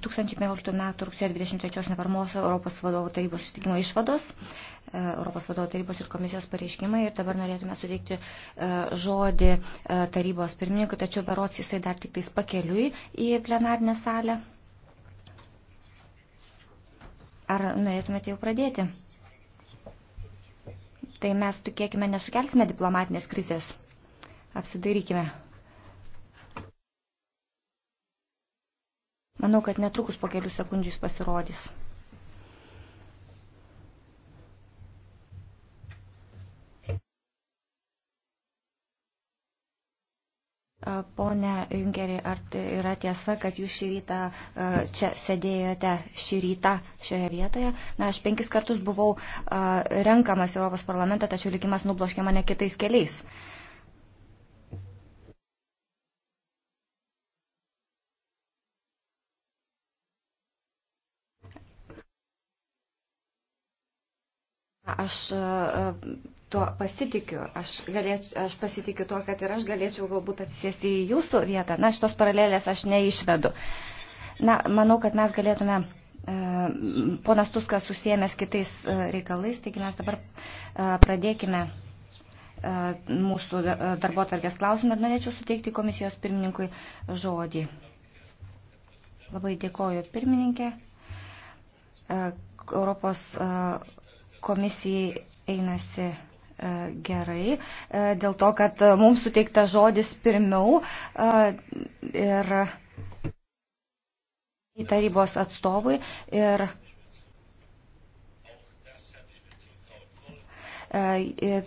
2015 m. rugsėjo 23 neparmos Europos vadovų tarybos sustikimo išvados, e, Europos vadovų tarybos ir komisijos pareiškimai ir dabar norėtume suteikti e, žodį e, tarybos pirmininkui, tačiau berots jisai dar tik tais pakeliui į plenarinę salę. Ar norėtumėte jau pradėti? Tai mes, tikėkime, nesukelsime diplomatinės krizės. Apsidairykime. Manau, kad netrukus po kelių sekundžių jis pasirodys. Pone Junkeri, ar tai yra tiesa, kad jūs šį rytą čia sėdėjote šį rytą šioje vietoje? Na, aš penkis kartus buvau renkamas Europos parlamentą, tačiau likimas nubloškė mane kitais keliais. Uh, Aš e, e, tuo pasitikiu. Aš, galėč, aš pasitikiu tuo, kad ir aš galėčiau galbūt atsisėsti į jūsų vietą. Na, šitos paralelės aš neišvedu. Na, manau, kad mes galėtume. E, ponas Tuskas susijęs kitais reikalais, taigi mes dabar pradėkime mūsų darbo tvarkės klausimą ir norėčiau suteikti komisijos pirmininkui žodį. Labai dėkoju pirmininkė. Europos komisijai einasi e, gerai, e, dėl to, kad mums suteikta žodis pirmiau e, ir tarybos atstovui ir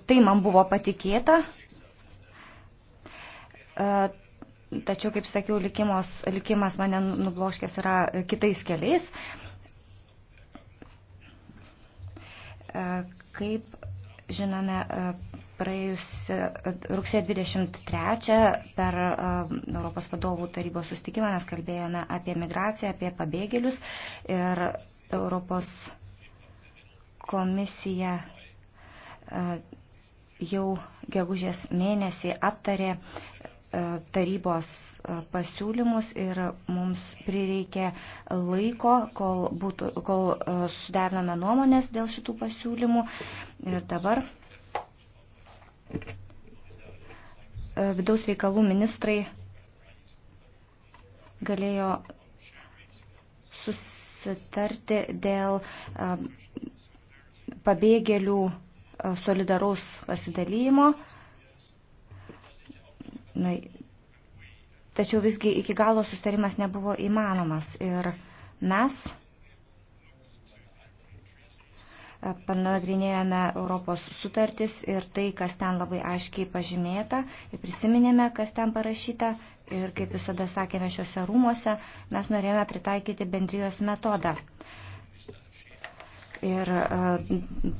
tai man buvo patikėta. Tačiau, kaip sakiau, likimas mane nubloškęs yra kitais keliais. E, kaip žinome, e, praėjus e, rugsėjo 23 per Europos vadovų tarybos sustikimą mes kalbėjome apie migraciją, apie pabėgėlius ir Europos komisija jau gegužės mėnesį aptarė E, tarybos e, pasiūlymus ir mums prireikė laiko, kol, būtų, kol e, suderinome nuomonės dėl šitų pasiūlymų. Ir dabar vidaus reikalų ministrai galėjo susitarti dėl pabėgėlių solidaraus pasidalymo. Na, tačiau visgi iki galo sustarimas nebuvo įmanomas ir mes e, panagrinėjome Europos sutartis ir tai, kas ten labai aiškiai pažymėta, ir prisiminėme, kas ten parašyta, ir kaip visada sakėme šiuose rūmuose, mes norėjome pritaikyti bendrijos metodą. Ir e,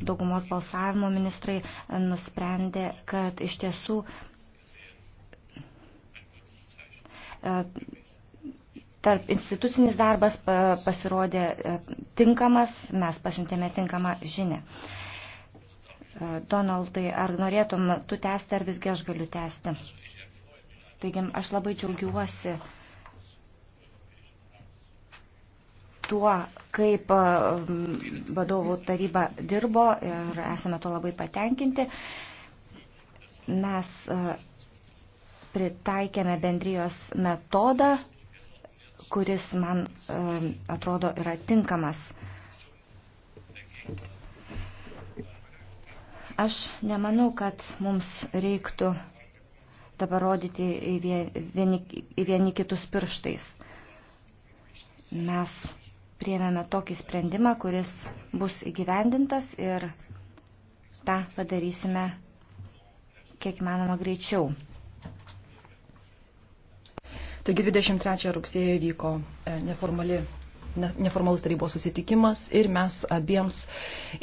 daugumos balsavimo ministrai nusprendė, kad iš tiesų E, tarp institucinis darbas pasirodė e, tinkamas, mes pasiuntėme tinkamą žinę. E, Donaldai, ar norėtum tu tęsti, ar visgi aš galiu tęsti? Taigi, aš labai džiaugiuosi tuo, kaip vadovų taryba dirbo ir esame to labai patenkinti. Mes pritaikėme bendrijos metodą, kuris man atrodo yra tinkamas. Aš nemanau, kad mums reiktų dabar rodyti į vieni, į vieni kitus pirštais. Mes priemėme tokį sprendimą, kuris bus įgyvendintas ir tą padarysime kiek manoma greičiau. Taigi 23 rugsėjo vyko e, neformali neformalus tarybos susitikimas ir mes abiems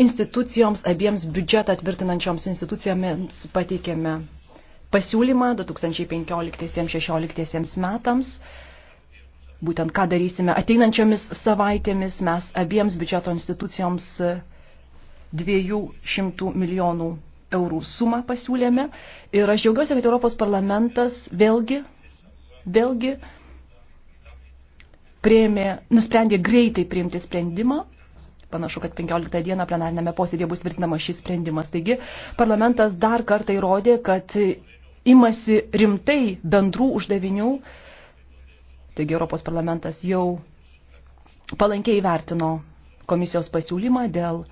institucijoms, abiems biudžetą tvirtinančioms institucijoms pateikėme pasiūlymą 2015-2016 metams. Būtent ką darysime ateinančiomis savaitėmis, mes abiems biudžeto institucijoms 200 milijonų eurų sumą pasiūlėme. Ir aš džiaugiuosi, kad Europos parlamentas vėlgi vėlgi prieimė, nusprendė greitai priimti sprendimą. Panašu, kad 15 dieną plenarinėme posėdėje bus tvirtinamas šis sprendimas. Taigi parlamentas dar kartą įrodė, kad imasi rimtai bendrų uždavinių. Taigi Europos parlamentas jau palankiai vertino komisijos pasiūlymą dėl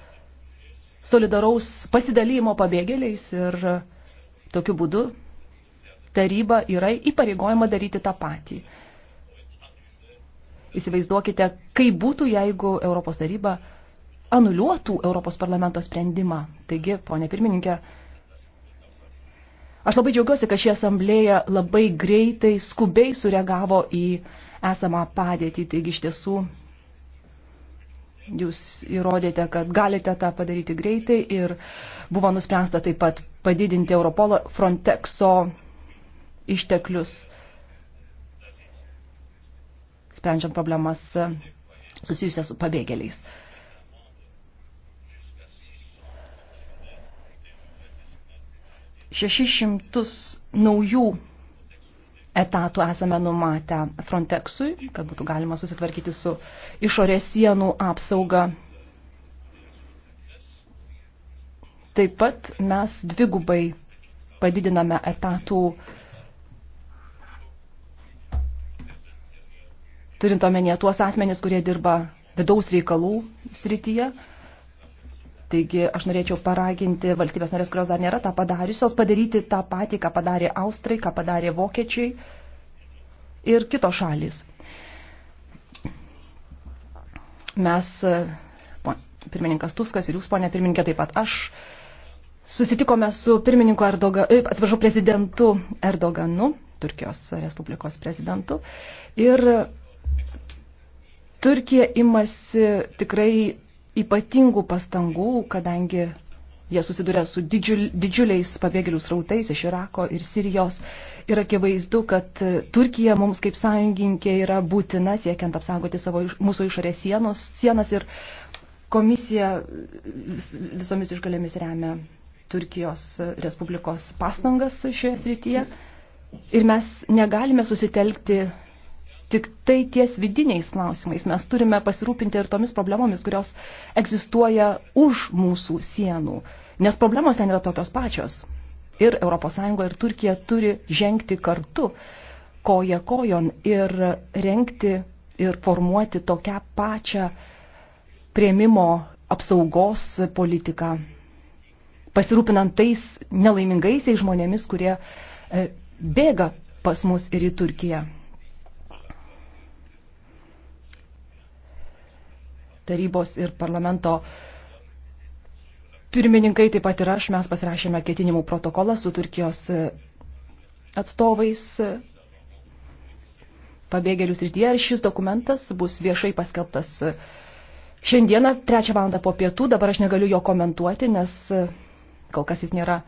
solidaraus pasidalymo pabėgėliais ir tokiu būdu taryba yra įpareigojama daryti tą patį. Įsivaizduokite, kaip būtų, jeigu Europos taryba anuliuotų Europos parlamento sprendimą. Taigi, ponė pirmininkė, aš labai džiaugiuosi, kad ši asamblėja labai greitai, skubiai sureagavo į esamą padėtį. Taigi, iš tiesų, jūs įrodėte, kad galite tą padaryti greitai ir buvo nuspręsta taip pat padidinti Europolo Frontexo išteklius, sprendžiant problemas susijusias su pabėgėliais. Šešišimtus naujų etatų esame numatę Frontexui, kad būtų galima susitvarkyti su išorės sienų apsauga. Taip pat mes dvigubai padidiname etatų uh, turint omenyje tuos asmenis, kurie dirba vidaus reikalų srityje. Taigi aš norėčiau paraginti valstybės narės, kurios dar nėra tą padariusios, padaryti tą patį, ką padarė Austrai, ką padarė Vokiečiai ir kitos šalis. Mes, pirmininkas Tuskas ir jūs, ponė pirmininkė, taip pat aš, susitikome su pirmininku Erdoganu, e, atsiprašau, prezidentu Erdoganu, Turkijos Respublikos prezidentu. Ir Turkija imasi tikrai ypatingų pastangų, kadangi jie susiduria su didžiul, didžiuliais pabėgėlių srautais iš Irako ir Sirijos. Ir akivaizdu, kad Turkija mums kaip sąjungininkė yra būtina siekiant apsaugoti savo, mūsų išorės sienos, sienas ir komisija visomis išgalėmis remia Turkijos Respublikos pastangas šioje srityje. Ir mes negalime susitelkti tik tai ties vidiniais klausimais. Mes turime pasirūpinti ir tomis problemomis, kurios egzistuoja už mūsų sienų, nes problemos ten yra tokios pačios. Ir ES ir Turkija turi žengti kartu koja kojon ir renkti ir formuoti tokią pačią prieimimo apsaugos politiką, pasirūpinant tais nelaimingaisiais žmonėmis, kurie e, bėga pas mus ir į Turkiją. tarybos ir parlamento pirmininkai, taip pat ir aš, mes pasirašėme ketinimų protokolą su Turkijos e, atstovais e, pabėgėlių srityje ir šis dokumentas bus viešai paskelbtas e, šiandieną, trečią valandą po pietų, dabar aš negaliu jo komentuoti, nes kol kas jis nėra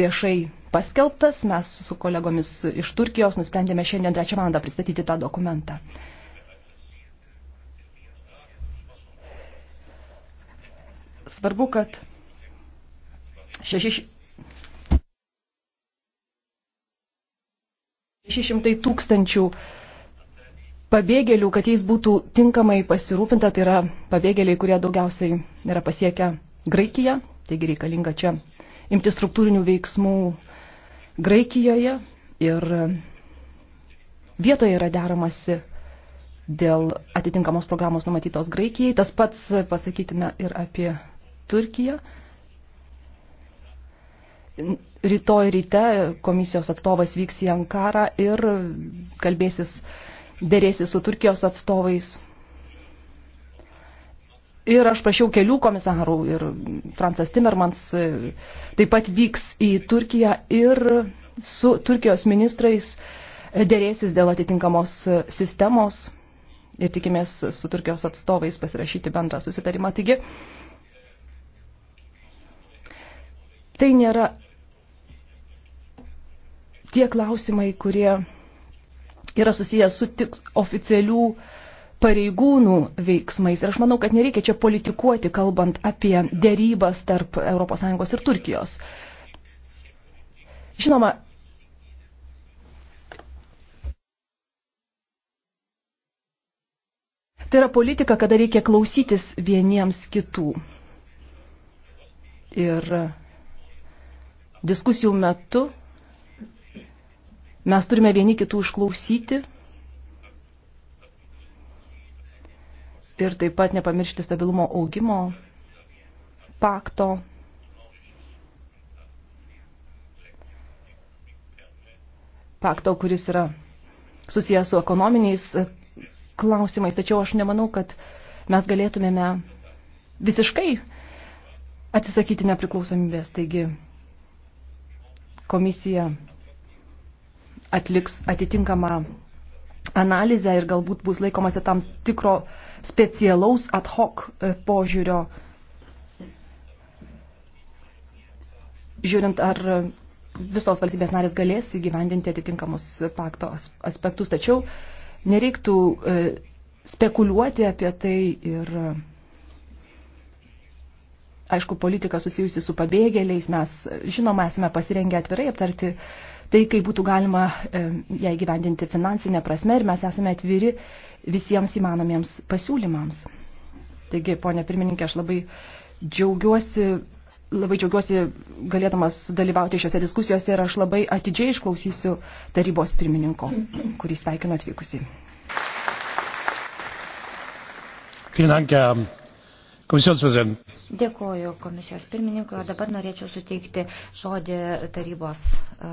viešai paskelbtas, mes su kolegomis iš Turkijos nusprendėme šiandien trečią valandą pristatyti tą dokumentą. Svarbu, kad šeši... 600 tūkstančių pabėgėlių, kad jais būtų tinkamai pasirūpinta, tai yra pabėgėliai, kurie daugiausiai yra pasiekę Graikiją, taigi reikalinga čia imti struktūrinių veiksmų Graikijoje ir vietoje yra deramasi dėl atitinkamos programos numatytos Graikijai. Tas pats pasakytina ir apie Turkija. Rytoj ryte komisijos atstovas vyks į Ankarą ir kalbėsis, dėrėsis su Turkijos atstovais. Ir aš prašiau kelių komisarų ir Francas Timmermans taip pat vyks į Turkiją ir su Turkijos ministrais dėrėsis dėl atitinkamos sistemos ir tikimės su Turkijos atstovais pasirašyti bendrą susitarimą. Taigi, tai nėra tie klausimai, kurie yra susijęs su tik oficialių pareigūnų veiksmais. Ir aš manau, kad nereikia čia politikuoti, kalbant apie dėrybas tarp ES ir Turkijos. Žinoma, tai yra politika, kada reikia klausytis vieniems kitų. Ir diskusijų metu mes turime vieni kitų išklausyti ir taip pat nepamiršti stabilumo augimo pakto. Pakto, kuris yra susijęs su ekonominiais e, klausimais, tačiau aš nemanau, kad mes galėtumėme visiškai atsisakyti nepriklausomybės. Taigi, komisija atliks atitinkamą analizę ir galbūt bus laikomasi tam tikro specialaus ad hoc e, požiūrio, žiūrint ar e, visos valstybės narės galės įgyvendinti atitinkamus pakto aspektus. Tačiau nereiktų e, spekuliuoti apie tai ir aišku, politika susijusi su pabėgėliais, mes žinoma esame pasirengę atvirai aptarti tai, kaip būtų galima e, ją įgyvendinti finansinę prasme ir mes esame atviri visiems įmanomiems pasiūlymams. Taigi, ponė pirmininkė, aš labai džiaugiuosi, labai džiaugiuosi galėdamas dalyvauti šiuose diskusijose ir aš labai atidžiai išklausysiu tarybos pirmininko, kurį sveikinu atvykusi. Vielen Dank, Herr Komisijos prezident. Dėkuoju komisijos pirmininkui, o dabar norėčiau suteikti žodį tarybos e,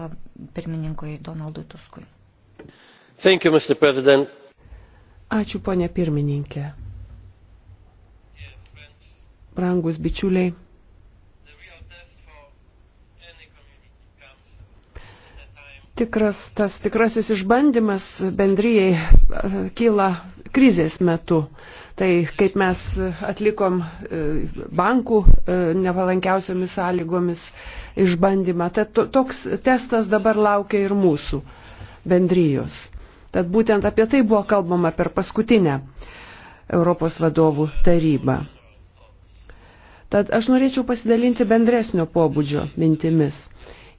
pirmininkui Donaldui Tuskui. Thank you, Mr. President. Ačiū, ponė pirmininkė. Brangus bičiuliai. Tikras, tas tikrasis išbandymas bendryjei e, kyla krizės metu. Uh, Tai kaip mes atlikom e, bankų e, nevalankiausiomis sąlygomis išbandymą, tad toks testas dabar laukia ir mūsų bendrijos. Tad būtent apie tai buvo kalbama per paskutinę Europos vadovų tarybą. Tad aš norėčiau pasidalinti bendresnio pobūdžio mintimis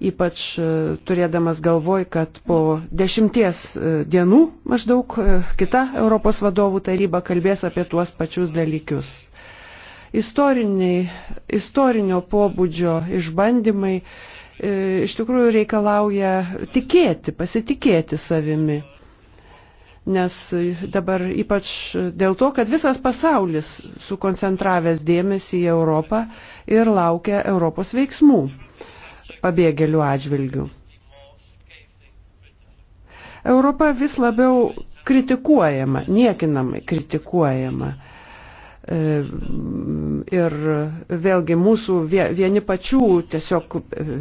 ypač e, turėdamas galvoj, kad po dešimties e, dienų maždaug e, kita Europos vadovų taryba kalbės apie tuos pačius dalykius. Istoriniai, istorinio pobūdžio išbandymai iš tikrųjų reikalauja tikėti, pasitikėti savimi nes dabar ypač dėl to, kad visas pasaulis sukoncentravęs dėmesį į Europą ir laukia Europos veiksmų pabėgėlių atžvilgių. Europa vis labiau kritikuojama, niekinamai kritikuojama. E, ir vėlgi mūsų vieni pačių tiesiog e,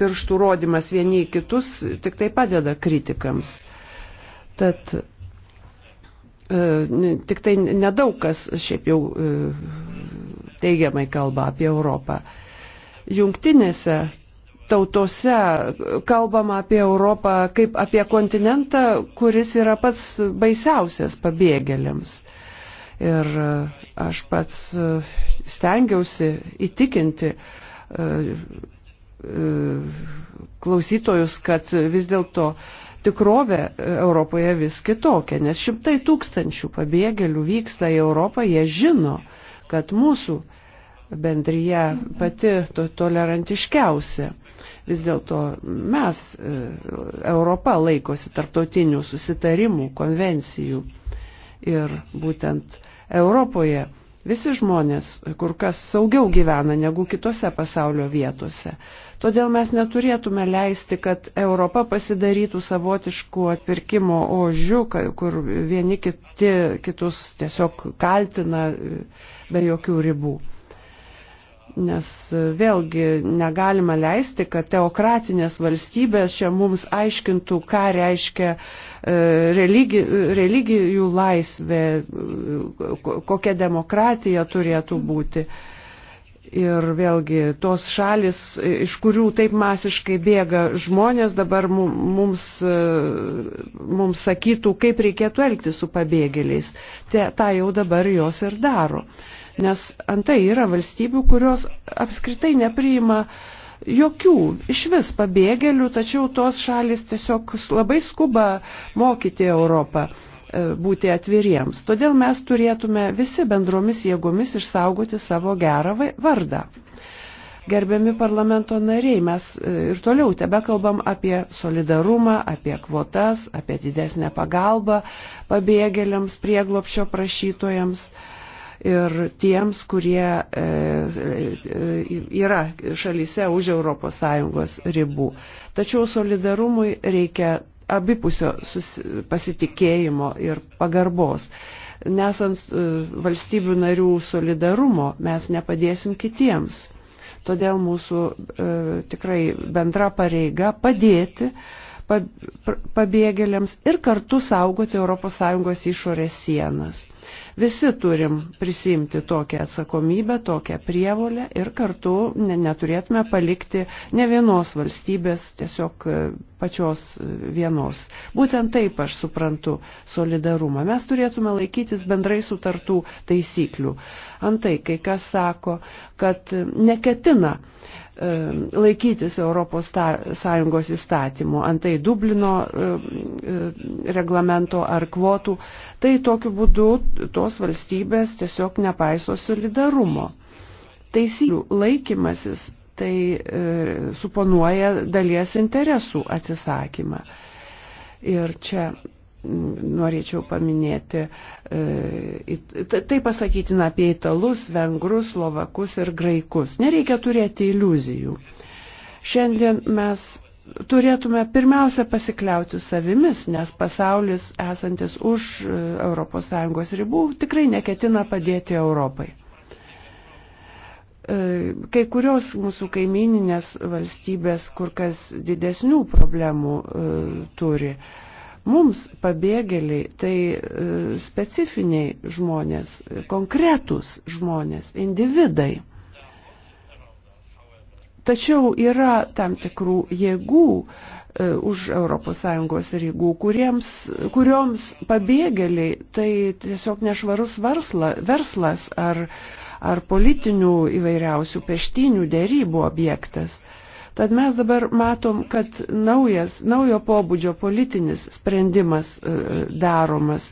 pirštų rodimas vieni į kitus tik tai padeda kritikams. Tad e, tik tai nedaug kas šiaip jau teigiamai kalba apie Europą jungtinėse tautose kalbama apie Europą kaip apie kontinentą, kuris yra pats baisiausias pabėgėliams. Ir aš pats stengiausi įtikinti e, e, klausytojus, kad vis dėlto tikrovė Europoje vis kitokia, nes šimtai tūkstančių pabėgėlių vyksta į Europą, jie žino, kad mūsų bendryje pati to tolerantiškiausia. Vis dėlto mes, e, Europa, laikosi tarptautinių susitarimų, konvencijų. Ir būtent Europoje visi žmonės kur kas saugiau gyvena negu kitose pasaulio vietose. Todėl mes neturėtume leisti, kad Europa pasidarytų savotiškų atpirkimo ožių, kur vieni kiti, kitus tiesiog kaltina e, be jokių ribų. Nes e, vėlgi negalima leisti, kad teokratinės valstybės čia mums aiškintų, ką reiškia e, religi, religijų laisvė, e, kokia demokratija turėtų būti. Ir vėlgi tos šalis, iš kurių taip masiškai bėga žmonės, dabar mums, mums sakytų, kaip reikėtų elgti su pabėgėliais. Te, ta jau dabar jos ir daro nes antai yra valstybių, kurios apskritai nepriima jokių iš vis pabėgėlių, tačiau tos šalis tiesiog labai skuba mokyti Europą e, būti atviriems. Todėl mes turėtume visi bendromis jėgomis išsaugoti savo gerą vardą. Gerbiami parlamento nariai, mes e, ir toliau tebe kalbam apie solidarumą, apie kvotas, apie didesnę pagalbą pabėgėliams, prieglopšio prašytojams ir tiems, kurie e, e, yra šalyse už ES ribų. Tačiau solidarumui reikia abipusio pasitikėjimo ir pagarbos. Nesant e, valstybių narių solidarumo mes nepadėsim kitiems. Todėl mūsų e, tikrai bendra pareiga padėti pabėgėliams ir kartu saugoti ES išorės sienas. Visi turim prisimti tokią atsakomybę, tokią prievolę ir kartu neturėtume palikti ne vienos valstybės, tiesiog e, pačios e, vienos. Būtent taip aš suprantu solidarumą. Mes turėtume laikytis bendrai sutartų taisyklių. Antai, kai kas sako, kad neketina uh, E, laikytis ES įstatymų, antai Dublino e, e, reglamento ar kvotų, tai tokiu būdu tos valstybės tiesiog nepaiso solidarumo. Taisyklių laikymasis tai suponuoja dalies interesų atsisakymą. Ir čia norėčiau paminėti, e, tai pasakytina apie italus, vengrus, slovakus ir graikus. Nereikia turėti iliuzijų. Šiandien mes turėtume pirmiausia pasikliauti savimis, nes pasaulis esantis už ES ribų tikrai neketina padėti Europai. E, kai kurios mūsų kaimininės valstybės kur kas didesnių problemų e, turi. Mums pabėgėliai tai e, specifiniai žmonės, konkretūs žmonės, individai. Tačiau yra tam tikrų jėgų e, už ES rygų, kuriems, kurioms pabėgėliai tai tiesiog nešvarus versla, verslas ar, ar politinių įvairiausių peštinių dėrybų objektas. E, Tad mes dabar matom, kad naujas, naujo pobūdžio politinis sprendimas e, daromas.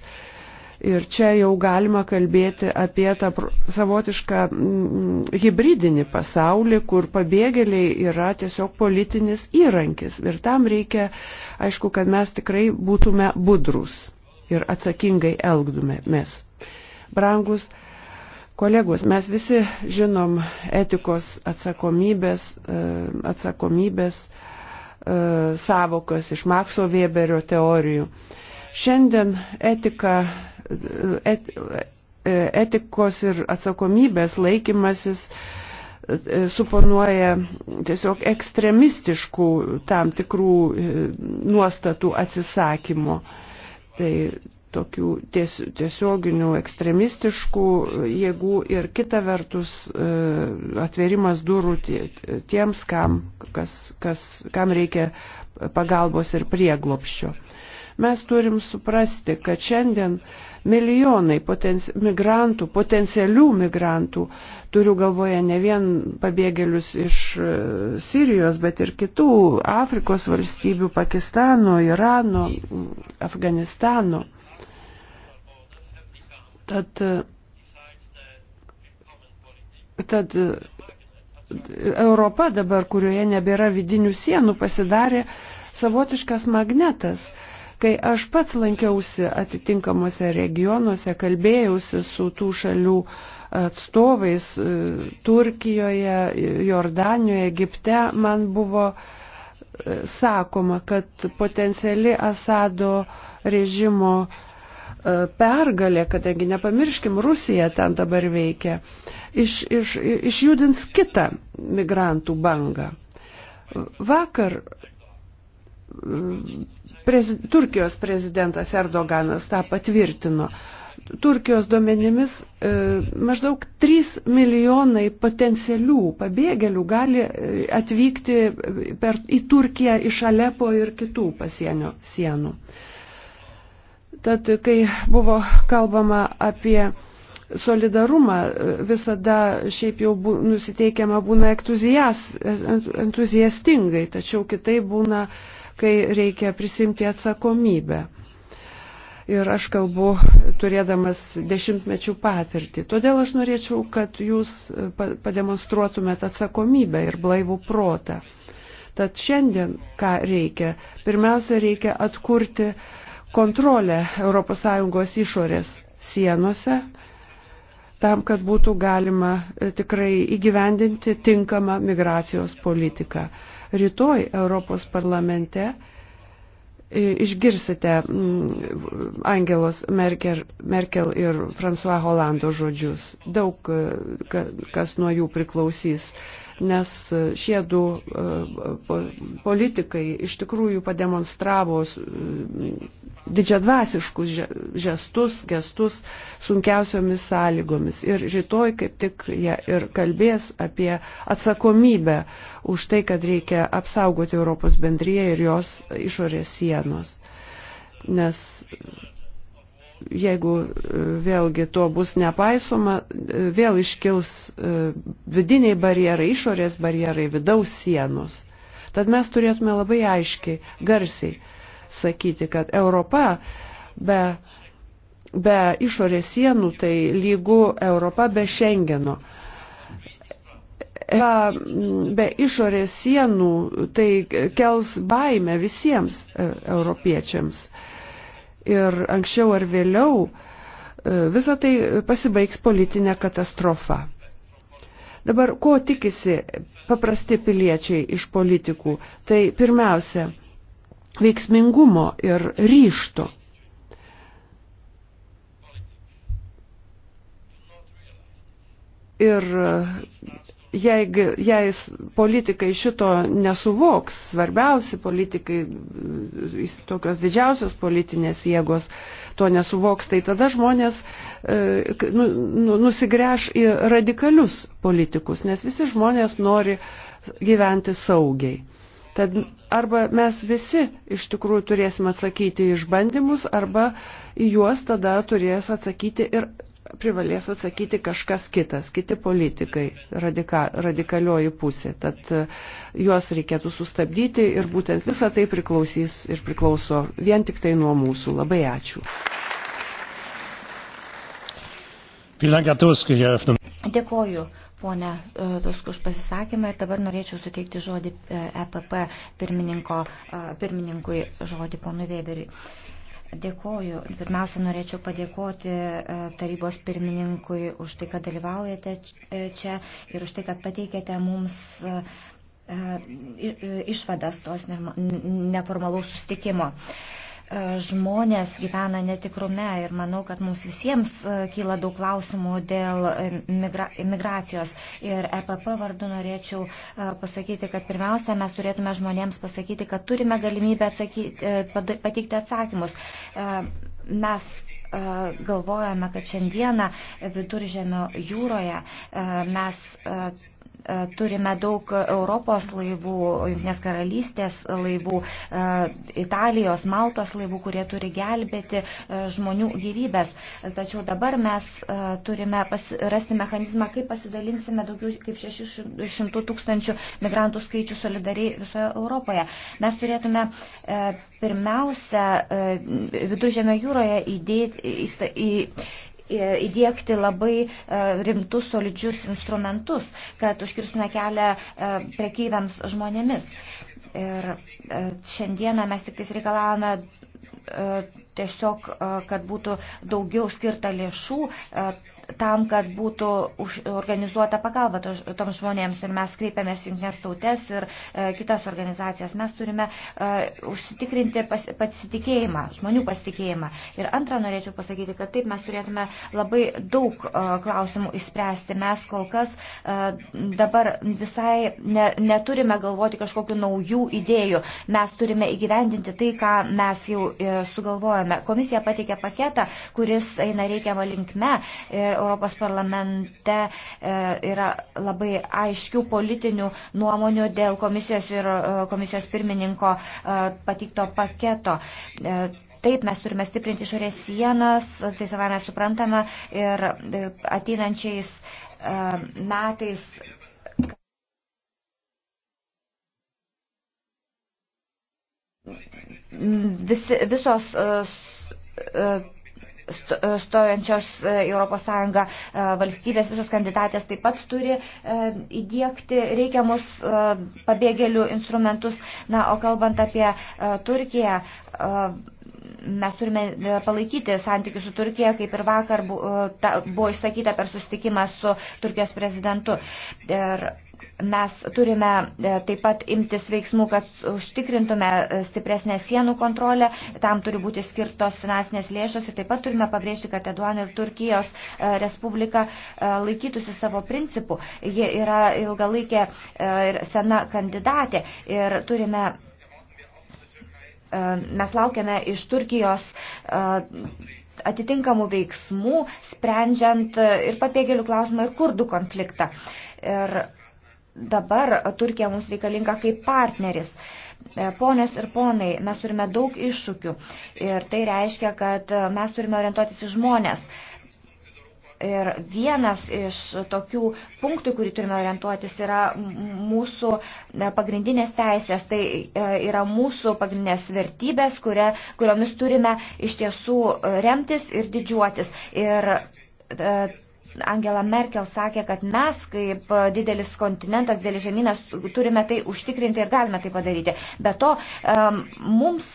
Ir čia jau galima kalbėti apie tą savotišką mm, hybridinį pasaulį, kur pabėgėliai yra tiesiog politinis įrankis. Ir tam reikia, aišku, kad mes tikrai būtume budrus ir atsakingai elgdumėmės. Brangus, Kolegos, mes visi žinom etikos atsakomybės, e, atsakomybės e, savokas iš Makso Weberio teorijų. Šiandien etika, et, e, etikos ir atsakomybės laikymasis suponuoja tiesiog ekstremistiškų tam tikrų nuostatų atsisakymo. Tai tokių ties, tiesioginių ekstremistiškų jėgų ir kita vertus e, atverimas durų tiems, kam, kas, kas, kam reikia pagalbos ir prieglopščio. Mes turim suprasti, kad šiandien milijonai poten, migrantų, potencialių migrantų, turiu galvoje ne vien pabėgėlius iš e, Sirijos, bet ir kitų Afrikos valstybių, Pakistano, Irano, Afganistano, Tad, tad Europa dabar, kurioje nebėra vidinių sienų, pasidarė savotiškas magnetas. Kai aš pats lankiausi atitinkamuose regionuose, kalbėjausi su tų šalių atstovais e, Turkijoje, Jordanijoje, Egipte, man buvo e, sakoma, kad potenciali Asado režimo uh, pergalė, kadangi nepamirškim, Rusija ten dabar veikia, iš, iš, išjudins kitą migrantų bangą. Vakar prez, Turkijos prezidentas Erdoganas tą patvirtino. Turkijos duomenimis e, maždaug 3 milijonai potencialių pabėgėlių gali e, atvykti per, į Turkiją iš Alepo ir kitų pasienio sienų. E, Tad kai buvo kalbama apie solidarumą, visada šiaip jau bū, nusiteikiama būna entuziastingai, tačiau kitai būna, kai reikia prisimti atsakomybę. Ir aš kalbu turėdamas dešimtmečių patirtį. Todėl aš norėčiau, kad jūs pademonstruotumėt atsakomybę ir blaivų protą. Tad šiandien ką reikia? Pirmiausia, reikia atkurti uh, kontrolę ES išorės sienose, tam, kad būtų galima e, tikrai įgyvendinti tinkamą migracijos politiką. Rytoj Europos parlamente e, išgirsite mm, Angelos Merkel, Merkel ir François Hollando žodžius. Daug e, kas nuo jų priklausys nes šie du e, politikai iš tikrųjų pademonstravo e, didžiadvasiškus žestus, gestus sunkiausiomis sąlygomis. Ir rytoj kaip tik jie ir kalbės apie atsakomybę už tai, kad reikia apsaugoti Europos bendryje ir jos išorės sienos. Nes jeigu e, vėlgi to bus nepaisoma, e, vėl iškils e, vidiniai barjerai, išorės barjerai, vidaus sienos. Tad mes turėtume labai aiškiai, garsiai sakyti, kad Europa be, be išorės sienų tai lygu Europa be Šengeno. Be išorės sienų tai kels baimę visiems europiečiams. E, ir anksčiau ar vėliau e, visa tai pasibaigs politinė katastrofa. Dabar ko tikisi paprasti piliečiai iš politikų? Tai pirmiausia, veiksmingumo ir ryšto. Ir jei, jei politikai šito nesuvoks, svarbiausi politikai, tokios didžiausios politinės jėgos to nesuvoks, tai tada žmonės e, nu, nu, nusigręš į radikalius politikus, nes visi žmonės nori gyventi saugiai. Tad arba mes visi iš tikrųjų turėsim atsakyti į išbandymus, arba į juos tada turės atsakyti ir privalės atsakyti kažkas kitas, kiti politikai, radika, radikalioji pusė. Tad e, juos reikėtų sustabdyti ir būtent visa tai priklausys ir priklauso vien tik tai nuo mūsų. Labai ačiū. Dėkoju, ponė e, Tusk, už pasisakymą ir dabar norėčiau suteikti žodį EPP e pirmininkui, žodį ponui Weberiui. Dėkoju. Pirmiausia, norėčiau padėkoti e, tarybos pirmininkui už tai, kad dalyvaujate e, čia ir už tai, kad pateikėte mums e, išvadas tos neformalaus sustikimo. E, žmonės gyvena netikrume ir manau, kad mums visiems e, kyla daug klausimų dėl e, migra migracijos. Ir EPP vardu norėčiau pasakyti, kad pirmiausia, mes turėtume žmonėms pasakyti, kad turime galimybę atsakyti, pateikti atsakymus. Mes galvojame, kad šiandieną viduržėmio jūroje mes E, turime daug Europos laivų, Junknės karalystės laivų, e, Italijos, Maltos laivų, kurie turi gelbėti e, žmonių gyvybės. Tačiau dabar mes turime rasti mechanizmą, kaip pasidalinsime daugiau kaip 600 tūkstančių migrantų skaičių solidariai visoje Europoje. Mes turėtume pirmiausia Viduržėmio jūroje įdėti, į, į, E, įdėkti labai e, rimtus, solidžius instrumentus, kad užkirstume kelią e, prekyviams žmonėmis. Ir šiandieną mes tik tais reikalavome tiesiog, kad būtų daugiau skirta lėšų tam, kad būtų organizuota pagalba toms žmonėms. Ir mes kreipiamės jungtinės tautės ir e, kitas organizacijas. Mes turime e, užsitikrinti pas, pasitikėjimą, žmonių pasitikėjimą. Ir antrą norėčiau pasakyti, kad taip mes turėtume labai daug e, klausimų išspręsti. Mes kol kas e, dabar visai ne, neturime galvoti kažkokiu naujų idėjų. Mes turime įgyvendinti tai, ką mes jau e, sugalvojame. Komisija pateikė paketą, kuris eina reikiamą linkme. Ir Europos parlamente e, yra labai aiškių politinių nuomonių dėl komisijos ir e, komisijos pirmininko e, patikto paketo. Taip, mes turime stiprinti išorės sienas, tai savame suprantame ir ateinančiais metais visi, visos uh, uh, E, stojančios e, Europos Sąjunga e, valstybės, visos kandidatės taip pat turi įdėkti reikiamus pabėgėlių instrumentus. Na, o kalbant apie Turkiją, mes turime palaikyti santykius su Turkija, kaip ir vakar buvo išsakyta per susitikimą su Turkijos prezidentu. Ir Mes turime e, taip pat imtis veiksmų, kad užtikrintume e, stipresnę sienų kontrolę, tam turi būti skirtos finansinės lėšos ir taip pat turime pabrėžti, kad Eduan ir Turkijos e, Respublika laikytųsi savo principų. Jie yra ilgalaikė ir sena kandidatė ir turime mes laukiame iš Turkijos atitinkamų veiksmų, sprendžiant ir pabėgėlių klausimą, ir kurdų konfliktą. Ir dabar Turkija mums reikalinga kaip partneris. E, ponios ir ponai, mes turime daug iššūkių ir tai reiškia, kad e, mes turime orientuotis į žmonės. Ir vienas iš tokių punktų, kurį turime orientuotis, yra mūsų e, pagrindinės teisės, tai yra mūsų pagrindinės vertybės, kuria, kuriomis turime iš tiesų remtis ir didžiuotis. Ir Angela Merkel sakė, kad mes kaip didelis kontinentas, didelis žemynas turime tai užtikrinti ir galime tai padaryti. Be to, mums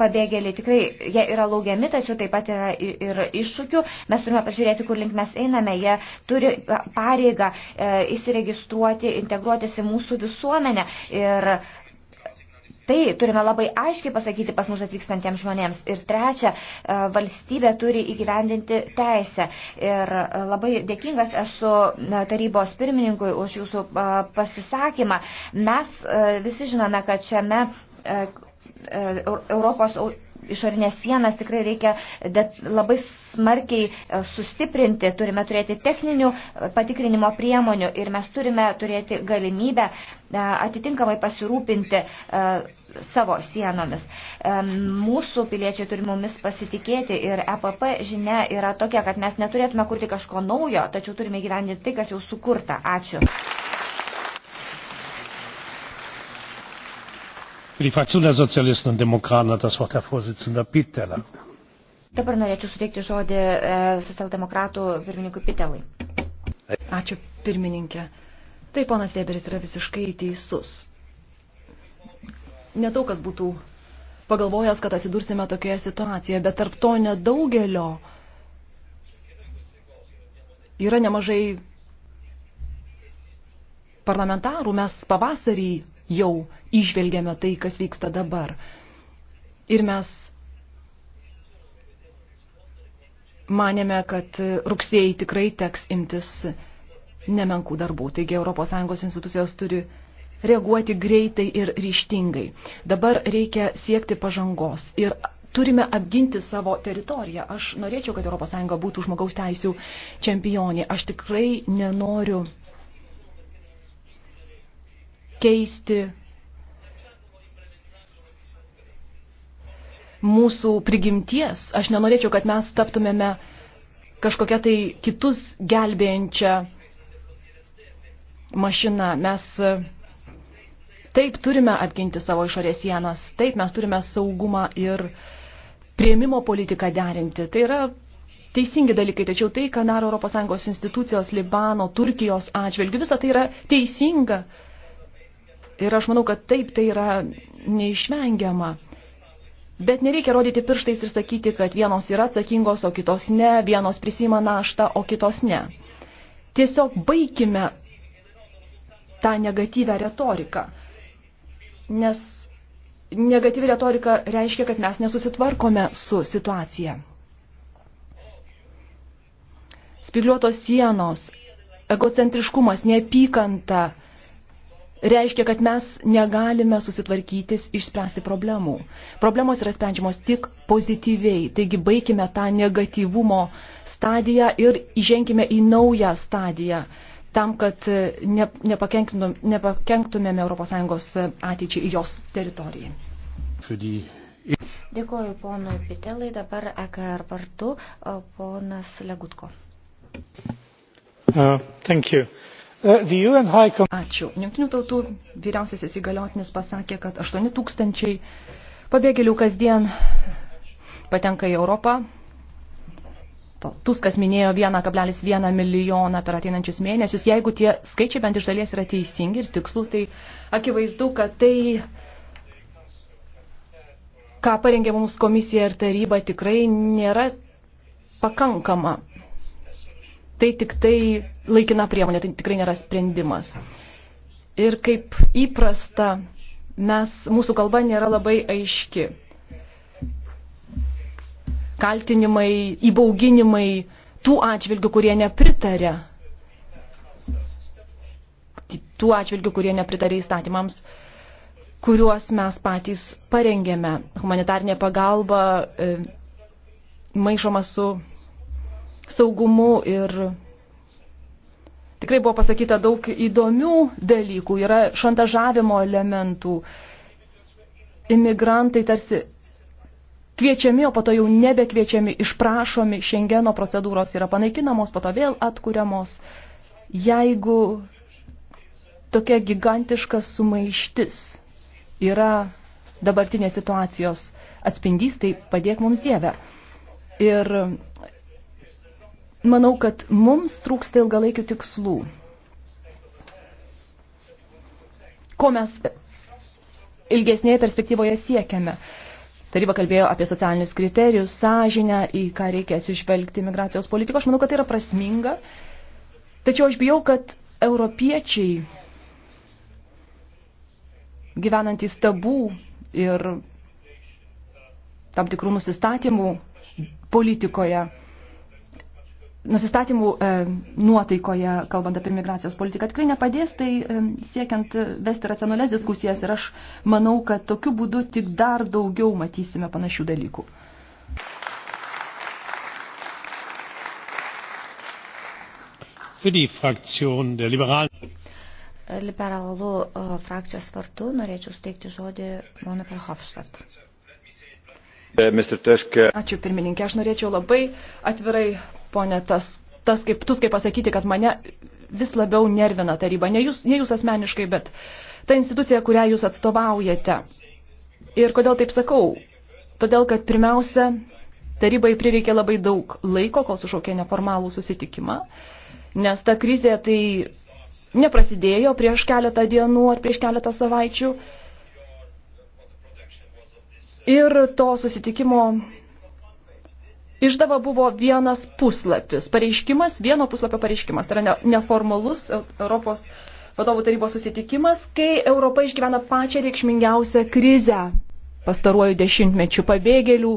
pabėgėliai tikrai jie yra laugiami, tačiau taip pat yra ir iššūkių. Mes turime pažiūrėti, kur link mes einame. Jie turi pareigą e, įsiregistruoti, integruotis į mūsų visuomenę. Ir tai turime labai aiškiai pasakyti pas mus atvykstantiems žmonėms. Ir trečia, e, valstybė turi įgyvendinti teisę. Ir e, labai dėkingas esu e, tarybos pirmininkui už jūsų pasisakymą. Mes visi žinome, kad šiame Europos išorinės sienas tikrai reikia labai smarkiai e, sustiprinti, turime turėti techninių e, patikrinimo priemonių ir mes turime turėti galimybę e, atitinkamai pasirūpinti savo sienomis. Mūsų piliečiai turi mumis pasitikėti ir EPP žinia yra tokia, kad mes neturėtume kurti kažko naujo, tačiau turime gyvendinti tai, kas jau sukurta. Ačiū. Für die Fraktion der Sozialisten und Demokraten hat das Wort Herr Vorsitzender Pitteler. Dabar norėčiau suteikti žodį e, socialdemokratų pirmininkui Pitelui. Ačiū, pirmininkė. Taip, ponas Weberis yra visiškai teisus. Nedaug kas būtų pagalvojęs, kad atsidursime tokioje situacijoje, bet tarp to nedaugelio yra nemažai parlamentarų. Mes pavasarį jau išvelgiame tai, kas vyksta dabar. Ir mes manėme, kad rugsėjai tikrai teks imtis nemenkų darbų. Taigi ES institucijos turi reaguoti greitai ir ryštingai. Dabar reikia siekti pažangos ir turime apginti savo teritoriją. Aš norėčiau, kad ES būtų žmogaus teisių čempionė. Aš tikrai nenoriu keisti mūsų prigimties. Aš nenorėčiau, kad mes taptumėme kažkokia tai kitus gelbėjančią mašiną. Mes e, taip turime apginti savo išorės sienas, taip mes turime saugumą ir prieimimo politiką derinti. Tai yra teisingi dalykai, tačiau tai, ką daro ES institucijos Libano, Turkijos atžvilgių, visa tai yra teisinga Ir aš manau, kad taip tai yra neišvengiama. Bet nereikia rodyti pirštais ir sakyti, kad vienos yra atsakingos, o kitos ne, vienos prisima naštą, o kitos ne. Tiesiog baikime tą negatyvę retoriką. Nes negatyvi retorika reiškia, kad mes nesusitvarkome su situacija. Spigliuotos sienos, egocentriškumas, neapykanta, reiškia, kad mes negalime susitvarkytis išspręsti problemų. Problemos yra sprendžiamos tik pozityviai, taigi baigime tą negatyvumo stadiją ir įženkime į naują stadiją tam, kad e, ne, nepakenktumėm, nepakenktumėme ES e, ateičiai į jos teritoriją. Dėkuoju ponui Pitelai, dabar EKR vardu ponas Legutko. Uh, thank you. Uh, Uh, Ačiū. Junktinių tautų vyriausiasis įgaliotinis pasakė, kad 8 tūkstančiai pabėgėlių kasdien patenka į Europą. To, Tuskas minėjo 1,1 milijoną per ateinančius mėnesius. Jeigu tie skaičiai bent iš dalies yra teisingi ir tikslus, tai akivaizdu, kad tai, ką parengė mums komisija ir taryba, tikrai nėra pakankama tai tik tai laikina priemonė, tai tikrai nėra sprendimas. Ir kaip įprasta, mes, mūsų kalba nėra labai aiški. Kaltinimai, įbauginimai tų atžvilgių, kurie nepritarė tų atžvilgių, kurie nepritarė įstatymams, kuriuos mes patys parengėme. Humanitarnė pagalba e, maišoma su saugumu ir tikrai buvo pasakyta daug įdomių dalykų, yra šantažavimo elementų. Imigrantai tarsi kviečiami, o po to jau nebekviečiami, išprašomi, šengeno procedūros yra panaikinamos, po to vėl atkuriamos. Jeigu tokia gigantiška sumaištis yra dabartinės situacijos atspindys, tai padėk mums Dieve. Ir manau, kad mums trūksta ilgalaikių tikslų. Ko mes ilgesnėje perspektyvoje siekiame? Taryba kalbėjo apie socialinius kriterijus, sąžinę, į ką reikia atsižvelgti migracijos politiko. Aš manau, kad tai yra prasminga. Tačiau aš bijau, kad europiečiai gyvenantys tabų ir tam tikrų nusistatymų politikoje nusistatymų e, nuotaikoje, kalbant apie migracijos politiką, tikrai nepadės, tai e, siekiant e, vesti racionales diskusijas ir aš manau, kad tokiu būdu tik dar daugiau matysime panašių dalykų. Liberalų e, frakcijos vardu norėčiau steigti žodį Monika Hofstadt. Uh, uh, Ačiū pirmininkė, aš norėčiau labai atvirai, ponė, tas, tas kaip, tus kaip pasakyti, kad mane vis labiau nervina taryba. Ne jūs, ne jūs asmeniškai, bet ta institucija, kurią jūs atstovaujate. Ir kodėl taip sakau? Todėl, kad pirmiausia, tarybai prireikė labai daug laiko, kol sušaukė neformalų susitikimą, nes ta krizė tai neprasidėjo prieš keletą dienų ar prieš keletą savaičių. Ir to susitikimo išdava buvo vienas puslapis, pareiškimas, vieno puslapio pareiškimas. Tai yra neformalus Europos vadovų tarybos susitikimas, kai Europa išgyvena pačią reikšmingiausią krizę pastaruoju dešimtmečiu pabėgėlių,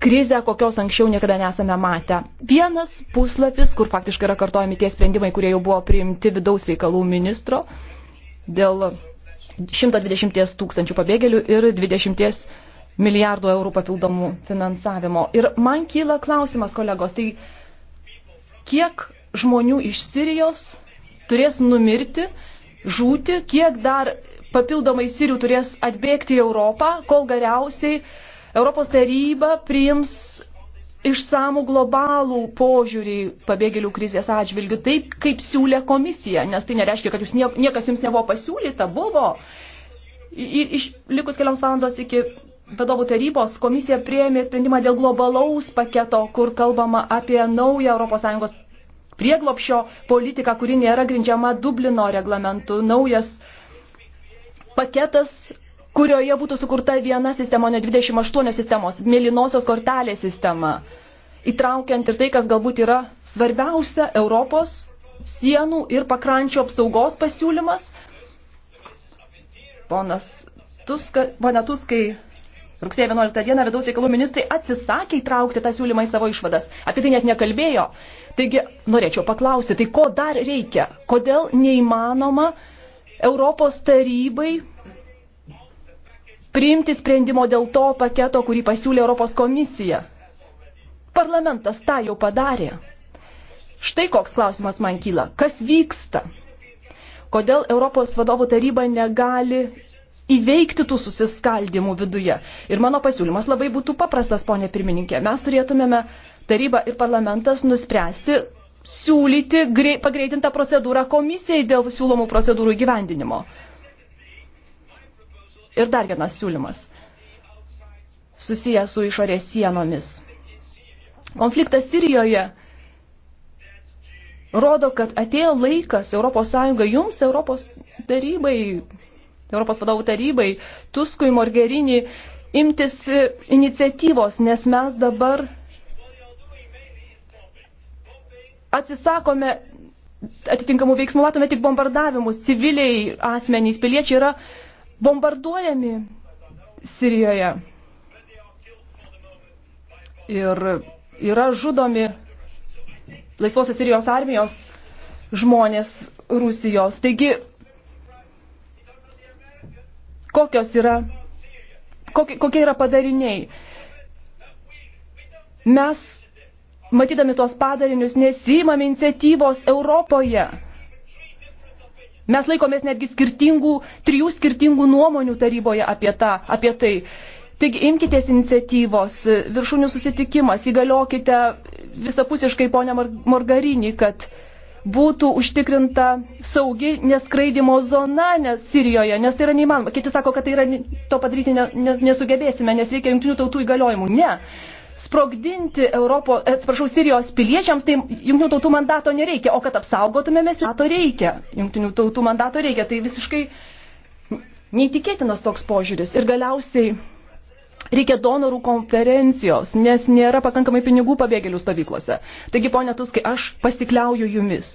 krizę, kokios anksčiau niekada nesame matę. Vienas puslapis, kur faktiškai yra kartojami tie sprendimai, kurie jau buvo priimti vidaus reikalų ministro dėl 120 tūkstančių pabėgėlių ir 20 milijardų eurų papildomų finansavimo. Ir man kyla klausimas, kolegos, tai kiek žmonių iš Sirijos turės numirti, žūti, kiek dar papildomai Sirių turės atbėgti į Europą, kol galiausiai Europos taryba priims išsamų globalų požiūrį pabėgėlių krizės atžvilgių, taip kaip siūlė komisija, nes tai nereiškia, kad jūs nie, niekas jums nebuvo pasiūlyta, buvo. Ir iš likus kelioms valandos iki vadovų tarybos komisija prieėmė sprendimą dėl globalaus paketo, kur kalbama apie naują ES prieglopšio politiką, kuri nėra grindžiama Dublino reglamentu. Naujas paketas kurioje būtų sukurta viena sistema, ne 28 sistemos, mėlynosios kortelės sistema, įtraukiant ir tai, kas galbūt yra svarbiausia Europos sienų ir pakrančių apsaugos pasiūlymas. Ponas Tuska, pana Tuskai, rugsėjo 11 dieną vidaus reikalų ministrai atsisakė įtraukti tą siūlymą į savo išvadas. Apie tai net nekalbėjo. Taigi, norėčiau paklausti, tai ko dar reikia? Kodėl neįmanoma Europos tarybai priimti sprendimo dėl to paketo, kurį pasiūlė Europos komisija. Parlamentas tą jau padarė. Štai koks klausimas man kyla. Kas vyksta? Kodėl Europos vadovų taryba negali įveikti tų susiskaldimų viduje? Ir mano pasiūlymas labai būtų paprastas, ponė pirmininkė. Mes turėtumėme taryba ir parlamentas nuspręsti siūlyti pagreitintą procedūrą komisijai dėl siūlomų procedūrų gyvendinimo. Ir dar vienas siūlymas susijęs su išorės sienomis. Konfliktas Sirijoje rodo, kad atėjo laikas ES jums, Europos tarybai, Europos vadovų tarybai, Tuskui, Morgerinį, imtis iniciatyvos, nes mes dabar atsisakome atitinkamų veiksmų, matome tik bombardavimus, civiliai asmenys, piliečiai yra bombarduojami Sirijoje. Ir yra žudomi laisvosios Sirijos armijos žmonės Rusijos. Taigi, kokios yra, kokie, kokie yra padariniai? Mes, matydami tuos padarinius, nesijimame iniciatyvos Europoje – Mes laikomės netgi skirtingų, trijų skirtingų nuomonių taryboje apie, tą, apie tai. Taigi imkitės iniciatyvos, viršūnių susitikimas, įgaliokite visapusiškai ponę Margarinį, kad būtų užtikrinta saugi neskraidimo zona nes Sirijoje, nes tai yra neįmanoma. Kiti sako, kad tai yra, to padaryti ne, nes, nesugebėsime, nes reikia jungtinių tautų įgaliojimų. Ne sprogdinti Europo, atsiprašau, Sirijos piliečiams, tai jungtinių tautų mandato nereikia, o kad apsaugotumėmės, to reikia, jungtinių tautų mandato reikia, tai visiškai neįtikėtinas toks požiūris. Ir galiausiai reikia donorų konferencijos, nes nėra pakankamai pinigų pabėgėlių stovyklose. Taigi, ponė Tuskai, aš pasikliauju jumis.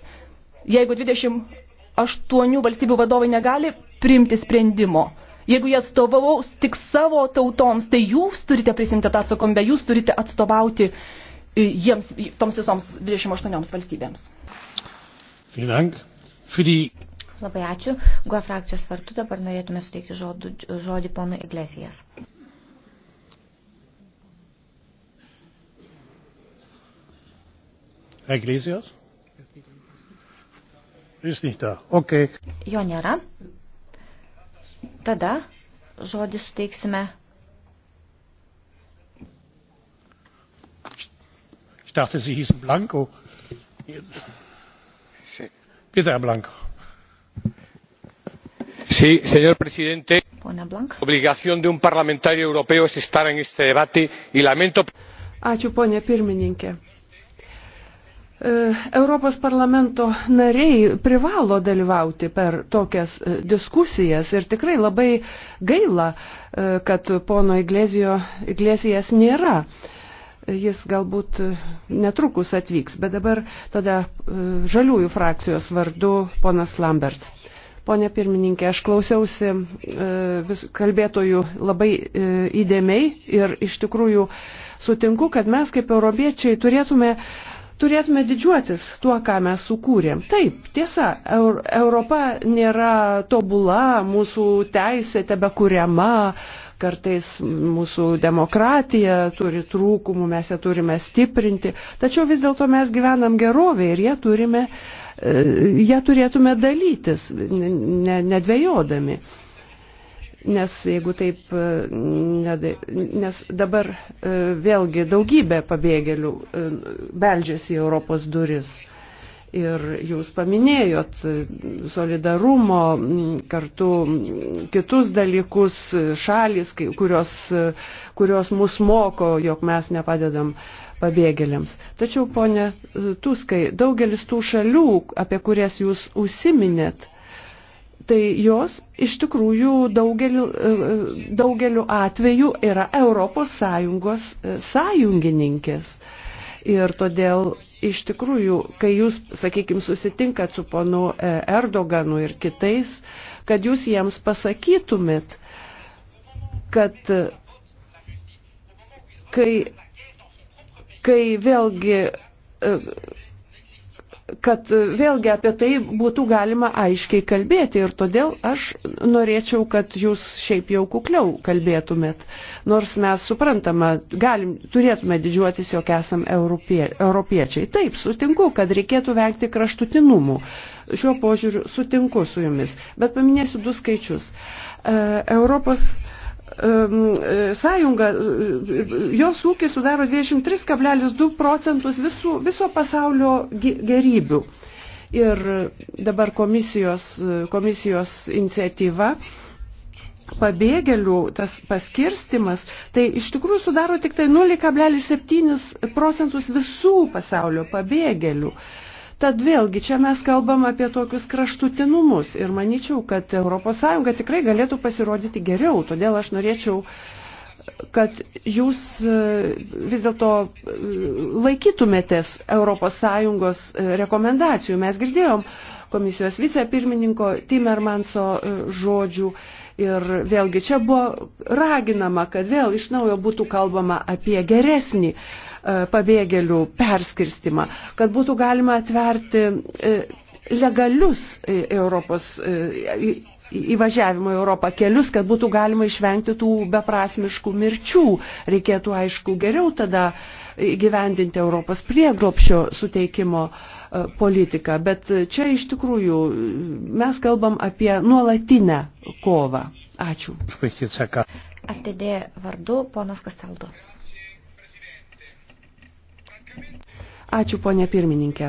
Jeigu 28 valstybių vadovai negali priimti sprendimo, Jeigu jie atstovaus tik savo tautoms, tai jūs turite prisimti tą atsakomybę, jūs turite atstovauti e, jiems, e, toms visoms 28 valstybėms. Labai ačiū. Guo frakcijos vartų dabar norėtume suteikti žodį, žodį ponui Iglesijas. Iglesijas? Jis nėra. Okay. Jo nėra. Tada žodį suteiksime. Ich dachte, Sie hießen Blanco. Bitte, Herr Blanco. Sí, señor presidente. Pone Blanco. Obligación de un parlamentario europeo es estar en este debate y lamento. Ačiū, ponė pirmininkė. E, Europos parlamento nariai privalo dalyvauti per tokias e, diskusijas ir tikrai labai gaila, e, kad pono Iglezijo, Iglesijas nėra. Jis galbūt netrukus atvyks, bet dabar tada žaliųjų frakcijos vardu ponas Lamberts. Pone pirmininkė, aš klausiausi vis, kalbėtojų labai įdėmiai ir iš tikrųjų sutinku, kad mes kaip europiečiai turėtume uh, turėtume didžiuotis tuo, ką mes sukūrėm. Taip, tiesa, Europa nėra tobula, mūsų teisė tebe kuriama, kartais mūsų demokratija turi trūkumų, mes ją turime stiprinti, tačiau vis dėlto mes gyvenam gerovę ir ją turime, e, ją turėtume dalytis, nedvėjodami. Ne Nes jeigu taip, e, nes dabar e, vėlgi daugybė pabėgėlių e, beldžiasi į Europos duris. Ir jūs paminėjot solidarumo, kartu kitus dalykus, šalis, kurios, kurios mus moko, jog mes nepadedam pabėgėliams. Tačiau, ponė Tuskai, daugelis tų šalių, apie kurias jūs užsiminėt, tai jos iš tikrųjų daugeliu, e, daugeliu atveju yra ES e, sąjungininkės. Ir todėl iš tikrųjų, kai jūs, sakykime, susitinkat su ponu e, Erdoganu ir kitais, kad jūs jiems pasakytumėt, kad kai, kai vėlgi kad vėlgi apie tai būtų galima aiškiai kalbėti ir todėl aš norėčiau, kad jūs šiaip jau kukliau kalbėtumėt, nors mes suprantama, galim, turėtume didžiuotis, jog esam europie, europiečiai. Taip, sutinku, kad reikėtų vengti kraštutinumų. Šiuo požiūriu sutinku su jumis, bet paminėsiu du skaičius. E, Europos Um, sąjunga, uh, jos ūkis sudaro 23,2 procentus visų, viso pasaulio gerybių. Ir dabar komisijos, komisijos iniciatyva pabėgėlių tas paskirstimas, tai iš tikrųjų sudaro tik tai 0,7 procentus visų pasaulio pabėgėlių. Uh, Tad vėlgi čia mes kalbam apie tokius kraštutinumus ir manyčiau, kad ES tikrai galėtų pasirodyti geriau. Todėl aš norėčiau, kad jūs e, vis dėlto e, laikytumėtės ES e, rekomendacijų. Mes girdėjom komisijos vicepirmininko Timermanso žodžių ir vėlgi čia buvo raginama, kad vėl iš naujo būtų kalbama apie geresnį uh, E, pabėgėlių perskirstimą, kad būtų galima atverti e, legalius e, Europos įvažiavimo į Europą kelius, kad būtų galima išvengti tų beprasmiškų mirčių. Reikėtų, aišku, geriau tada gyvendinti Europos prieglopšio suteikimo politiką. Bet čia iš tikrųjų mes kalbam apie nuolatinę kovą. Ačiū. Atidė vardu ponas Kasteldo. Ačiū, ponė pirmininkė.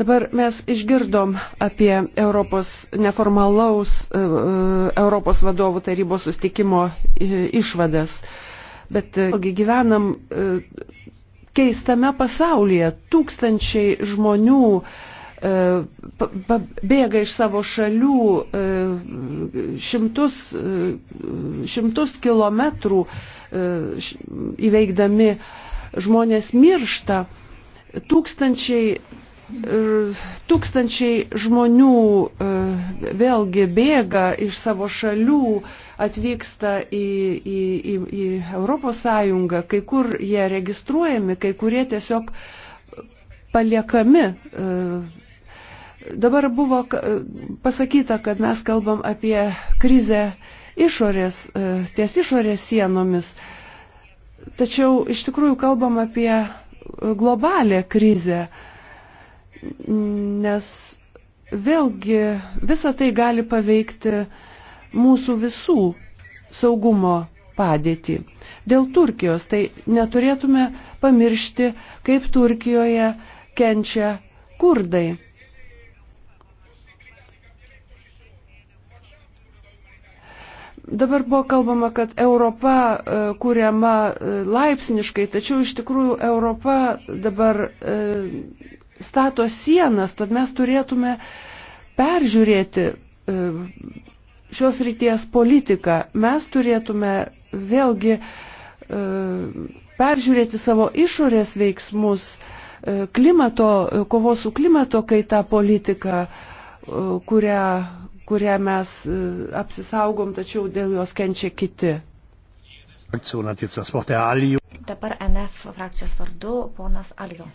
Dabar mes išgirdom apie Europos neformalaus e, e, Europos vadovų tarybos sustikimo e, išvadas, bet gyvenam keistame pasaulyje. Tūkstančiai žmonių uh, E, bėga iš savo šalių e, šimtus, e, šimtus kilometrų įveikdami žmonės miršta, tūkstančiai, tūkstančiai žmonių vėlgi bėga iš savo šalių, atvyksta į, į, į, į Europos Sąjungą, kai kur jie registruojami, kai kurie tiesiog paliekami Dabar buvo pasakyta, kad mes kalbam apie krizę išorės, e, ties išorės sienomis. Tačiau iš tikrųjų kalbam apie globalę krizę, nes vėlgi visa tai gali paveikti mūsų visų saugumo padėtį. Dėl Turkijos tai neturėtume pamiršti, kaip Turkijoje kenčia kurdai. Dabar buvo kalbama, kad Europa e, kuriama e, laipsniškai, tačiau iš tikrųjų Europa dabar e, stato sienas, tad mes turėtume peržiūrėti šios ryties politiką. Mes turėtume vėlgi peržiūrėti savo išorės veiksmus, klimato, kovos su klimato kaita politiką, kurią kurią mes e, apsisaugom, tačiau dėl jos kenčia kiti. Dabar NF frakcijos vardu ponas Aljo.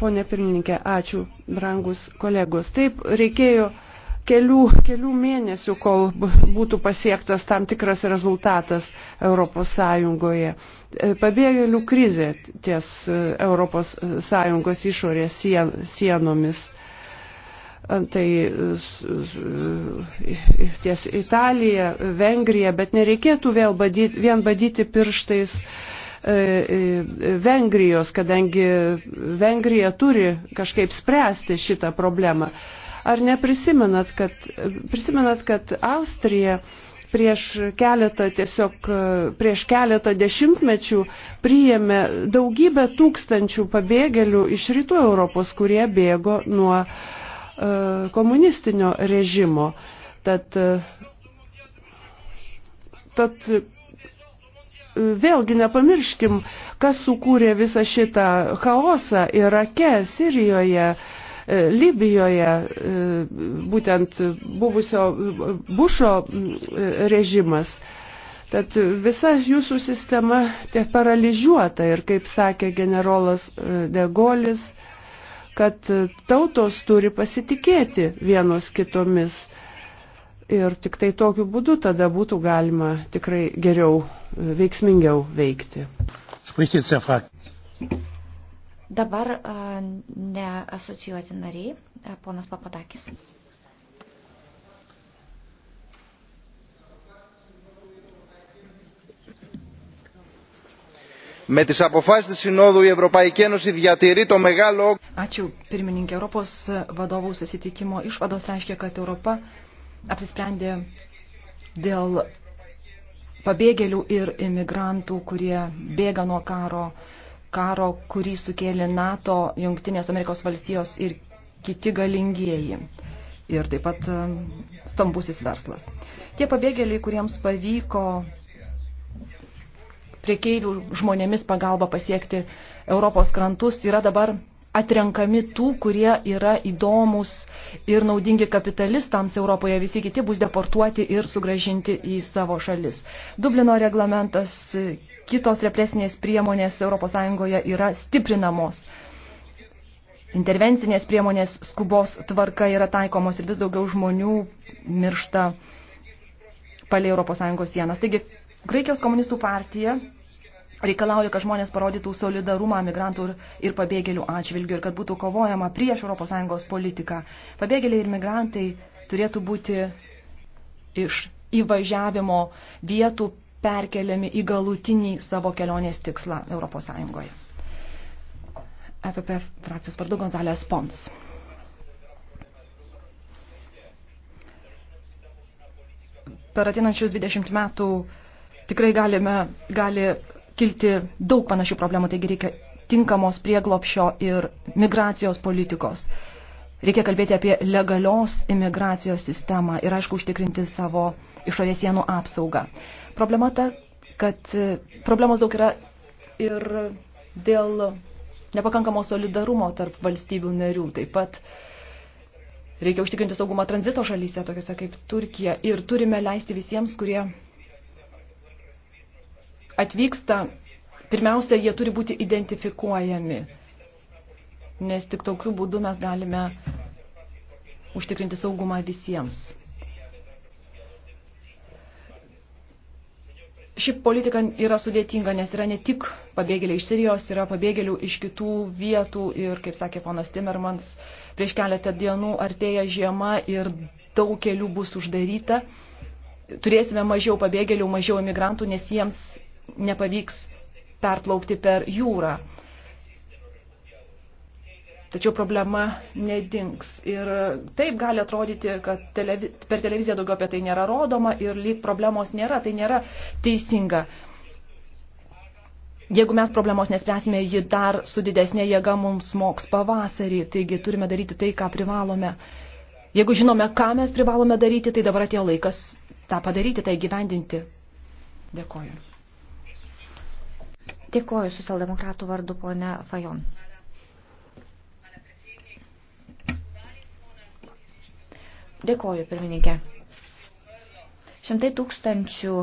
Pone pirmininkė, ačiū, brangus kolegos. Taip, reikėjo kelių, kelių mėnesių, kol būtų pasiektas tam tikras rezultatas Europos Sąjungoje. E, pabėgėlių krizė ties e, Europos Sąjungos išorės sien, sienomis. E, tai ties Italija, Vengrija, bet nereikėtų vėl badyti, vien badyti pirštais Vengrijos, kadangi Vengrija turi kažkaip spręsti šitą problemą. Ar neprisimenat, kad, prisimenat, kad Austrija prieš keletą, tiesiog prieš keletą dešimtmečių priėmė daugybę tūkstančių pabėgėlių iš rytų Europos, kurie bėgo nuo e, komunistinio režimo. Tad, tad vėlgi nepamirškim, kas sukūrė visą šitą chaosą Irake, Sirijoje, e, E, Libijoje e, būtent buvusio Bušo e, režimas. Tad visa jūsų sistema tie paralyžiuota ir, kaip sakė generolas Degolis, kad tautos turi pasitikėti vienos kitomis. Ir tik tai tokiu būdu tada būtų galima tikrai geriau, veiksmingiau veikti. Spricht jetzt der Frage. Dabar neasocijuoti nariai, ponas Papadakis. Με τις αποφάσεις της Συνόδου η Ευρωπαϊκή Ένωση διατηρεί το μεγάλο... Ačiū, pirmininkė. Europos vadovų susitikimo išvados reiškia, kad Europa apsisprendė dėl pabėgėlių ir imigrantų, kurie bėga nuo karo uh, karo, kurį sukėlė NATO, Junktinės Amerikos valstijos ir kiti galingieji. Ir taip pat um, stambusis verslas. Tie pabėgėliai, kuriems pavyko priekeivių žmonėmis pagalba pasiekti Europos krantus, yra dabar atrenkami tų, kurie yra įdomus ir naudingi kapitalistams Europoje, visi kiti bus deportuoti ir sugražinti į savo šalis. Dublino reglamentas kitos represinės priemonės ES yra stiprinamos. Intervencinės priemonės skubos tvarka yra taikomos ir vis daugiau žmonių miršta palei ES sienas. Taigi, Graikijos komunistų partija reikalauja, kad žmonės parodytų solidarumą migrantų ir, ir pabėgėlių atžvilgių ir kad būtų kovojama prieš ES politiką. Pabėgėliai ir migrantai turėtų būti iš įvažiavimo vietų perkeliami į galutinį savo kelionės tikslą ES. EPP e frakcijos vardu Gonzalės Pons. Per atinančius 20 metų tikrai galime, gali kilti daug panašių problemų, taigi reikia tinkamos prieglopšio ir migracijos politikos. Reikia kalbėti apie legalios imigracijos sistemą ir, aišku, užtikrinti savo išorės sienų apsaugą. Problema ta, kad e, problemos daug yra ir dėl nepakankamo solidarumo tarp valstybių narių. Taip pat reikia užtikrinti saugumą tranzito šalyse, tokiuose kaip Turkija, ir turime leisti visiems, kurie atvyksta, pirmiausia, jie turi būti identifikuojami nes tik tokiu būdu mes galime užtikrinti saugumą visiems. Ši politika yra sudėtinga, nes yra ne tik pabėgėliai iš Sirijos, yra pabėgėlių iš kitų vietų ir, kaip sakė ponas Timmermans, prieš keletą dienų artėja žiema ir daug kelių bus uždaryta. Turėsime mažiau pabėgėlių, mažiau imigrantų, nes jiems nepavyks perplaukti per jūrą. Tačiau problema nedings. Ir taip gali atrodyti, kad televi per televiziją daugiau apie tai nėra rodoma ir lyg problemos nėra, tai nėra teisinga. Jeigu mes problemos nespręsime, ji dar su didesnė jėga mums moks pavasarį, taigi turime daryti tai, ką privalome. Jeigu žinome, ką mes privalome daryti, tai dabar atėjo laikas tą padaryti, tai gyvendinti. Dėkoju. Dėkoju socialdemokratų vardu, ponia Fajon. Dėkoju, pirmininkė. Šimtai tūkstančių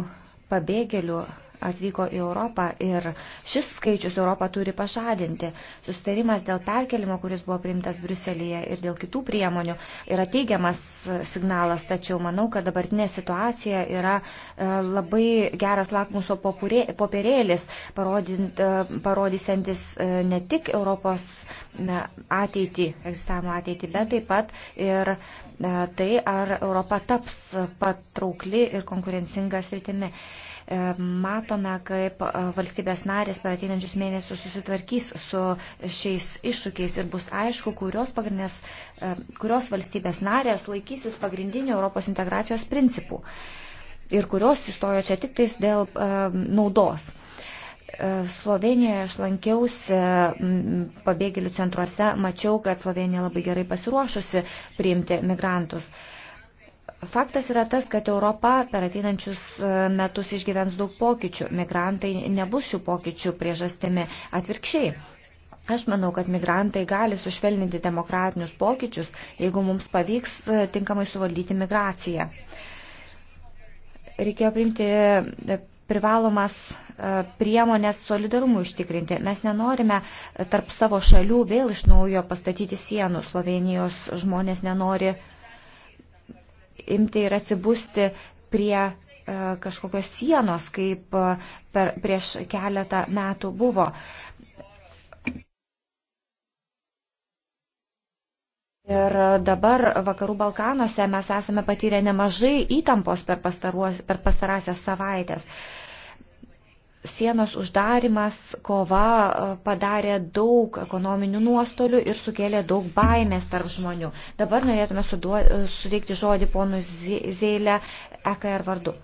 pabėgėlių atvyko į Europą ir šis skaičius Europą turi pažadinti. Sustarimas dėl perkelimo, kuris buvo priimtas Briuselyje ir dėl kitų priemonių, yra teigiamas signalas, tačiau manau, kad dabartinė situacija yra e, labai geras lakmuso popierėlis, e, parodysiantis e, ne tik Europos ateitį, egzistavimo ateitį, bet taip pat ir tai, ar Europa taps patraukli ir konkurencinga sritimi. E, matome, kaip e, valstybės narės per ateinančius mėnesius susitvarkys su šiais iššūkiais ir bus aišku, kurios, e, kurios valstybės narės laikysis pagrindinių Europos integracijos principų ir kurios įstojo čia tik tais dėl naudos. Slovenijoje aš lankiausi pabėgėlių centruose, mačiau, kad Slovenija labai gerai pasiruošusi priimti migrantus. Faktas yra tas, kad Europa per ateinančius e, metus išgyvens daug pokyčių. Migrantai nebus šių pokyčių priežastimi atvirkščiai. Aš manau, kad migrantai gali sušvelninti demokratinius pokyčius, jeigu mums pavyks e, tinkamai suvaldyti migraciją. Reikėjo priimti e, privalomas priemonės solidarumui užtikrinti. Mes nenorime tarp savo šalių vėl iš naujo pastatyti sienų. Slovenijos žmonės nenori uh, imti ir atsibusti prie e, kažkokios sienos, kaip e, per, prieš keletą metų buvo. Ir dabar Vakarų Balkanuose mes esame patyrę nemažai įtampos per, pastaruos, per pastarąsias savaitės. Uh, sienos uždarimas, kova e, padarė daug ekonominių nuostolių ir sukėlė daug baimės tarp žmonių. Dabar norėtume suduo, e, suteikti žodį ponui Zėlę EKR vardu.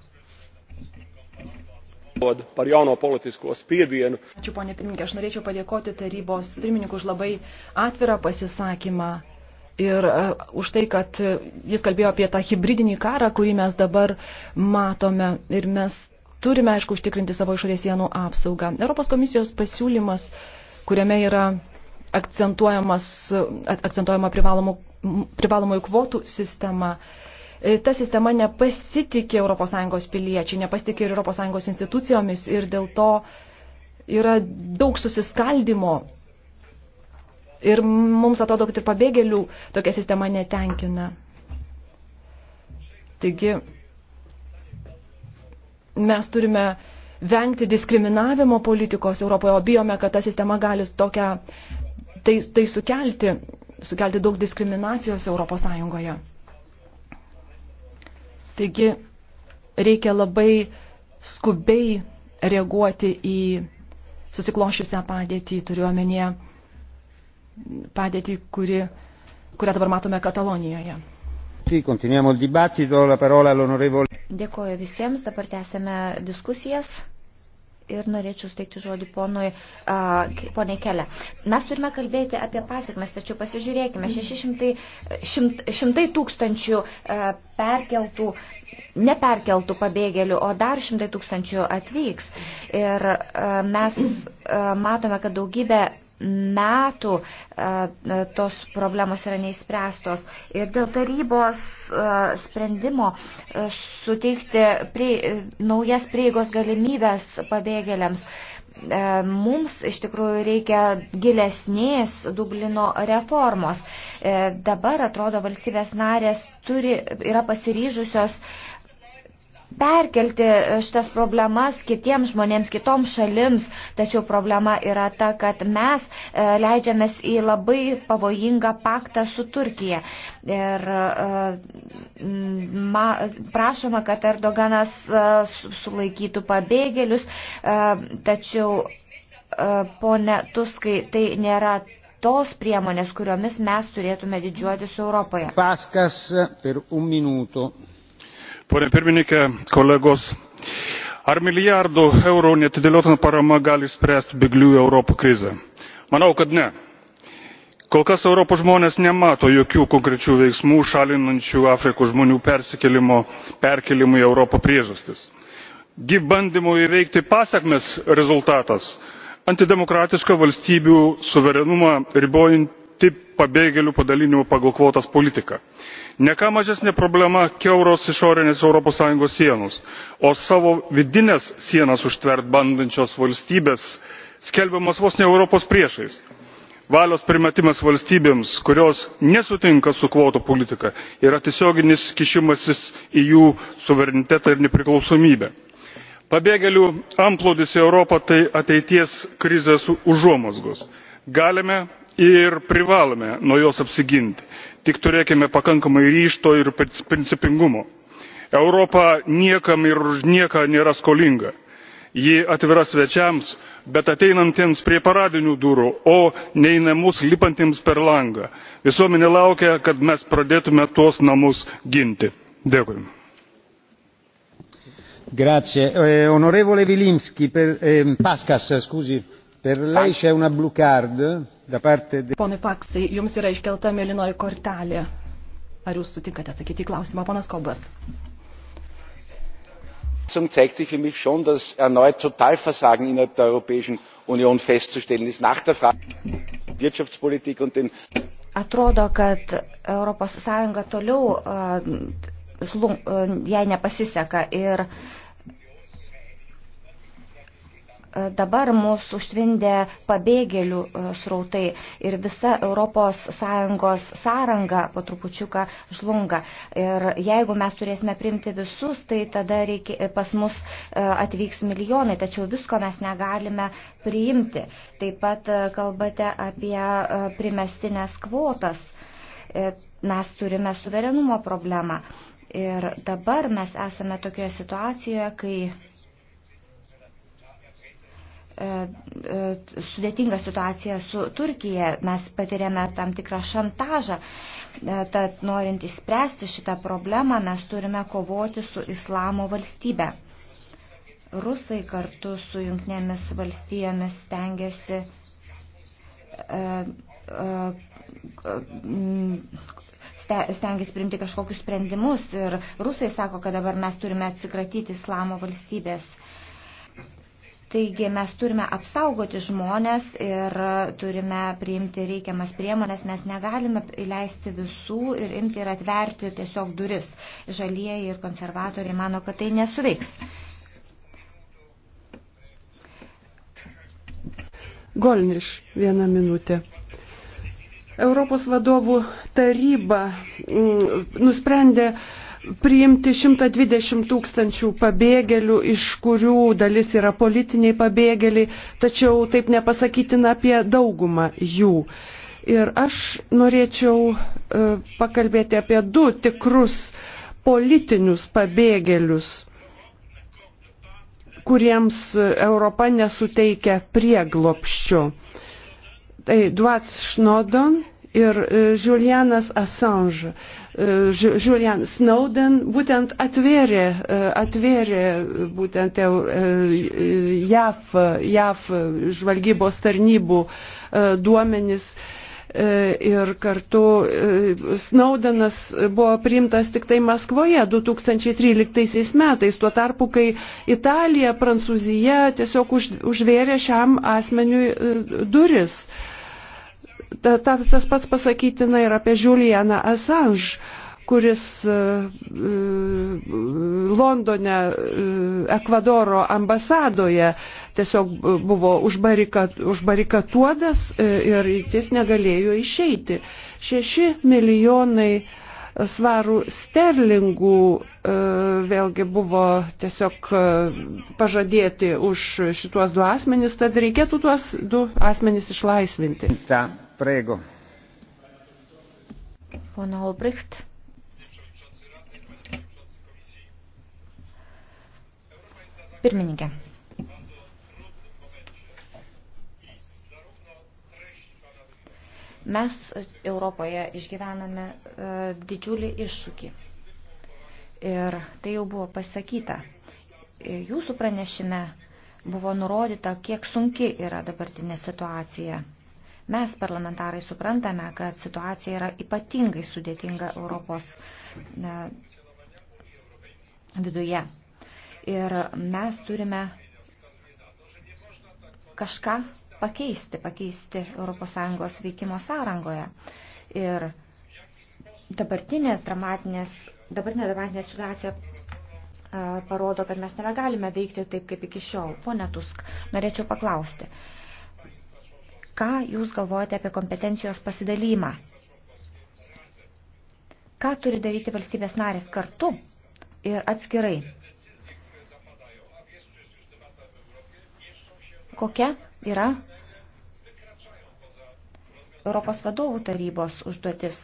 Par jauno politisko spiedienu. Ačiū, ponė pirmininkė, aš norėčiau padėkoti tarybos pirmininkų už labai atvirą pasisakymą ir e, už tai, kad jis kalbėjo apie tą hybridinį karą, kurį mes dabar matome ir mes turime, aišku, užtikrinti savo išorės sienų apsaugą. Europos komisijos pasiūlymas, kuriame yra akcentuojama privalomųjų kvotų sistema, e, ta sistema nepasitikė ES piliečiai, nepasitikė ir ES institucijomis ir dėl to yra daug susiskaldimo. Ir mums atrodo, kad ir pabėgėlių tokia sistema netenkina. Taigi, mes turime vengti diskriminavimo politikos Europoje, o bijome, kad ta sistema gali tokią, tai, tai sukelti, sukelti daug diskriminacijos Europos Sąjungoje. Taigi reikia labai skubiai reaguoti į susiklošiusią padėtį, turiuomenėje padėtį, kuri, kurią dabar matome Katalonijoje. Dėkuoju visiems, dabar tęsėme diskusijas ir norėčiau steigti žodį ponui, uh, poniai Kelė. Mes turime kalbėti apie pasiekmes, tačiau pasižiūrėkime, 600 šimt, šimtai tūkstančių uh, perkeltų, neperkeltų pabėgėlių, o dar šimtai tūkstančių atvyks. Ir uh, mes uh, matome, kad daugybė metų e, e, tos problemos yra neįspręstos. Ir dėl tarybos e, sprendimo suteikti prie, naujas prieigos galimybės pabėgėliams. Mums iš tikrųjų reikia gilesnės Dublino reformos. Dabar atrodo valstybės narės turi, yra pasiryžusios perkelti e, šitas problemas kitiems žmonėms, kitoms šalims, tačiau problema yra ta, kad mes e, leidžiamės į labai pavojingą paktą su Turkija. Ir e, ma, prašoma, kad Erdoganas sulaikytų pabėgėlius, tačiau, pone Tuskai, tai nėra tos priemonės, kuriomis mes turėtume didžiuotis Europoje. Paskas per un minuto pone pirmininke kolegos ar milijardų eurų neatidėliotina parama gali išspręsti bėglių į europą krizę? manau kad ne. kol kas europos žmonės nemato jokių konkrečių veiksmų šalinančių afrikos žmonių perkėlimo į europą priežastis. gi bandymų įveikti pasekmes rezultatas antidemokratiška valstybių suverenumą ribojanti pabėgėlių padalijimo pagal kvotas politika ne ką mažesnė problema kiauros išorinės europos sąjungos sienos o savo vidines sienas užtverti bandančios valstybės skelbiamos vos ne europos priešais. valios primetimas valstybėms kurios nesutinka su kvotų politika yra tiesioginis kišimasis į jų suverenitetą ir nepriklausomybę. pabėgėlių antplūdis į europą tai ateities krizės užuomazgos. galime ir privalome nuo jos apsiginti tik turėkime pakankamai ryžto ir principingumo. europa niekam ir už nieką nėra skolinga ji atvira svečiams bet ateinantiems prie paradinių durų o ne į namus lipantiems per langą. visuomenė laukia kad mes pradėtume tuos namus ginti. dėkui. grazie. Eh, onorevole vilimski per, eh, pascas scusi per lei c'è una blue card? De... Ponui Paksai, jums yra iškelta mėlynoji kortelė. Ar jūs sutinkate atsakyti į klausimą, ponas Kobart? zeigt sich für mich schon, dass erneut Totalversagen innerhalb der Europäischen Union festzustellen ist nach der Frage Wirtschaftspolitik und den. Atrodo, kad ES toliau, äh, äh, jai nepasiseka ir E, dabar mūsų užtvindė pabėgėlių e, srautai ir visa ES sąranga po trupučiuką žlunga. Ir jeigu mes turėsime primti visus, tai tada reikia, e, pas mus atvyks milijonai, tačiau visko mes negalime priimti. Taip pat kalbate apie primestinės kvotas. Mes turime suverenumo problemą. Ir dabar mes esame tokioje situacijoje, kai E, e, sudėtingą situaciją su Turkija. Mes patiriame tam tikrą šantažą. E, tad norint išspręsti šitą problemą, mes turime kovoti su islamo valstybe. Rusai kartu su jungtinėmis valstijomis stengiasi stengiasi priimti kažkokius sprendimus ir rusai sako, kad dabar mes turime atsikratyti islamo valstybės. Uh, Taigi mes turime apsaugoti žmonės ir turime priimti reikiamas priemonės, mes negalime įleisti visų ir imti ir atverti tiesiog duris. Žalieji ir konservatoriai mano, kad tai nesuveiks. Golniš, vieną minutę. Europos vadovų taryba mm, nusprendė priimti 120 tūkstančių pabėgėlių, iš kurių dalis yra politiniai pabėgėliai, tačiau taip nepasakytina apie daugumą jų. Ir aš norėčiau e, pakalbėti apie du tikrus politinius pabėgėlius, kuriems Europa nesuteikia prieglopščio. Tai Duats Šnodon ir e, Julianas Assange, e, Julian Snowden būtent atvėrė, e, atvėrė būtent JAF, JAF žvalgybos tarnybų duomenis ir kartu Snowdenas buvo priimtas tik tai Maskvoje 2013 metais, tuo tarpu, kai Italija, Prancūzija tiesiog už, užvėrė šiam asmeniui duris ta, ta, tas pats pasakytina ir apie Julianą Assange kuris e, e, Londone, e, Ekvadoro ambasadoje tiesiog buvo užbarikatuotas ir jis negalėjo išeiti. Šeši milijonai svarų sterlingų vėlgi buvo tiesiog pažadėti už šituos du asmenys, tad reikėtų tuos du asmenys išlaisvinti. Ta. Prego. Pone Olbricht. Pirmininkė. Mes Europoje išgyvename e, didžiulį iššūkį. Ir tai jau buvo pasakyta. E, jūsų pranešime buvo nurodyta, kiek sunki yra dabartinė situacija. Mes, parlamentarai, suprantame, kad situacija yra ypatingai sudėtinga Europos e, viduje. Ir mes turime kažką pakeisti, pakeisti ES veikimo sąrangoje. Ir dabartinės dramatinės, dabartinė dramatinė situacija e, parodo, kad mes nebegalime veikti taip, kaip iki šiol. Pone Tusk, norėčiau paklausti, Ką Jūs galvojate apie kompetencijos pasidalymą? Ką turi daryti valstybės narės kartu ir atskirai? Kokia yra Europos vadovų tarybos užduotis?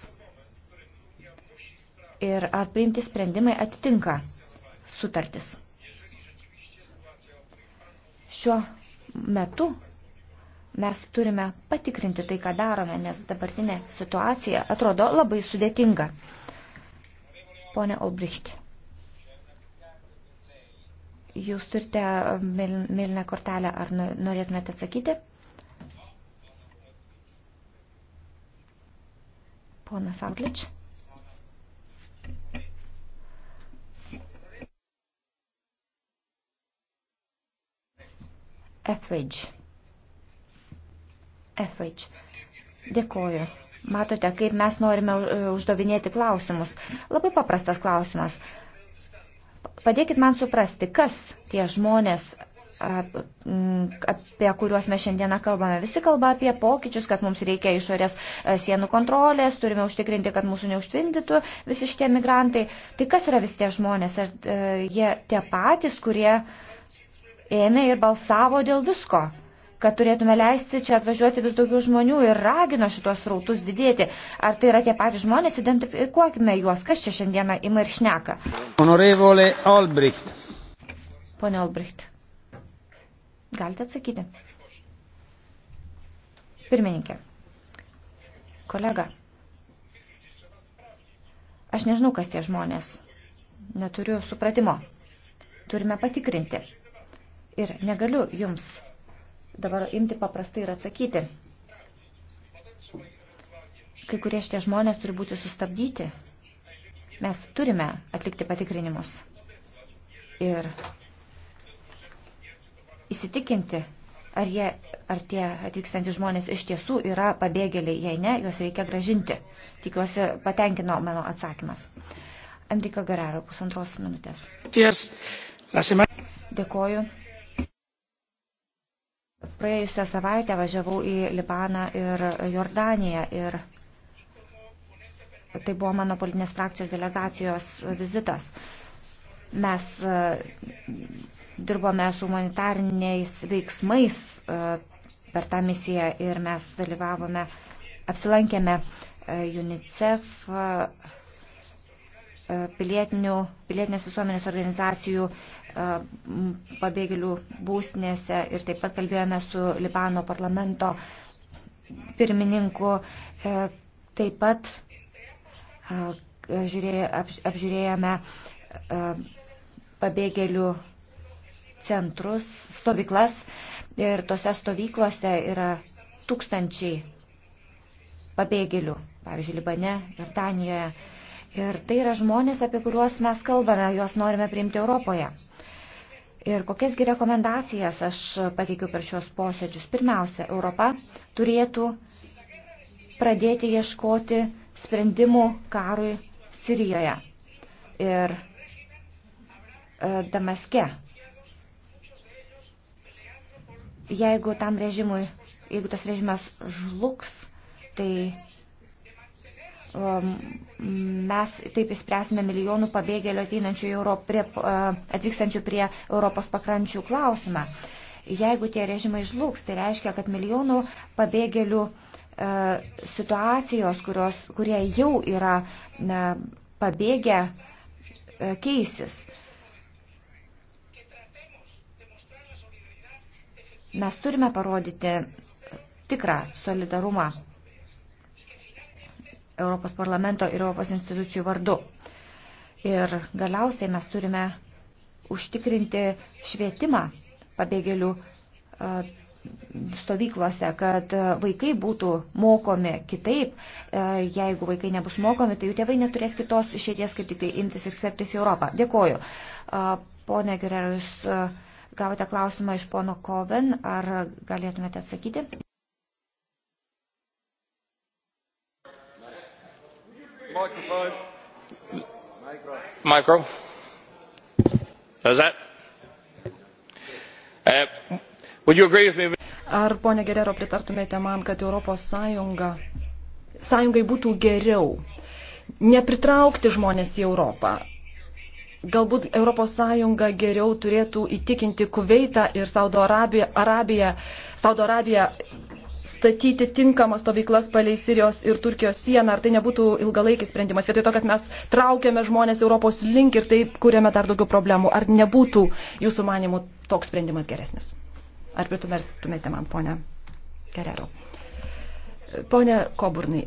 Ir ar priimti sprendimai atitinka sutartis? Šiuo metu Mes turime patikrinti tai, ką darome, nes dabartinė situacija atrodo labai sudėtinga. Pone Olbricht, jūs turite mėlyną kortelę, ar norėtumėte atsakyti? Ponas Auglič. Etheridge. Efridge. Dėkuoju. Matote, kaip mes norime e, uždavinėti klausimus. Labai paprastas klausimas. Padėkit man suprasti, kas tie žmonės, apie kuriuos mes šiandieną kalbame. Visi kalba apie pokyčius, kad mums reikia išorės e, sienų kontrolės, turime užtikrinti, kad mūsų neužtvindytų visi šitie migrantai. Tai kas yra visi tie žmonės? Ar e, jie tie patys, kurie ėmė ir balsavo dėl visko? kad turėtume leisti čia atvažiuoti vis daugiau žmonių ir ragino šitos rautus didėti. Ar tai yra tie patys žmonės, identifikuokime juos, kas čia šiandieną ima ir šneka. Honorevole Albrecht. Pone Albrecht, galite atsakyti. Pirmininkė, kolega, aš nežinau, kas tie žmonės. Neturiu supratimo. Turime patikrinti. Ir negaliu jums dabar imti paprastai ir atsakyti. Kai kurie šitie žmonės turi būti sustabdyti. Mes turime atlikti patikrinimus ir įsitikinti, ar, jie, ar tie atvykstantys žmonės iš tiesų yra pabėgėliai. Jei ne, juos reikia gražinti. Tikiuosi, patenkino mano atsakymas. Andrika Gerero, pusantros minutės. Dėkoju. Praėjusią savaitę važiavau į Libaną ir Jordaniją ir tai buvo mano politinės frakcijos delegacijos vizitas. Mes e, dirbome su humanitariniais veiksmais e, per tą misiją ir mes dalyvavome, apsilankėme e, UNICEF pilietinių, pilietinės visuomenės organizacijų pabėgėlių būsnėse ir taip pat kalbėjome su Libano parlamento pirmininku. E, taip pat apžiūrėjome pabėgėlių centrus, stovyklas ir tose stovyklose yra tūkstančiai pabėgėlių, pavyzdžiui, Libane ir Danijoje. Ir tai yra žmonės, apie kuriuos mes kalbame, juos norime priimti Europoje. Ir kokiasgi rekomendacijas aš pateikiu per šios posėdžius. Pirmiausia, Europa turėtų pradėti ieškoti sprendimų karui Sirijoje ir e, Damaske. Jeigu tam režimui, jeigu tas režimas žlugs, tai Um, mes taip įspręsime milijonų pabėgėlių ateinančių Europ, prie, uh, atvykstančių prie Europos pakrančių klausimą. Jeigu tie režimai žlugs, tai reiškia, kad milijonų pabėgėlių uh, situacijos, kurios, kurie jau yra pabėgę, uh, keisis. Mes turime parodyti tikrą solidarumą Europos parlamento ir Europos institucijų vardu. Ir galiausiai mes turime užtikrinti švietimą pabėgėlių stovyklose, kad vaikai būtų mokomi kitaip. Jeigu vaikai nebus mokomi, tai jų tėvai neturės kitos išėties, kaip tik tai imtis ir skverbtis į Europą. Dėkoju. Pone Gerero, jūs gavote klausimą iš pono Koven, ar galėtumėte atsakyti? Microphone. Micro. Does that? Uh, would you agree with me? Ar, ponė Gerero, pritartumėte man, kad Europos Sąjunga, Sąjungai būtų geriau nepritraukti žmonės į Europą? Galbūt Europos Sąjunga geriau turėtų įtikinti Kuveitą ir Saudo Arabiją, Arabiją, Saudo Arabiją statyti tinkamas stovyklas palei Sirijos ir Turkijos sieną, ar tai nebūtų ilgalaikis sprendimas, vietoj to, kad mes traukiame žmonės Europos link ir taip kuriame dar daugiau problemų, ar nebūtų jūsų manimų toks sprendimas geresnis? Ar pritumėtumėte man, ponia Gerero? Pone Koburnai,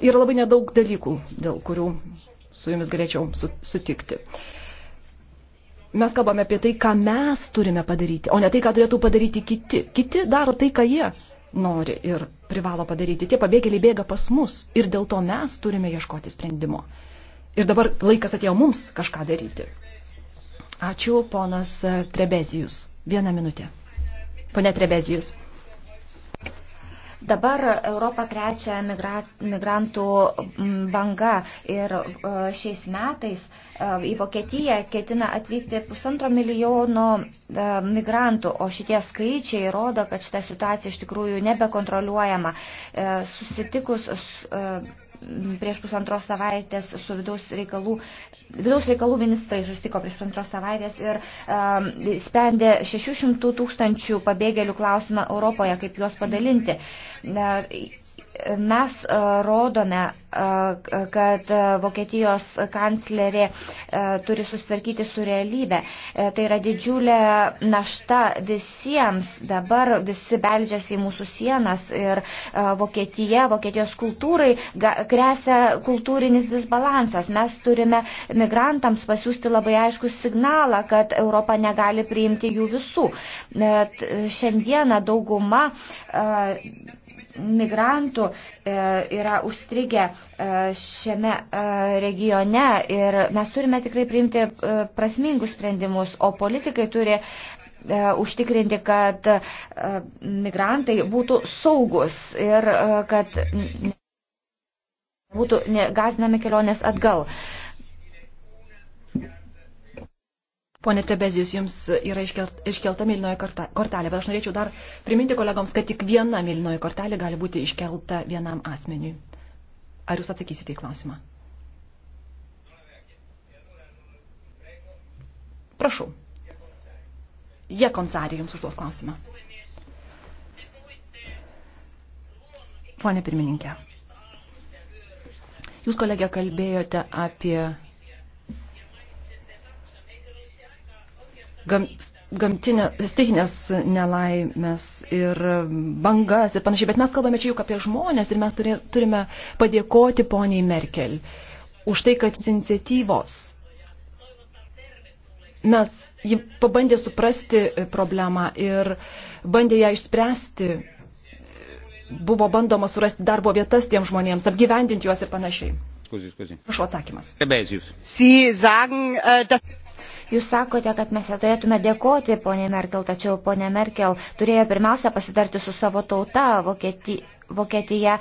yra labai nedaug dalykų, dėl kurių su jumis galėčiau sutikti. Uh, mes kalbame apie tai, ką mes turime padaryti, o ne tai, ką turėtų padaryti kiti. Kiti daro tai, ką jie nori ir privalo padaryti. Tie pabėgėliai bėga pas mus ir dėl to mes turime ieškoti sprendimo. Ir dabar laikas atėjo mums kažką daryti. Ačiū, ponas Trebezijus. Vieną minutę. Pone Trebezijus. Dabar Europą krečia migra, migrantų mm, banga ir e, šiais metais e, į Vokietiją ketina atvykti pusantro milijono e, migrantų, o šitie skaičiai rodo, kad šita situacija iš tikrųjų nebekontroliuojama. Susitikus prieš pusantros savaitės su vidaus reikalų, vidaus reikalų ministrai susitiko prieš pusantros savaitės ir um, sprendė 600 tūkstančių pabėgėlių klausimą Europoje, kaip juos padalinti. Mes uh, rodome, uh, kad uh, Vokietijos kanclerė turi susitvarkyti su realybė. Tai yra didžiulė našta visiems. Dabar visi beldžiasi į mūsų sienas ir Vokietija, Vokietijos kultūrai grėsia kultūrinis disbalansas. Mes turime migrantams pasiūsti labai aišku signalą, kad Europa negali priimti jų visų. Net e, šiandieną dauguma e, migrantų e, yra užstrigę šiame regione ir mes turime tikrai priimti prasmingus sprendimus, o politikai turi užtikrinti, kad migrantai būtų saugus ir kad būtų gazinami kelionės atgal. Pone Tebezijus, jums yra iškelta mylinoji kortelė, bet aš norėčiau dar priminti kolegoms, kad tik viena mylinoji kortelė gali būti iškelta vienam asmeniui. Ar jūs atsakysite į klausimą? Prašau. Jie konsarė jums užduos klausimą. Pone pirmininkė. Jūs, kolegė, kalbėjote apie gam, gamtinę, stichinės nelaimės ir bangas ir panašiai, bet mes kalbame čia juk apie žmonės ir mes turė, turime padėkoti poniai Merkel už tai, kad iniciatyvos mes, ji pabandė suprasti problemą ir bandė ją išspręsti buvo bandoma surasti darbo vietas tiem žmonėms, apgyvendinti juos ir panašiai. Prašau atsakymas. Äh, Jūs sakote, kad mes turėtume dėkoti poniai Merkel, tačiau ponė Merkel turėjo pirmiausia pasitarti su savo tauta Vokietija. Vokietija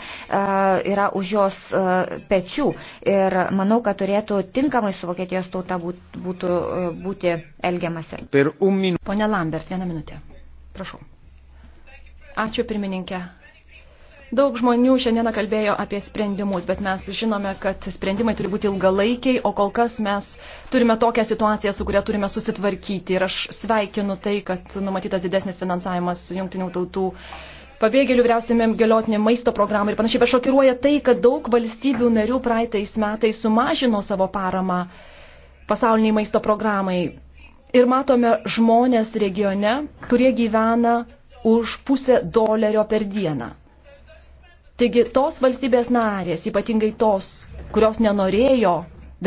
yra už jos e, pečių ir manau, kad turėtų tinkamai su Vokietijos tauta būtų, e, būti elgiamasi. Pone Lambert, vieną minutę. Prašau. Ačiū pirmininkė. Daug žmonių šiandieną kalbėjo apie sprendimus, bet mes žinome, kad sprendimai turi būti ilgalaikiai, o kol kas mes turime tokią situaciją, su kuria turime susitvarkyti. Ir aš sveikinu tai, kad numatytas didesnis finansavimas jungtinių tautų pabėgėlių vyriausiamėm geliotinė maisto programai ir panašiai. Bet šokiruoja tai, kad daug valstybių narių praeitais metais sumažino savo paramą pasauliniai maisto programai. Ir matome žmonės regione, kurie gyvena už pusę dolerio per dieną Taigi tos valstybės narės, ypatingai tos, kurios nenorėjo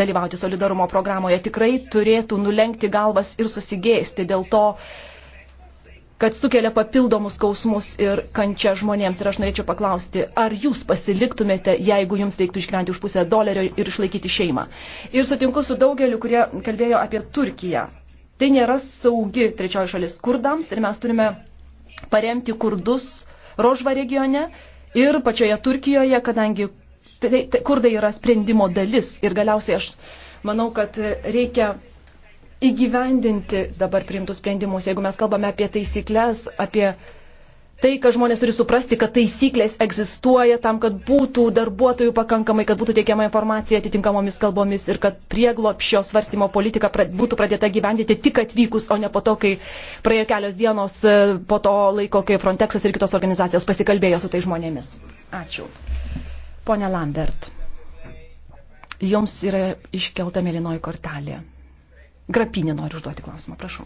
dalyvauti solidarumo programoje, tikrai turėtų nulenkti galvas ir susigėsti dėl to, kad sukelia papildomus skausmus ir kančia žmonėms. Ir aš norėčiau paklausti, ar jūs pasiliktumėte, jeigu jums reiktų išgyventi už pusę dolerio ir išlaikyti šeimą. Ir sutinku su daugeliu, kurie kalbėjo apie Turkiją. Tai nėra saugi trečioji šalis kurdams ir mes turime paremti kurdus Rožva regione ir pačioje Turkijoje, kadangi tai, tai, tai, kurdai yra sprendimo dalis. Ir galiausiai aš manau, kad reikia įgyvendinti dabar priimtus sprendimus. Jeigu mes kalbame apie taisyklės, apie tai, kad žmonės turi suprasti, kad taisyklės egzistuoja tam, kad būtų darbuotojų pakankamai, kad būtų teikiama informacija atitinkamomis kalbomis ir kad prieglopšio svarstymo politika būtų pradėta gyvendyti tik atvykus, o ne po to, kai praėjo kelios dienos e, po to laiko, kai Frontexas ir kitos organizacijos pasikalbėjo su tai žmonėmis. Ačiū. Pone Lambert, jums yra iškelta mėlynoji kortelė. Grapinė nori užduoti klausimą, prašau.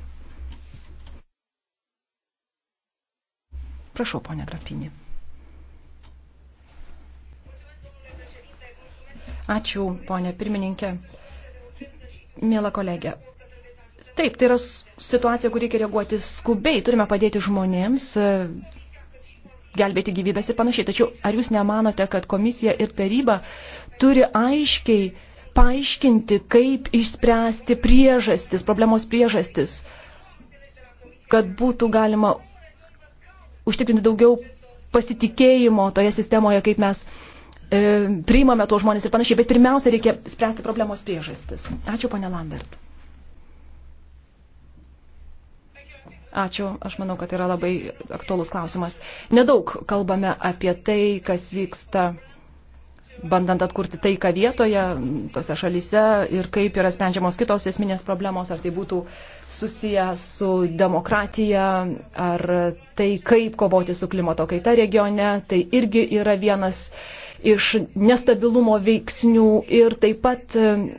Prašau, ponė Grapinė. Ačiū, ponė pirmininkė. Mėla kolegė. Taip, tai yra situacija, kur reikia reaguoti skubiai. Turime padėti žmonėms, gelbėti gyvybės ir panašiai. Tačiau ar jūs nemanote, kad komisija ir taryba turi aiškiai paaiškinti, kaip išspręsti priežastis, problemos priežastis, kad būtų galima užtikrinti daugiau pasitikėjimo toje sistemoje, kaip mes e, priimame tuos žmonės ir panašiai, bet pirmiausia reikia spręsti problemos priežastis. Ačiū, ponė Lambert. Ačiū, aš manau, kad yra labai aktuolus klausimas. Nedaug kalbame apie tai, kas vyksta bandant atkurti tai, ką vietoje, tose šalyse ir kaip yra sprendžiamos kitos esminės problemos, ar tai būtų susiję su demokratija, ar tai, kaip kovoti su klimato kaita regione, tai irgi yra vienas iš nestabilumo veiksnių ir taip pat,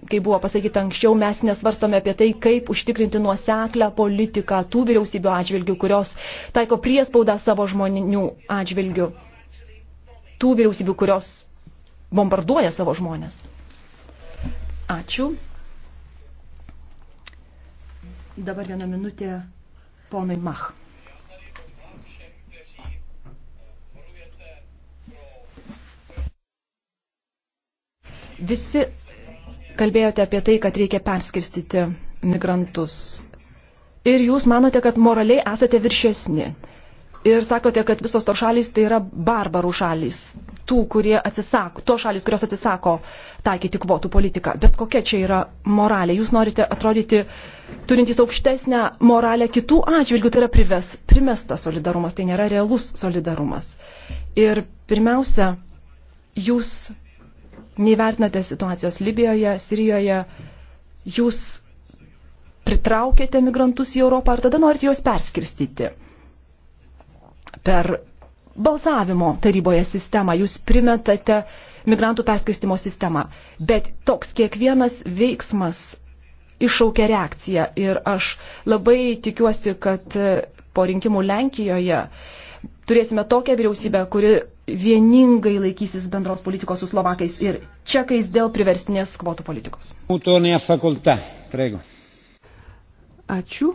kaip buvo pasakyta anksčiau, mes nesvarstome apie tai, kaip užtikrinti nuoseklę politiką tų vyriausybių atžvilgių, kurios taiko priespaudą savo žmonių atžvilgių. Tų vyriausybių, kurios bombarduoja savo žmonės. Ačiū. Dabar vieną minutę ponui Mach. Visi kalbėjote apie tai, kad reikia perskirstyti migrantus. Ir jūs manote, kad moraliai esate viršesni. Ir sakote, kad visos to šalys tai yra barbarų šalys, tų, kurie atsisako, to šalys, kurios atsisako taikyti kvotų politiką. Bet kokia čia yra moralė? Jūs norite atrodyti turintys aukštesnę moralę kitų atžvilgių, tai yra prives, primestas solidarumas, tai nėra realus solidarumas. Ir pirmiausia, jūs neįvertinate situacijos Libijoje, Sirijoje, jūs pritraukėte migrantus į Europą ir tada norite juos perskirstyti per balsavimo taryboje sistemą, jūs primetate migrantų perskirstimo sistemą. Bet toks kiekvienas veiksmas iššaukia reakciją ir aš labai tikiuosi, kad e, po rinkimų Lenkijoje turėsime tokią vyriausybę, kuri vieningai laikysis bendros politikos su Slovakais ir čekais dėl priverstinės kvotų politikos. Ačiū.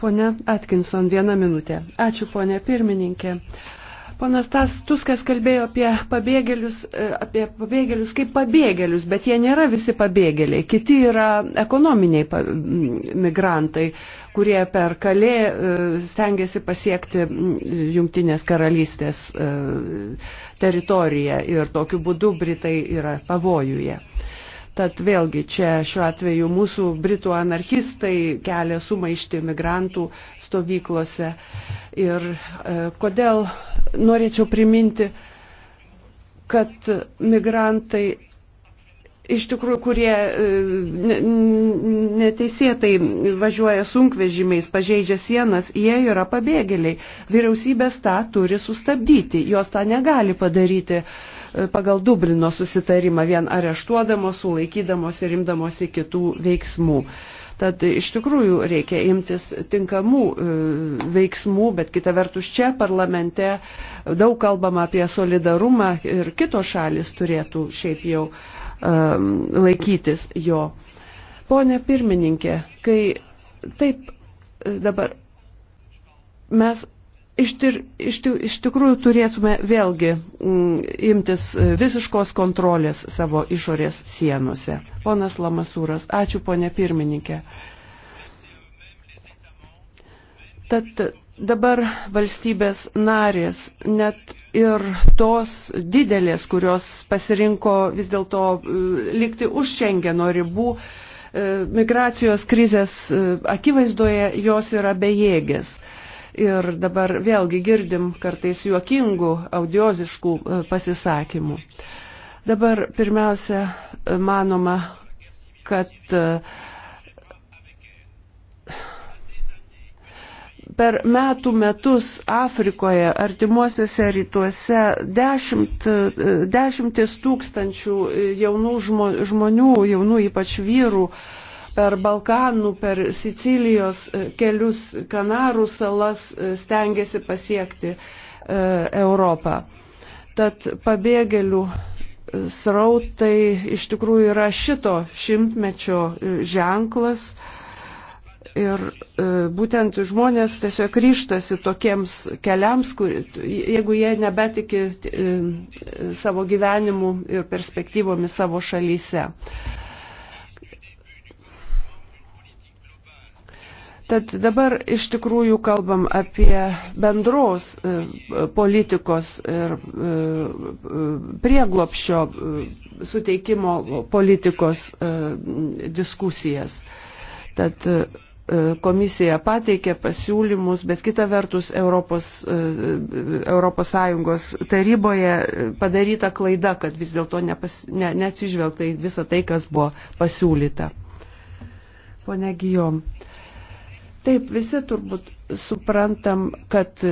Pone Atkinson, vieną minutę. Ačiū, ponė pirmininkė. Ponas Tas Tuskas kalbėjo apie pabėgėlius, e, apie pabėgėlius kaip pabėgėlius, bet jie nėra visi pabėgėliai. Kiti yra ekonominiai migrantai, kurie per kalė e, stengiasi pasiekti Junktinės karalystės e, teritoriją ir tokiu būdu Britai yra pavojuje. Tad vėlgi čia šiuo atveju mūsų britų anarchistai kelia sumaišti migrantų stovyklose. Ir e, kodėl norėčiau priminti, kad migrantai iš tikrųjų, kurie e, neteisėtai važiuoja sunkvežimiais, pažeidžia sienas, jie yra pabėgėliai. Vyriausybės tą turi sustabdyti, jos tą negali padaryti pagal Dublino susitarimą, vien areštuodamos, sulaikydamos ir imdamosi kitų veiksmų. Tad iš tikrųjų reikia imtis tinkamų e, veiksmų, bet kita vertus čia parlamente daug kalbama apie solidarumą ir kitos šalis turėtų šiaip jau um, laikytis jo. Pone pirmininkė, kai taip e, dabar mes Iš, tir, iš, iš tikrųjų turėtume vėlgi m, mm, imtis e, visiškos kontrolės savo išorės sienose. Ponas Lamasūras, ačiū ponė pirmininkė. Tad dabar valstybės narės, net ir tos didelės, kurios pasirinko vis dėlto e, likti už Šengeno ribų, e, migracijos krizės akivaizdoje jos yra bejėgės. Ir dabar vėlgi girdim kartais juokingų, audioziškų e, pasisakymų. Dabar pirmiausia, e, manoma, kad e, per metų metus Afrikoje, artimuosiuose rytuose dešimt, dešimtis tūkstančių jaunų žmonių, jaunų ypač vyrų, per Balkanų, per Sicilijos e, kelius, Kanarų salas e, stengiasi pasiekti e, Europą. Tad pabėgėlių srautai iš tikrųjų yra šito šimtmečio ženklas ir būtent žmonės tiesiog ryštasi tokiems keliams, kur, jeigu jie nebetiki savo gyvenimu ir perspektyvomis savo šalyse. Tad dabar iš tikrųjų kalbam apie bendros e, politikos ir e, prieglopšio e, suteikimo politikos diskusijas. Tad komisija pateikė pasiūlymus, bet kita vertus Europos, Europos Sąjungos taryboje padaryta klaida, kad vis dėlto nepas, ne, neatsižvelgta į visą tai, kas buvo pasiūlyta. Pone Gijom. Taip, visi turbūt suprantam, kad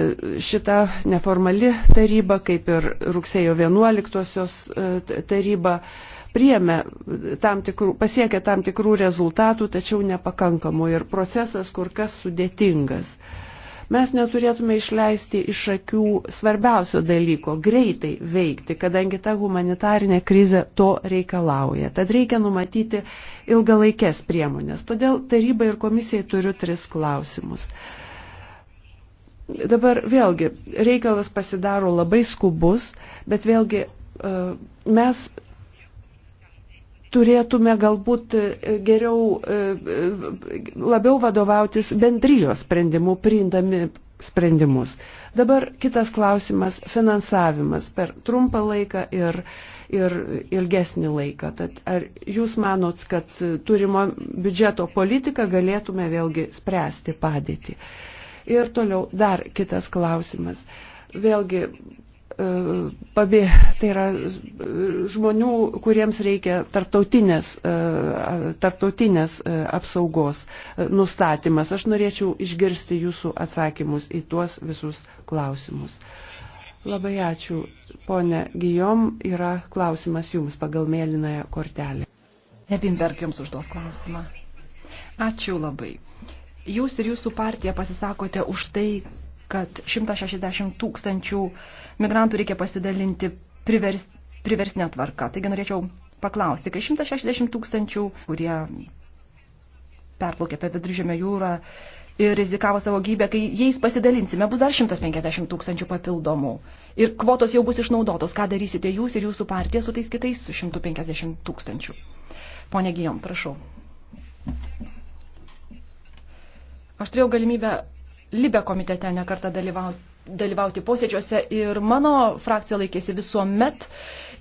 šita neformali taryba, kaip ir rugsėjo 11-osios e, taryba, priemė tam tikrų, pasiekė tam tikrų rezultatų, tačiau nepakankamų ir procesas kur kas sudėtingas. Uh, Mes neturėtume išleisti iš akių svarbiausio dalyko - greitai veikti, kadangi ta humanitarinė krize to reikalauja. Tad reikia numatyti ilgalaikės priemonės. Todėl tarybai ir komisijai turiu tris klausimus. Dabar vėlgi reikalas pasidaro labai skubus, bet vėlgi e, mes turėtume galbūt e, geriau, e, e, labiau vadovautis bendrijos sprendimu, priimdami sprendimus. Dabar kitas klausimas - finansavimas per trumpą laiką ir, ir ilgesnį laiką. Tad ar jūs manot, kad turimo biudžeto politiką galėtume vėlgi spręsti padėtį? Ir toliau dar kitas klausimas. Vėlgi E, pabė, tai yra e, žmonių, kuriems reikia tarptautinės, e, tarptautinės apsaugos nustatymas. Aš norėčiau išgirsti jūsų atsakymus į tuos visus klausimus. Labai ačiū, ponė Gijom, yra klausimas jums pagal mėlynąją kortelę. Nebimberg jums užduos klausimą. Ačiū labai. Jūs ir jūsų partija pasisakote už tai, kad 160 tūkstančių migrantų reikia pasidalinti privers, priversinę tvarką. Taigi norėčiau paklausti, kai 160 tūkstančių, kurie perplaukė per viduržėmę jūrą ir rizikavo savo gyvybę, kai jais pasidalinsime, bus dar 150 tūkstančių papildomų. Ir kvotos jau bus išnaudotos. Ką darysite jūs ir jūsų partija su tais kitais 150 tūkstančių? Pone Gijom, prašau. Aš turėjau galimybę Libe komitete nekartą dalyvauti dalyvauti posėdžiuose ir mano frakcija laikėsi visuomet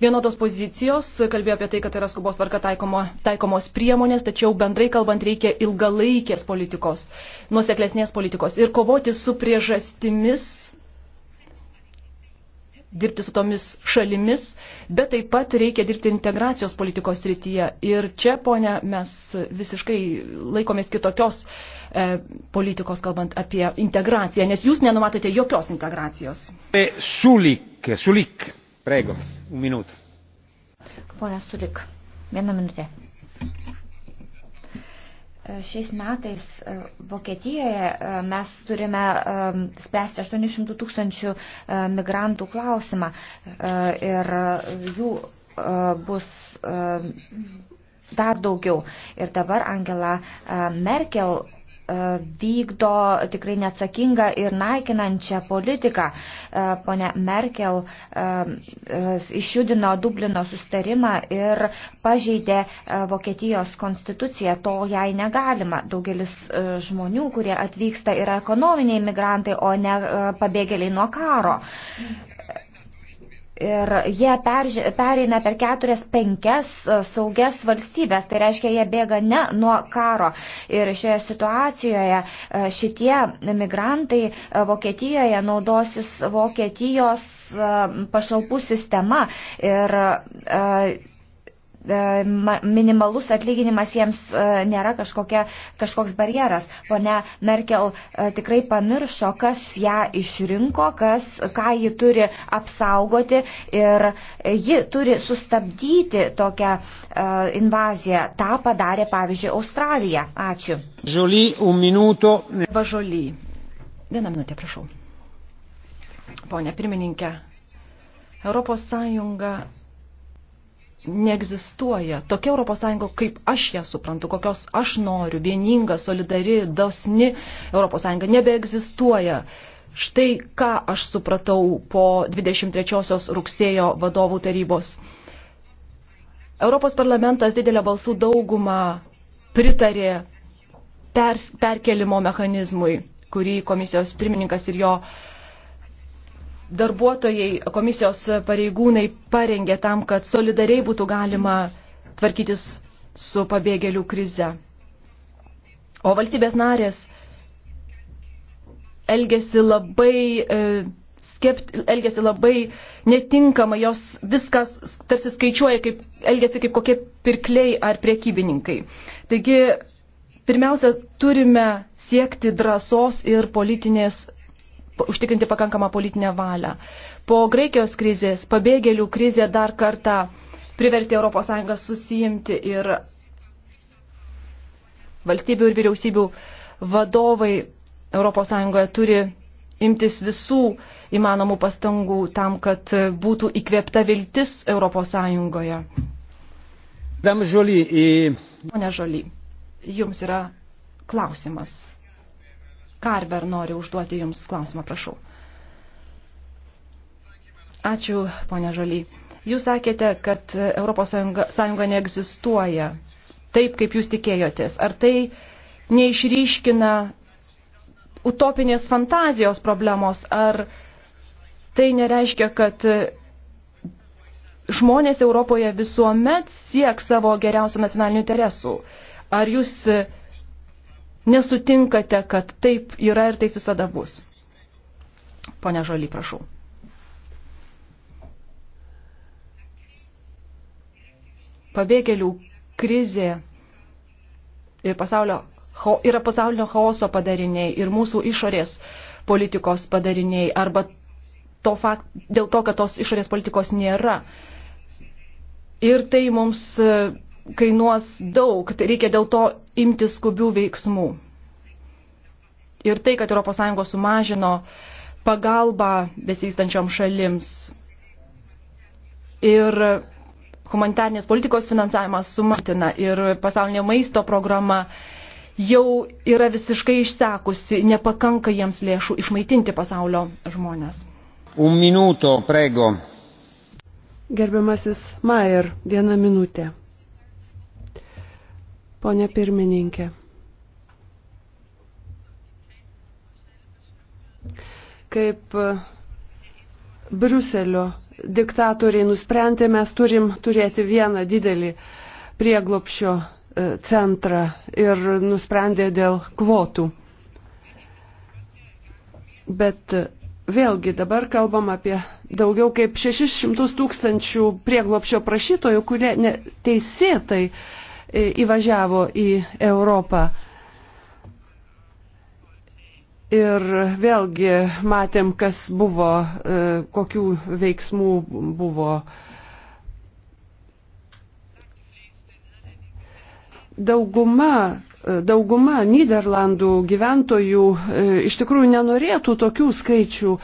vienodos pozicijos, kalbėjo apie tai, kad yra skubos tvarka taikomo, taikomos priemonės, tačiau bendrai kalbant reikia ilgalaikės politikos, nuoseklesnės politikos ir kovoti su priežastimis, dirbti su tomis šalimis, bet taip pat reikia dirbti integracijos politikos srityje. Ir čia, ponia, mes visiškai laikomės kitokios uh, E, politikos, kalbant apie integraciją, nes jūs nenumatote jokios integracijos. E, sulik, sulik, prego, un minutą. Pone Sulik, vieną minutę. E, šiais metais Vokietijoje mes turime spręsti 800 tūkstančių migrantų klausimą ir jų bus dar daugiau. Ir dabar Angela Merkel E, vykdo tikrai neatsakingą ir naikinančią politiką. E, pone Merkel e, išjudino Dublino sustarimą ir pažeidė Vokietijos konstituciją, to jai negalima. Daugelis žmonių, kurie atvyksta, yra ekonominiai migrantai, o ne pabėgėliai nuo karo. Ir jie perži, pereina per keturias, penkias e, saugias valstybės, tai reiškia, jie bėga ne nuo karo. Ir šioje situacijoje e, šitie migrantai e, Vokietijoje naudosis Vokietijos pašalpų sistema. Ir, E, minimalus atlyginimas jiems e, nėra kažkokia, kažkoks barjeras. Pone Merkel e, tikrai pamiršo, kas ją išrinko, kas, ką ji turi apsaugoti ir ji turi sustabdyti tokią invaziją. Ta padarė, pavyzdžiui, Australija. Ačiū. Žoly, un minuto. Bažoly. Vieną minutę, prašau. Pone pirmininkė, Europos Sąjunga neegzistuoja. Tokia ES, kaip aš ją suprantu, kokios aš noriu, vieninga, solidari, dosni ES nebeegzistuoja. Štai ką aš supratau po 23 rugsėjo vadovų tarybos. Europos parlamentas didelę balsų daugumą pritarė pers, perkelimo mechanizmui, kurį komisijos pirmininkas ir jo uh, darbuotojai, komisijos pareigūnai parengė tam, kad solidariai būtų galima tvarkytis su pabėgėlių krize. O valstybės narės elgesi labai, e, skept, elgesi labai netinkamai, jos viskas tarsi skaičiuoja, kaip, elgesi kaip kokie pirkliai ar priekybininkai. Taigi, pirmiausia, turime siekti drąsos ir politinės užtikrinti pakankamą politinę valią. Po Graikijos krizės, pabėgėlių krizė dar kartą privertė ES susijimti ir valstybių ir vyriausybių vadovai ES turi imtis visų įmanomų pastangų tam, kad būtų įkvėpta viltis ES. Pone Žoly, jums yra klausimas. Karver nori užduoti Jums klausimą, prašau. Ačiū, ponia Žaly. Jūs sakėte, kad ES neegzistuoja taip, kaip Jūs tikėjotės. Ar tai neišryškina utopinės fantazijos problemos, ar tai nereiškia, kad žmonės Europoje visuomet siek savo geriausių nacionalinių interesų? Ar jūs nesutinkate, kad taip yra ir taip visada bus. Pone Žoly, prašau. Pabėgėlių krizė ir pasaulio, yra pasaulinio chaoso padariniai ir mūsų išorės politikos padariniai arba to fakt, dėl to, kad tos išorės politikos nėra. Ir tai mums kainuos daug, tai reikia dėl to imti skubių veiksmų. Ir tai, kad ES sumažino pagalbą besivystančiom šalims ir humanitarnės politikos finansavimas sumatina ir pasaulinė maisto programa jau yra visiškai išsekusi, nepakanka jiems lėšų išmaitinti pasaulio žmonės. Un minuto, prego. Gerbiamasis Maier, viena minutė. Pone pirmininkė. Kaip Bruselio diktatoriai nusprendė, mes turim turėti vieną didelį prieglopšio e, centrą ir nusprendė dėl kvotų. Bet e, vėlgi dabar kalbam apie daugiau kaip 600 tūkstančių prieglopšio prašytojų, kurie neteisėtai uh, E, įvažiavo į Europą. Ir vėlgi matėm, kas buvo, e, kokių veiksmų buvo. Dauguma, e, dauguma Niderlandų gyventojų iš tikrųjų nenorėtų tokių skaičių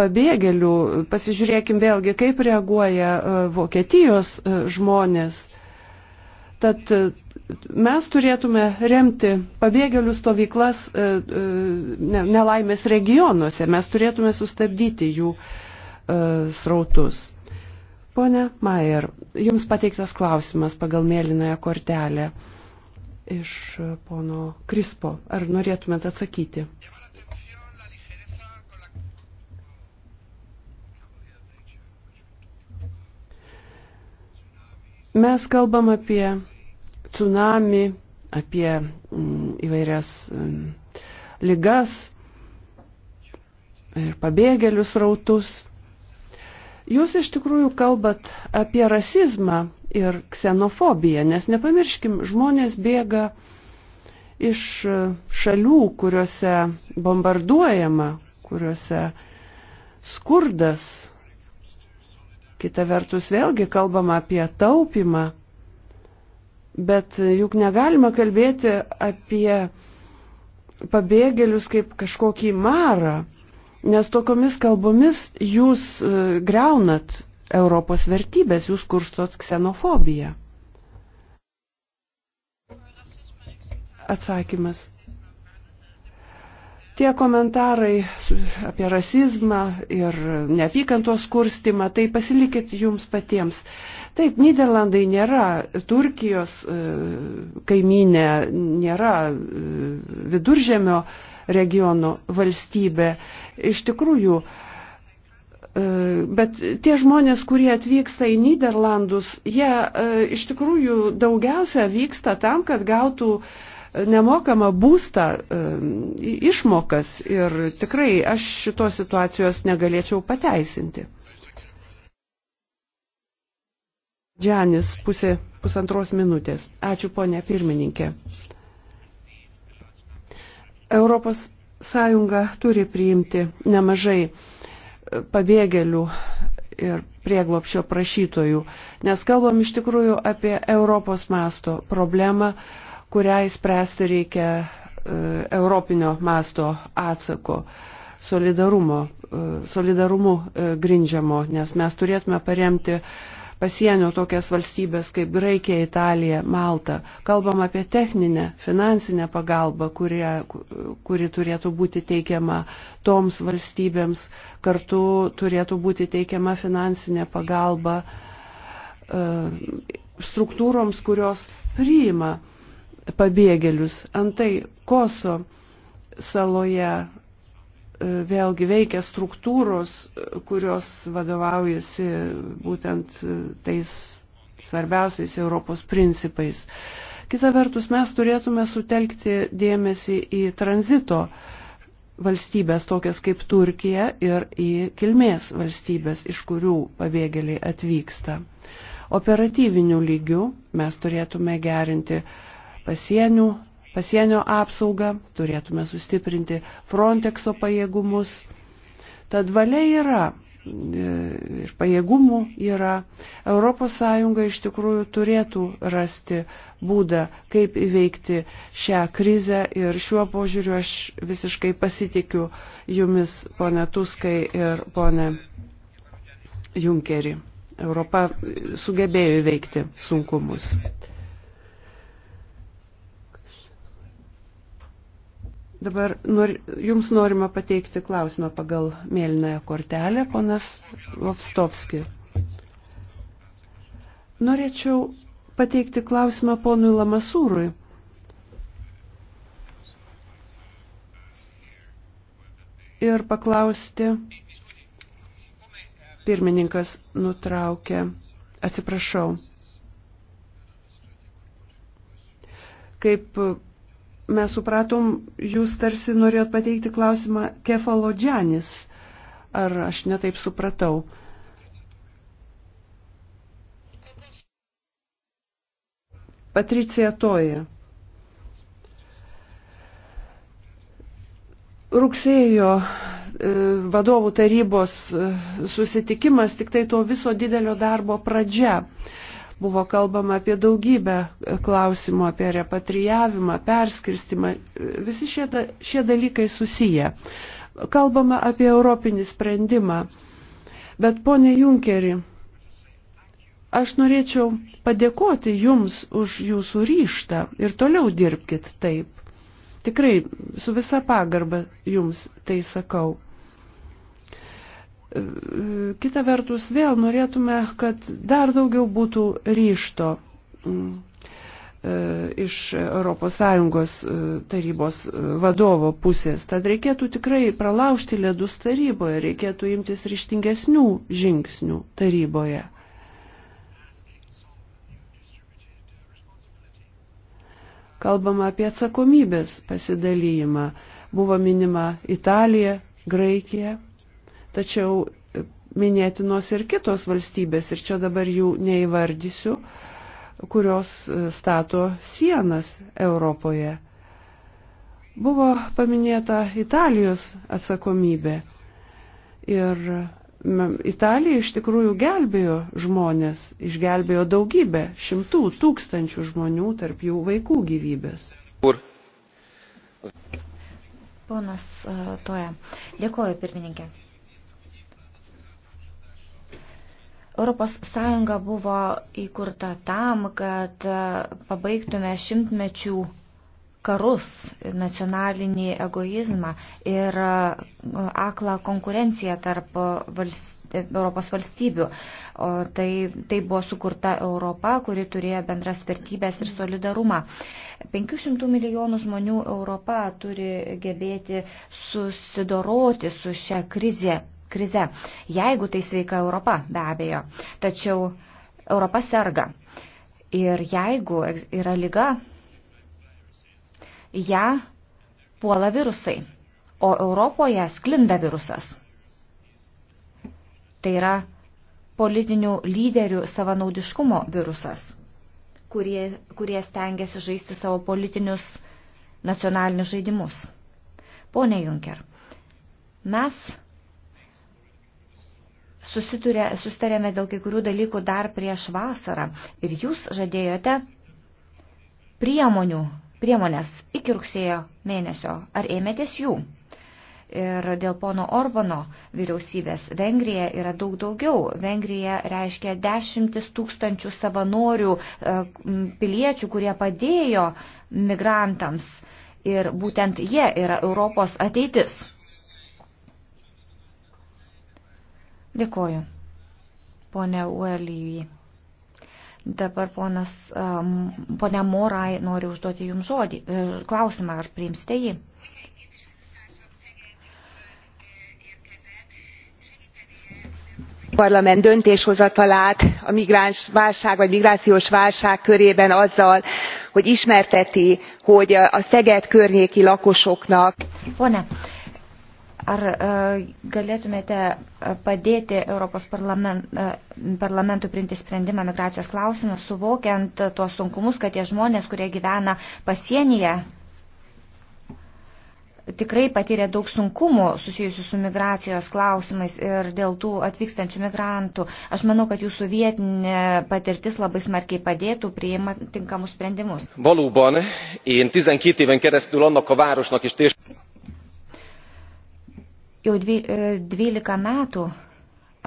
pabėgėlių. Pasižiūrėkim vėlgi, kaip reaguoja Vokietijos žmonės. Tad e, mes turėtume remti pabėgėlių stovyklas e, e, nelaimės regionuose, mes turėtume sustabdyti jų srautus. Pone Maier, jums pateiktas klausimas pagal mėlynąją kortelę iš pono Krispo. Ar norėtumėt atsakyti? Mes kalbam apie tsunami, apie mm, įvairias mm, lygas ir pabėgėlius rautus. Jūs iš tikrųjų kalbat apie rasizmą ir ksenofobiją, nes nepamirškim, žmonės bėga iš šalių, kuriuose bombarduojama, kuriuose skurdas Kita vertus, vėlgi kalbama apie taupimą, bet juk negalima kalbėti apie pabėgėlius kaip kažkokį marą, nes tokiomis kalbomis jūs e, greunat Europos vertybės, jūs kurstot ksenofobiją. Atsakymas Tie komentarai apie rasizmą ir neapykantos kurstimą, tai pasilikit jums patiems. Taip, Niderlandai nėra Turkijos e, kaiminė, nėra e, viduržėmio regiono valstybė. Iš tikrųjų, e, bet tie žmonės, kurie atvyksta į Niderlandus, jie iš tikrųjų daugiausia vyksta tam, kad gautų uh, nemokamą būstą e, išmokas ir tikrai aš šitos situacijos negalėčiau pateisinti. Džianis, pusė, pusantros minutės. Ačiū, ponė pirmininkė. Europos Sąjunga turi priimti nemažai pabėgėlių ir prieglopšio prašytojų, nes kalbam iš tikrųjų apie Europos masto problemą, kurią įspręsti reikia e, europinio masto atsako, solidarumo, e, solidarumu e, grindžiamo, nes mes turėtume paremti pasienio tokias valstybės kaip Graikija, Italija, Malta. Kalbam apie techninę, finansinę pagalbą, kurie, kuri turėtų būti teikiama toms valstybėms, kartu turėtų būti teikiama finansinė pagalba struktūroms, kurios priima uh, pabėgėlius. Antai Koso saloje e, vėlgi veikia struktūros, e, kurios vadovaujasi būtent e, tais svarbiausiais Europos principais. Kita vertus, mes turėtume sutelkti dėmesį į tranzito valstybės, tokias kaip Turkija, ir į kilmės valstybės, iš kurių pabėgėliai atvyksta. Operatyvinių lygių mes turėtume gerinti uh, pasienių, pasienio apsaugą, turėtume sustiprinti Frontexo pajėgumus. Tad valia yra e, ir pajėgumų yra. ES iš tikrųjų turėtų rasti būdą, kaip įveikti šią krizę ir šiuo požiūriu aš visiškai pasitikiu jumis, pone Tuskai ir pone Junkeri. Europa sugebėjo įveikti sunkumus. Dabar nor, jums norima pateikti klausimą pagal mėlynąją kortelę, ponas Lovstovski. Norėčiau pateikti klausimą ponui Lamasūrui. Ir paklausti, pirmininkas nutraukė, atsiprašau, kaip mes supratom, jūs tarsi norėjot pateikti klausimą kefalodžianis. Ar aš netaip supratau? Patricija Toja. Rugsėjo e, vadovų tarybos e, susitikimas tik tai to viso didelio darbo pradžia. Buvo kalbama apie daugybę klausimų, apie repatrijavimą, perskirstimą. Visi šie, šie dalykai susiję. Kalbama apie europinį sprendimą. Bet, ponė Junkeri, aš norėčiau padėkoti Jums už Jūsų ryštą ir toliau dirbkit taip. Tikrai su visa pagarba Jums tai sakau kita vertus vėl norėtume, kad dar daugiau būtų ryšto mm, e, iš ES e, tarybos e, vadovo pusės. Tad reikėtų tikrai pralaužti ledus taryboje, reikėtų imtis ryštingesnių žingsnių taryboje. Kalbama apie atsakomybės pasidalyjimą. Buvo minima Italija, Graikija. Tačiau minėtinos ir kitos valstybės, ir čia dabar jų neįvardysiu, kurios e, stato sienas Europoje. Buvo paminėta Italijos atsakomybė. Ir Italija iš tikrųjų gelbėjo žmonės, išgelbėjo daugybę, šimtų, tūkstančių žmonių, tarp jų vaikų gyvybės. Kur? Ponas uh, Toja, dėkoju pirmininkė. ES buvo įkurta tam, kad e, pabaigtume šimtmečių karus, nacionalinį egoizmą ir e, aklą konkurenciją tarp valstybių. Europos valstybių. O tai, tai buvo sukurta Europa, kuri turėjo bendras vertybės ir solidarumą. 500 milijonų žmonių Europa turi gebėti susidoroti su šia krize krize. Jeigu tai sveika Europa, be abejo. Tačiau Europa serga. Ir jeigu yra lyga, ją ja puola virusai, o Europoje sklinda virusas. Tai yra politinių lyderių savanaudiškumo virusas, kurie, kurie stengiasi žaisti savo politinius nacionalinius žaidimus. Pone Junker, mes susitarėme dėl kai kurių dalykų dar prieš vasarą ir jūs žadėjote priemonių, priemonės iki rugsėjo mėnesio. Ar ėmėtės jų? Ir dėl pono Orbano vyriausybės Vengrija yra daug daugiau. Vengrija reiškia dešimtis tūkstančių savanorių e, piliečių, kurie padėjo migrantams. Ir būtent jie yra Europos ateitis. Dėkoju, ponė Uelyjai. Dabar ponas, ponė Morai nori užduoti jums žodį, e, klausimą, ar priimsite jį. parlament döntéshozatalát a migráns válság vagy migrációs válság körében azzal hogy ismerteti hogy a szeged környéki lakosoknak. Ar e, galėtumėte padėti Europos parlament, e, parlamentui priimti sprendimą migracijos klausimą, suvokiant tuos sunkumus, kad tie žmonės, kurie gyvena pasienyje, tikrai patyrė daug sunkumų susijusių su migracijos klausimais ir dėl tų atvykstančių migrantų. Aš manau, kad jūsų vietinė patirtis labai smarkiai padėtų priimant tinkamus sprendimus. Valóban, én 12 éven keresztül annak a városnak is tér... Jau 12 e, metų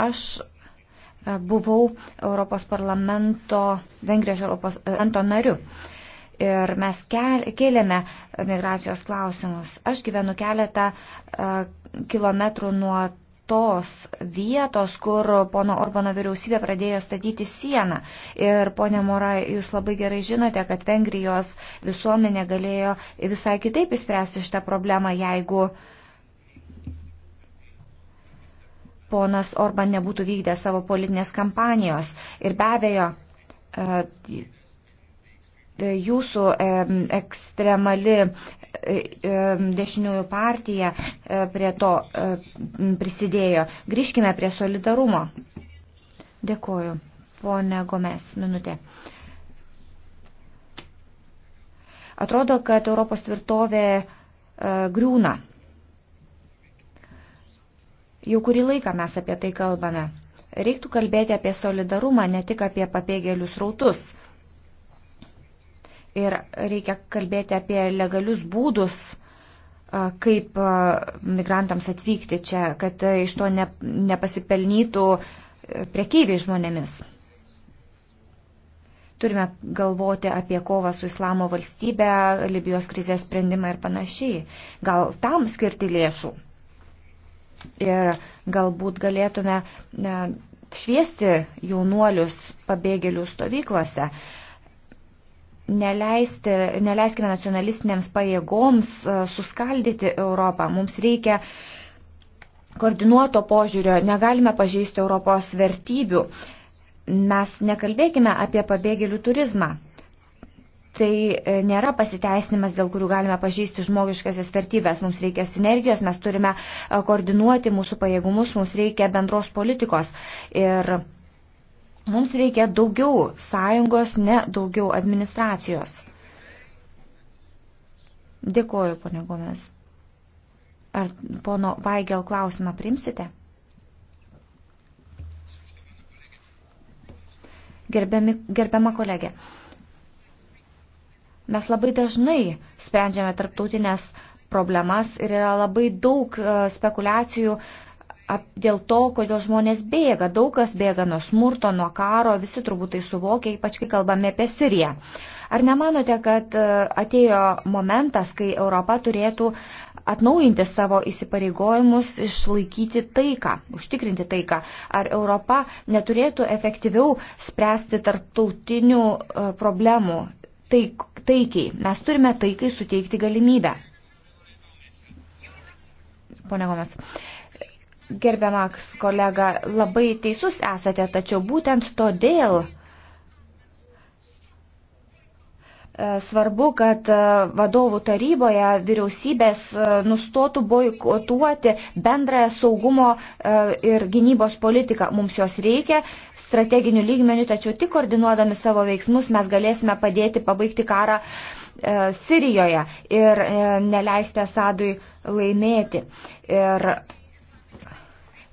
aš e, buvau Europos parlamento, Vengrijos Europos e, parlamento nariu. Ir mes kėlėme migracijos klausimus. Aš gyvenu keletą kilometrų nuo tos vietos, kur pono Orbano vyriausybė pradėjo statyti sieną. Ir ponė Mora, jūs labai gerai žinote, kad Vengrijos visuomenė galėjo visai kitaip įspręsti šitą problemą, jeigu uh, ponas Orban nebūtų vykdę savo politinės kampanijos. Ir be abejo, e, jūsų e, ekstremali e, dešiniųjų partija prie to prisidėjo. Grįžkime prie solidarumo. Dėkuoju. Pone Gomes, minutė. Atrodo, kad Europos tvirtovė griūna. Jau kurį laiką mes apie tai kalbame. Reiktų kalbėti apie solidarumą, ne tik apie pabėgėlius rautus. Ir reikia kalbėti apie legalius būdus, kaip migrantams atvykti čia, kad iš to nepasipelnytų e, prekeiviai žmonėmis. Turime galvoti apie kovą su islamo valstybe, Libijos krizės sprendimą ir panašiai. Gal tam skirti lėšų? ir galbūt galėtume šviesti jaunuolius pabėgėlių stovyklose. Neleisti, neleiskime nacionalistinėms pajėgoms e, suskaldyti Europą. Mums reikia koordinuoto požiūrio, negalime pažeisti Europos vertybių. Mes nekalbėkime apie pabėgėlių turizmą tai e, nėra pasiteisinimas, dėl kurių galime pažįsti žmogiškasias vertybės. Mums reikia sinergijos, mes turime e, koordinuoti mūsų pajėgumus, mums reikia bendros politikos. Ir mums reikia daugiau sąjungos, ne daugiau administracijos. Dėkuoju, ponė Gomes. Ar pono Vaigel klausimą primsite? Gerbiami, gerbiama kolegė. Mes labai dažnai sprendžiame tarptautinės problemas ir yra labai daug e, spekulacijų dėl to, kodėl žmonės bėga. Daug kas bėga nuo smurto, nuo karo, visi turbūt tai suvokia, ypač kai kalbame apie Siriją. Ar nemanote, kad e, atėjo momentas, kai Europa turėtų atnaujinti savo įsipareigojimus, išlaikyti taiką, užtikrinti taiką? Ar Europa neturėtų efektyviau spręsti tarptautinių e, problemų taik, taikiai. Mes turime taikai suteikti galimybę. Pone Gomas, gerbiamaks kolega, labai teisus esate, tačiau būtent todėl e, svarbu, kad e, vadovų taryboje vyriausybės e, nustotų boikotuoti bendrąją saugumo ir gynybos politiką. Mums jos reikia, strateginių lygmenių, tačiau tik koordinuodami savo veiksmus mes galėsime padėti pabaigti karą e, Sirijoje ir e, neleisti Asadui laimėti. Ir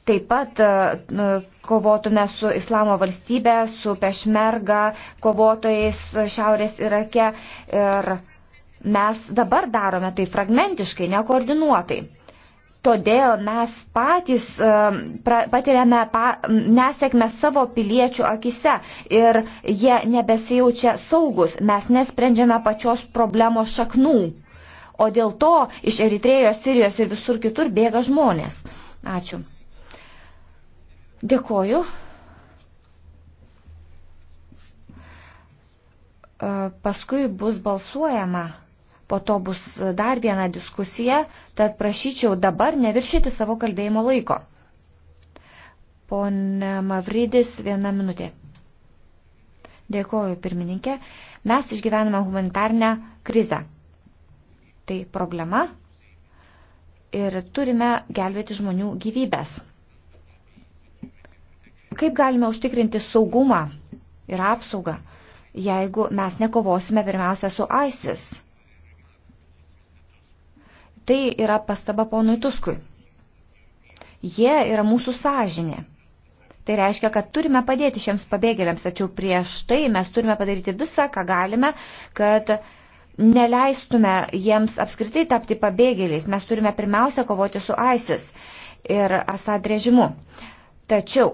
taip pat e, kovotume su Islamo valstybe, su pešmerga, kovotojais Šiaurės Irake ir mes dabar darome tai fragmentiškai, nekoordinuotai. Todėl mes patys e, patiriame nesėkmę savo piliečių akise ir jie nebesijaučia saugus, mes nesprendžiame pačios problemos šaknų. O dėl to iš Eritrėjos, Sirijos ir visur kitur bėga žmonės. Ačiū. Dėkoju. E, paskui bus balsuojama po to bus dar viena diskusija, tad prašyčiau dabar neviršyti savo kalbėjimo laiko. Pone Mavrydis, viena minutė. Dėkoju, pirmininkė. Mes išgyvename humanitarnę krizę. Tai problema ir turime gelbėti žmonių gyvybės. Kaip galime užtikrinti saugumą ir apsaugą, jeigu mes nekovosime pirmiausia su ISIS? Tai yra pastaba ponui Tuskui. Jie yra mūsų sąžinė. Tai reiškia, kad turime padėti šiems pabėgėliams, tačiau prieš tai mes turime padaryti visą, ką galime, kad neleistume jiems apskritai tapti pabėgėliais. Mes turime pirmiausia kovoti su ISIS ir Asad režimu. Tačiau.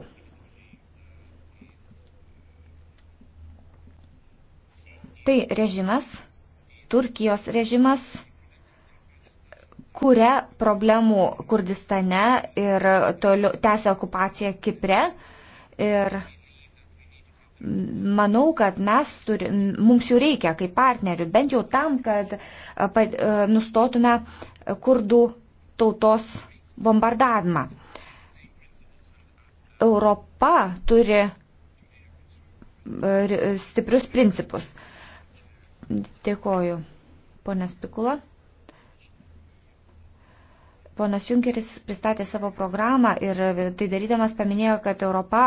Tai režimas, Turkijos režimas kuria problemų Kurdistane ir toliau tęsia okupaciją Kipre. Ir manau, kad mes turi, mums jų reikia kaip partnerių, bent jau tam, kad nustotume kurdų tautos bombardavimą. Europa turi stiprius principus. Dėkoju, ponė Spikula. Ponas Junkeris pristatė savo programą ir tai darydamas paminėjo, kad Europa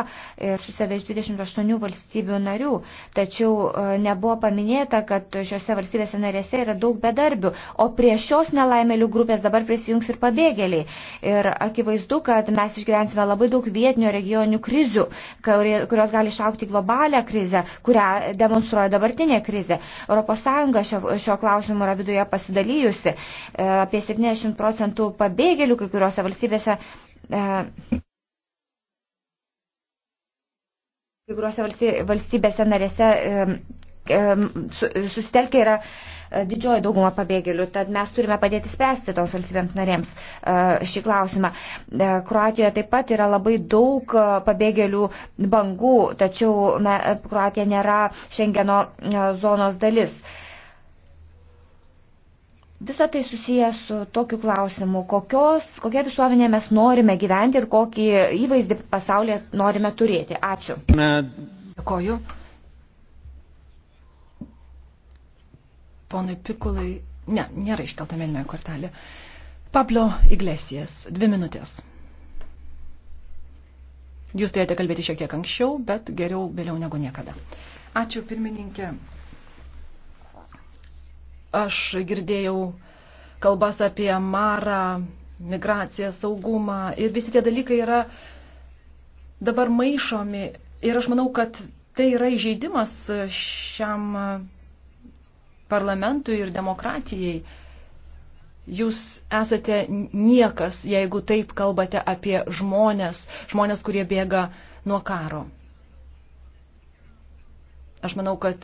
susideda iš 28 valstybių narių, tačiau e, nebuvo paminėta, kad šiuose valstybėse narėse yra daug bedarbių, o prie šios nelaimelių grupės dabar prisijungs ir pabėgėliai. Ir akivaizdu, kad mes išgyvensime labai daug vietinių regioninių krizių, kurios gali išaukti globalią krizę, kurią demonstruoja dabartinė krizė. ES šio, šio klausimu yra viduje pasidalyjusi. E, apie 70 procentų pabėgėlių pabėgėlių kai kuriuose valstybėse. E, kai kuriuose valstybėse narėse e, e, susitelkia yra didžioji dauguma pabėgėlių, tad mes turime padėti spręsti tos valstybėms narėms šį klausimą. Kroatijoje taip pat yra labai daug pabėgėlių bangų, tačiau Kroatija nėra Šengeno zonos dalis. Visą tai susijęs su tokiu klausimu, kokios, kokia visuomenė mes norime gyventi ir kokį įvaizdį pasaulyje norime turėti. Ačiū. Dėkoju. Ponui Pikulai, ne, nėra iškelta mėlynoje kortelė. Pablo Iglesijas, dvi minutės. Jūs turėjote kalbėti šiek tiek anksčiau, bet geriau vėliau negu niekada. Ačiū pirmininkė. Aš girdėjau kalbas apie marą, migraciją, saugumą ir visi tie dalykai yra dabar maišomi ir aš manau, kad tai yra įžeidimas šiam parlamentui ir demokratijai. Jūs esate niekas, jeigu taip kalbate apie žmonės, žmonės, kurie bėga nuo karo. Aš manau, kad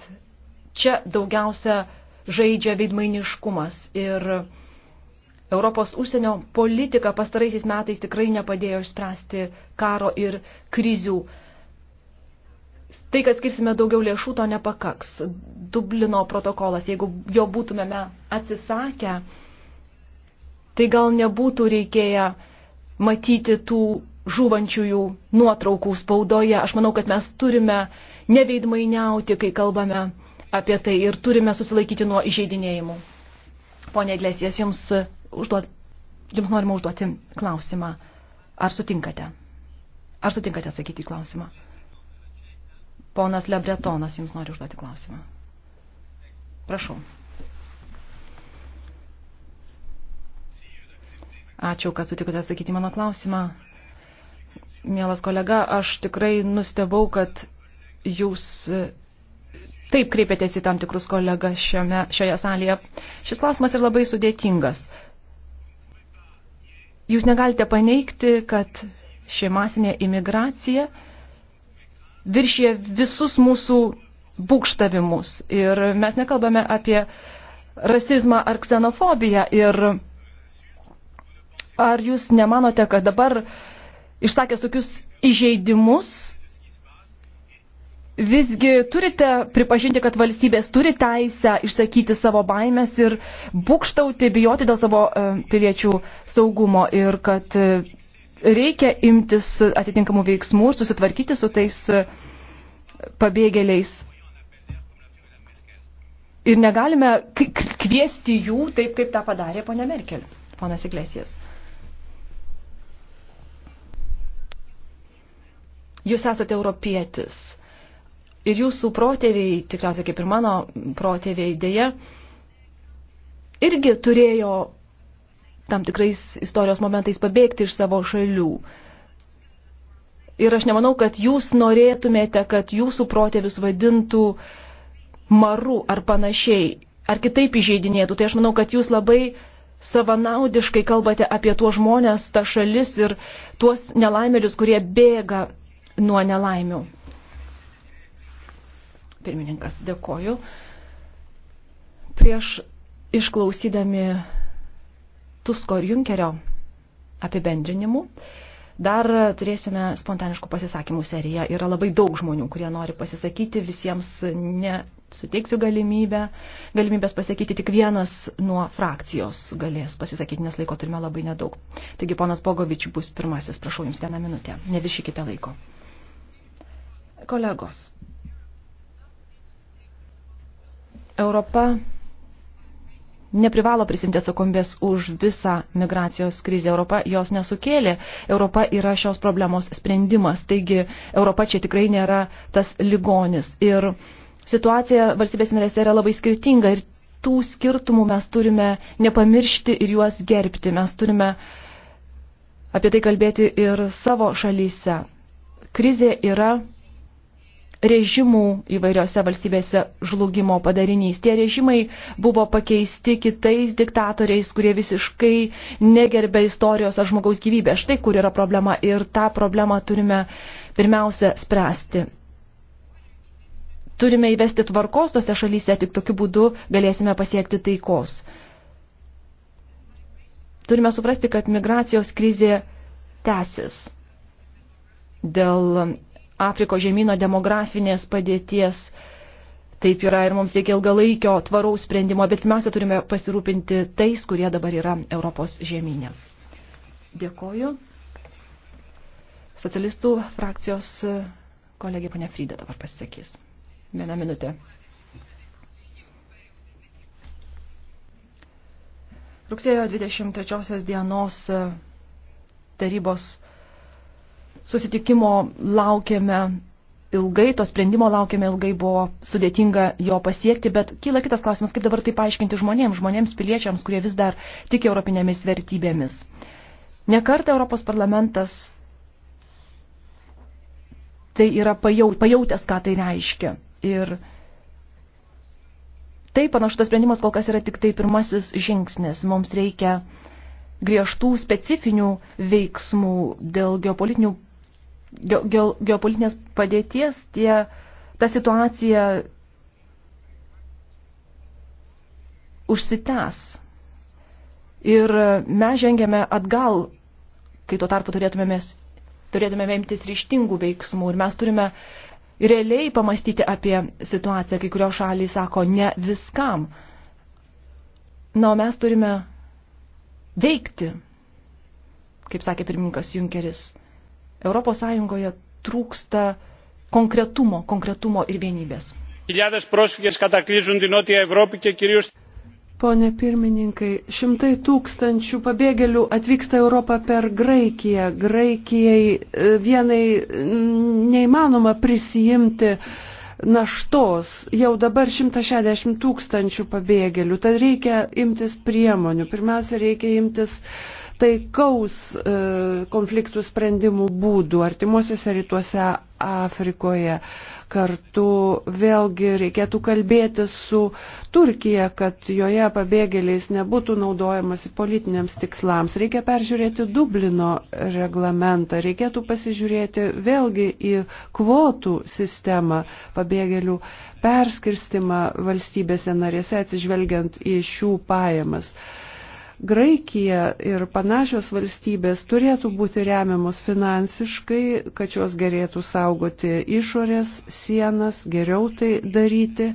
čia daugiausia žaidžia veidmainiškumas. Ir Europos užsienio politika pastaraisiais metais tikrai nepadėjo išspręsti karo ir krizių. Tai, kad skirsime daugiau lėšų, to nepakaks. Dublino protokolas, jeigu jo būtumėme atsisakę, tai gal nebūtų reikėję matyti tų žūvančiųjų nuotraukų spaudoje. Aš manau, kad mes turime neveidmainiauti, kai kalbame apie tai ir turime susilaikyti nuo įžeidinėjimų. Pone Iglesijas, jums, e, užduot, jums norima užduoti klausimą. Ar sutinkate? Ar sutinkate atsakyti į klausimą? Ponas Lebretonas jums nori užduoti klausimą. Prašau. Ačiū, kad sutikote atsakyti mano klausimą. Mielas kolega, aš tikrai nustebau, kad jūs taip kreipėtės į tam tikrus kolegas šiame, šioje salėje. Šis klausimas yra labai sudėtingas. Jūs negalite paneigti, kad ši masinė imigracija viršė visus mūsų būkštavimus. Ir mes nekalbame apie rasizmą ar ksenofobiją. Ir ar jūs nemanote, kad dabar išsakęs tokius įžeidimus, Visgi turite pripažinti, kad valstybės turi teisę išsakyti savo baimės ir būkštauti, bijoti dėl savo e, piliečių saugumo ir kad e, reikia imtis atitinkamų veiksmų ir susitvarkyti su tais e, pabėgėliais. Ir negalime kviesti jų taip, kaip tą padarė ponia Merkel, ponas Iglesijas. Jūs esate europietis Ir jūsų protėviai, tikriausiai kaip ir mano protėviai, dėja, irgi turėjo tam tikrais istorijos momentais pabėgti iš savo šalių. Ir aš nemanau, kad jūs norėtumėte, kad jūsų protėvius vadintų maru ar panašiai, ar kitaip įžeidinėtų. Tai aš manau, kad jūs labai savanaudiškai kalbate apie tuos žmonės, ta šalis ir tuos nelaimelius, kurie bėga nuo nelaimių. Pirmininkas, dėkoju. Prieš išklausydami Tusko ir Junkerio apibendrinimų, dar turėsime spontaniškų pasisakymų seriją. Yra labai daug žmonių, kurie nori pasisakyti, visiems nesuteiksiu galimybę. Galimybės pasakyti tik vienas nuo frakcijos galės pasisakyti, nes laiko turime labai nedaug. Taigi, ponas Bogovič bus pirmasis, prašau jums vieną minutę, neviršykite laiko. Kolegos, Europa neprivalo prisimti atsakomybės už visą migracijos krizę. Europa jos nesukėlė. Europa yra šios problemos sprendimas. Taigi Europa čia tikrai nėra tas ligonis. Ir situacija valstybės narėse yra labai skirtinga ir tų skirtumų mes turime nepamiršti ir juos gerbti. Mes turime apie tai kalbėti ir savo šalyse. Krizė yra režimų įvairiose valstybėse žlugimo padarinys. Tie režimai buvo pakeisti kitais diktatoriais, kurie visiškai negerbė istorijos ar žmogaus gyvybės. Štai kur yra problema ir tą problemą turime pirmiausia spręsti. Turime įvesti tvarkos tose šalyse, tik tokiu būdu galėsime pasiekti taikos. Turime suprasti, kad migracijos krizė tęsis dėl Afrikos žemynų demografinės padėties. Taip yra ir mums reikia ilgalaikio tvaraus sprendimo, bet pirmiausia turime pasirūpinti tais, kurie dabar yra Europos žemynė. Dėkoju. Socialistų frakcijos kolegė ponia Frida dabar pasisakys. Vieną minutę. Rugsėjo 23 dienos tarybos susitikimo laukėme ilgai, to sprendimo laukėme ilgai, buvo sudėtinga jo pasiekti, bet kyla kitas klausimas, kaip dabar tai paaiškinti žmonėms, žmonėms piliečiams, kurie vis dar tik europinėmis vertybėmis. Nekartą Europos parlamentas tai yra pajautęs, ką tai reiškia. Ir tai panašu, tas sprendimas kol kas yra tik tai pirmasis žingsnis. Mums reikia griežtų specifinių veiksmų dėl geopolitinių ge, ge, geopolitinės padėties, tie, ta situacija užsitęs. Ir mes žengėme atgal, kai tuo tarpu turėtumėmės, turėtumėme imtis ryštingų veiksmų. Ir mes turime realiai pamastyti apie situaciją, kai kurios šaliai sako ne viskam. Na, o mes turime veikti, kaip sakė pirmininkas Junkeris. Europos Sąjungoje trūksta konkretumo, konkretumo ir vienybės. Pone pirmininkai, šimtai tūkstančių pabėgėlių atvyksta Europą per Graikiją. Graikijai e, vienai neįmanoma prisijimti naštos. Jau dabar 160 tūkstančių pabėgėlių. Tad reikia imtis priemonių. Pirmiausia, reikia imtis uh, taikaus e, konfliktų sprendimų būdų artimuosiuose rytuose Afrikoje. Kartu vėlgi reikėtų kalbėti su Turkija, kad joje pabėgėliais nebūtų naudojamasi politiniams tikslams. Reikia peržiūrėti Dublino reglamentą, reikėtų pasižiūrėti vėlgi į kvotų sistemą pabėgėlių perskirstimą valstybėse narėse atsižvelgiant į šių pajamas. Graikija ir panašios valstybės turėtų būti remiamos finansiškai, kad jos gerėtų saugoti išorės sienas, geriau tai daryti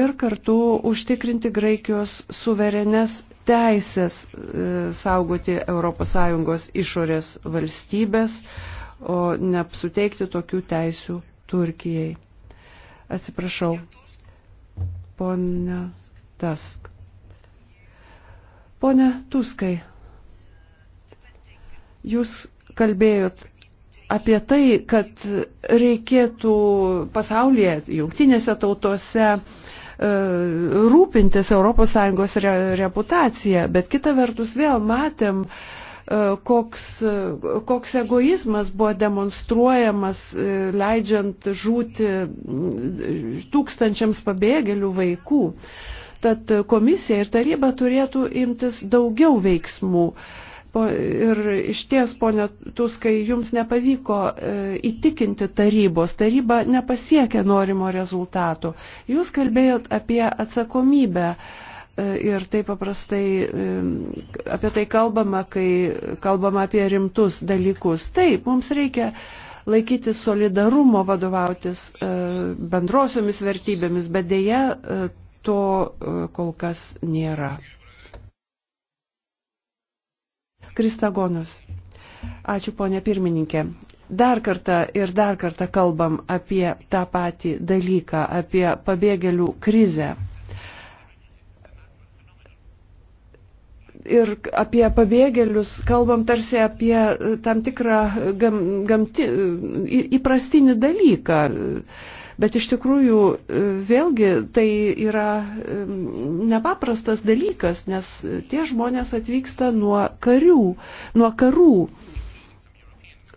ir kartu užtikrinti Graikijos suverenes teisės e, saugoti ES išorės valstybės, o neapsuteikti tokių teisių Turkijai. Atsiprašau, ponia Task. Pone Tuskai, jūs kalbėjot apie tai, kad reikėtų pasaulyje, jungtinėse tautose e, rūpintis ES re, reputacija, bet kita vertus vėl matėm, e, koks, e, koks egoizmas buvo demonstruojamas, leidžiant žūti tūkstančiams pabėgėlių vaikų. Tad komisija ir taryba turėtų imtis daugiau veiksmų. Po, ir iš ties, ponė Tuskai, jums nepavyko e, įtikinti tarybos, taryba nepasiekė norimo rezultato. Jūs kalbėjot apie atsakomybę e, ir taip paprastai e, apie tai kalbama, kai kalbama apie rimtus dalykus. Taip, mums reikia laikyti solidarumo, vadovautis e, bendrosiomis vertybėmis, bet dėja to e, kol kas nėra. Kristagonas. Ačiū, ponė pirmininkė. Dar kartą ir dar kartą kalbam apie tą patį dalyką, apie pabėgėlių krizę. ir apie pabėgėlius kalbam tarsi apie e, tam tikrą gam, gamti, e, įprastinį dalyką. Bet iš tikrųjų, e, vėlgi, tai yra e, nepaprastas dalykas, nes tie žmonės atvyksta nuo karių, nuo karų.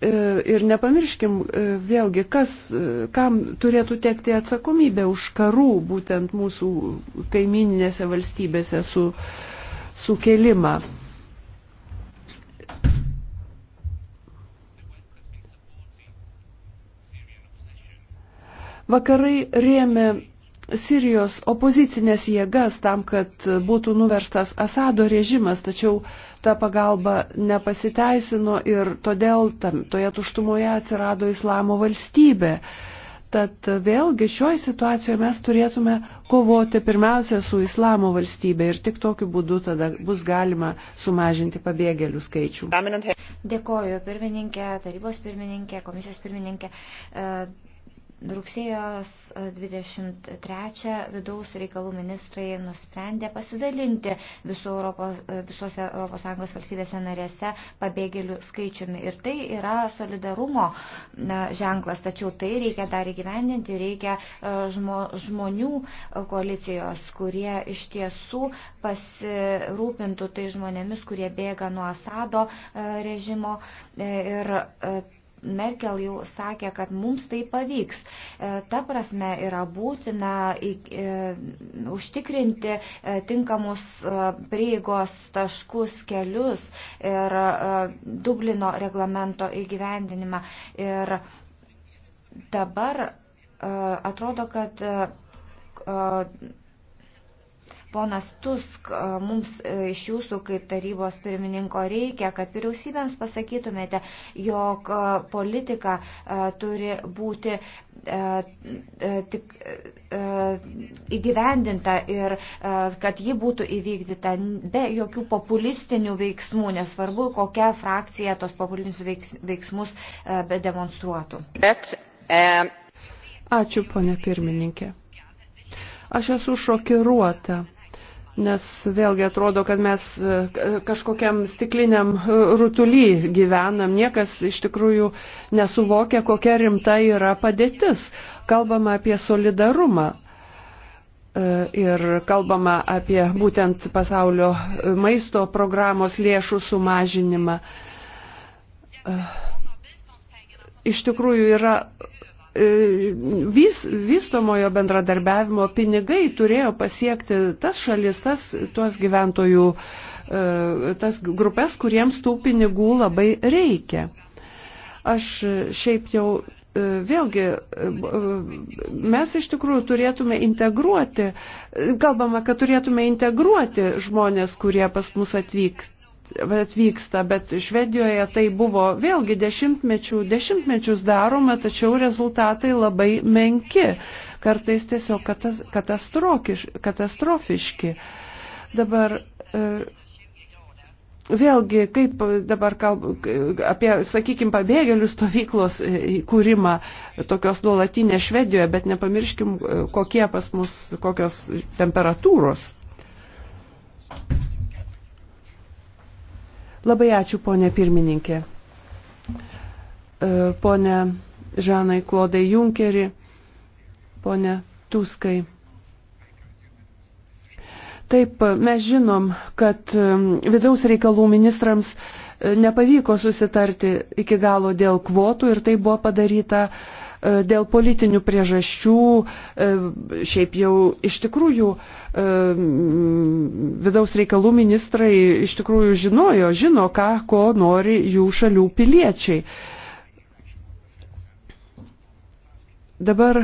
E, ir nepamirškim vėlgi, kas, kam turėtų tekti atsakomybė už karų būtent mūsų kaimininėse valstybėse su, sukelimą. Vakarai rėmė Sirijos opozicinės jėgas tam, kad būtų nuverstas Asado režimas, tačiau ta pagalba nepasiteisino ir todėl tam, toje tuštumoje atsirado Islamo valstybė. Tad vėlgi šioje situacijoje mes turėtume kovoti pirmiausia su Islamo valstybė ir tik tokiu būdu tada bus galima sumažinti pabėgėlių skaičių. Dėkoju pirmininkė, tarybos pirmininkė, komisijos pirmininkė. E Rugsėjos 23 e, vidaus reikalų ministrai nusprendė pasidalinti viso e, Europos, visose ES valstybėse narėse pabėgėlių skaičiumi. Ir tai yra solidarumo ženklas, tačiau tai reikia dar įgyvendinti, reikia e, žmo, žmonių koalicijos, kurie iš tiesų pasirūpintų tai žmonėmis, kurie bėga nuo Asado režimo. Ir, Merkel jau sakė, kad mums tai pavyks. E, ta prasme yra būtina e, užtikrinti e, tinkamus prieigos taškus, kelius ir Dublino reglamento įgyvendinimą. Ir dabar atrodo, kad Ponas Tusk, mums e, iš jūsų kaip tarybos pirmininko reikia, kad vyriausybėms pasakytumėte, jog politika turi būti tik įgyvendinta ir kad ji būtų įvykdyta be jokių populistinių veiksmų, nesvarbu, kokia frakcija tos populistinius veiksmus demonstruotų. Bet, um... Ačiū, ponė pirmininkė. Aš esu šokiruota Nes vėlgi atrodo, kad mes e, kažkokiam stikliniam e, rutuly gyvenam, niekas iš tikrųjų nesuvokia, kokia rimta yra padėtis. Kalbama apie solidarumą e, ir kalbama apie būtent pasaulio maisto programos lėšų sumažinimą. Iš tikrųjų yra E, vis, vystomojo bendradarbiavimo pinigai turėjo pasiekti tas šalis, tas, tuos gyventojų, e, tas grupės, kuriems tų pinigų labai reikia. Aš šiaip jau e, vėlgi mes iš tikrųjų turėtume integruoti, kalbama, kad turėtume integruoti žmonės, kurie pas mus atvyks atvyksta, bet Švedijoje tai buvo vėlgi dešimtmečių, dešimtmečius daroma, tačiau rezultatai labai menki, kartais tiesiog katas, katastrofiški. Dabar e, vėlgi, kaip dabar kalb, apie, sakykime, pabėgėlių stovyklos e, įkūrimą tokios nuolatinės Švedijoje, bet nepamirškim, e, kokie pas mus, kokios temperatūros Labai ačiū, ponė pirmininkė. E, Pone Žanai Klodai Junkeri, ponė Tuskai. Taip, mes žinom, kad e, vidaus reikalų ministrams e, nepavyko susitarti iki galo dėl kvotų ir tai buvo padaryta uh, E, dėl politinių priežasčių e, šiaip jau iš tikrųjų e, vidaus reikalų ministrai iš tikrųjų žinojo, žino, ką, ko nori jų šalių piliečiai. Dabar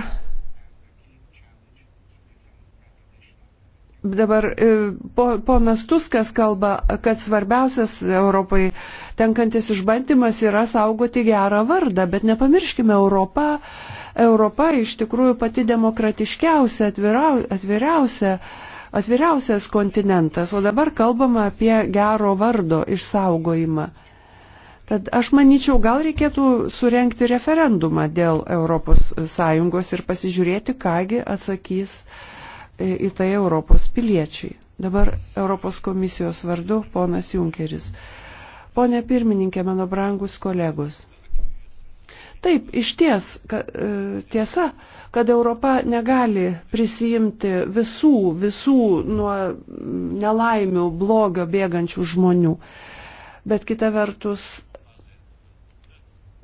dabar ponas Tuskas kalba, kad svarbiausias Europai tenkantis išbandymas yra saugoti gerą vardą, bet nepamirškime, Europa, Europa iš tikrųjų pati demokratiškiausia, atvirau, atviriausia, atviriausias kontinentas, o dabar kalbama apie gero vardo išsaugojimą. Tad aš manyčiau, gal reikėtų surenkti referendumą dėl ES ir pasižiūrėti, kągi atsakys e, į tai Europos piliečiai. Dabar Europos komisijos vardu ponas Junkeris. Pone pirmininkė, mano brangus kolegos. Taip, iš ties, ka, e, tiesa, kad Europa negali prisijimti visų, visų nuo nelaimių, blogio bėgančių žmonių. Bet kita vertus,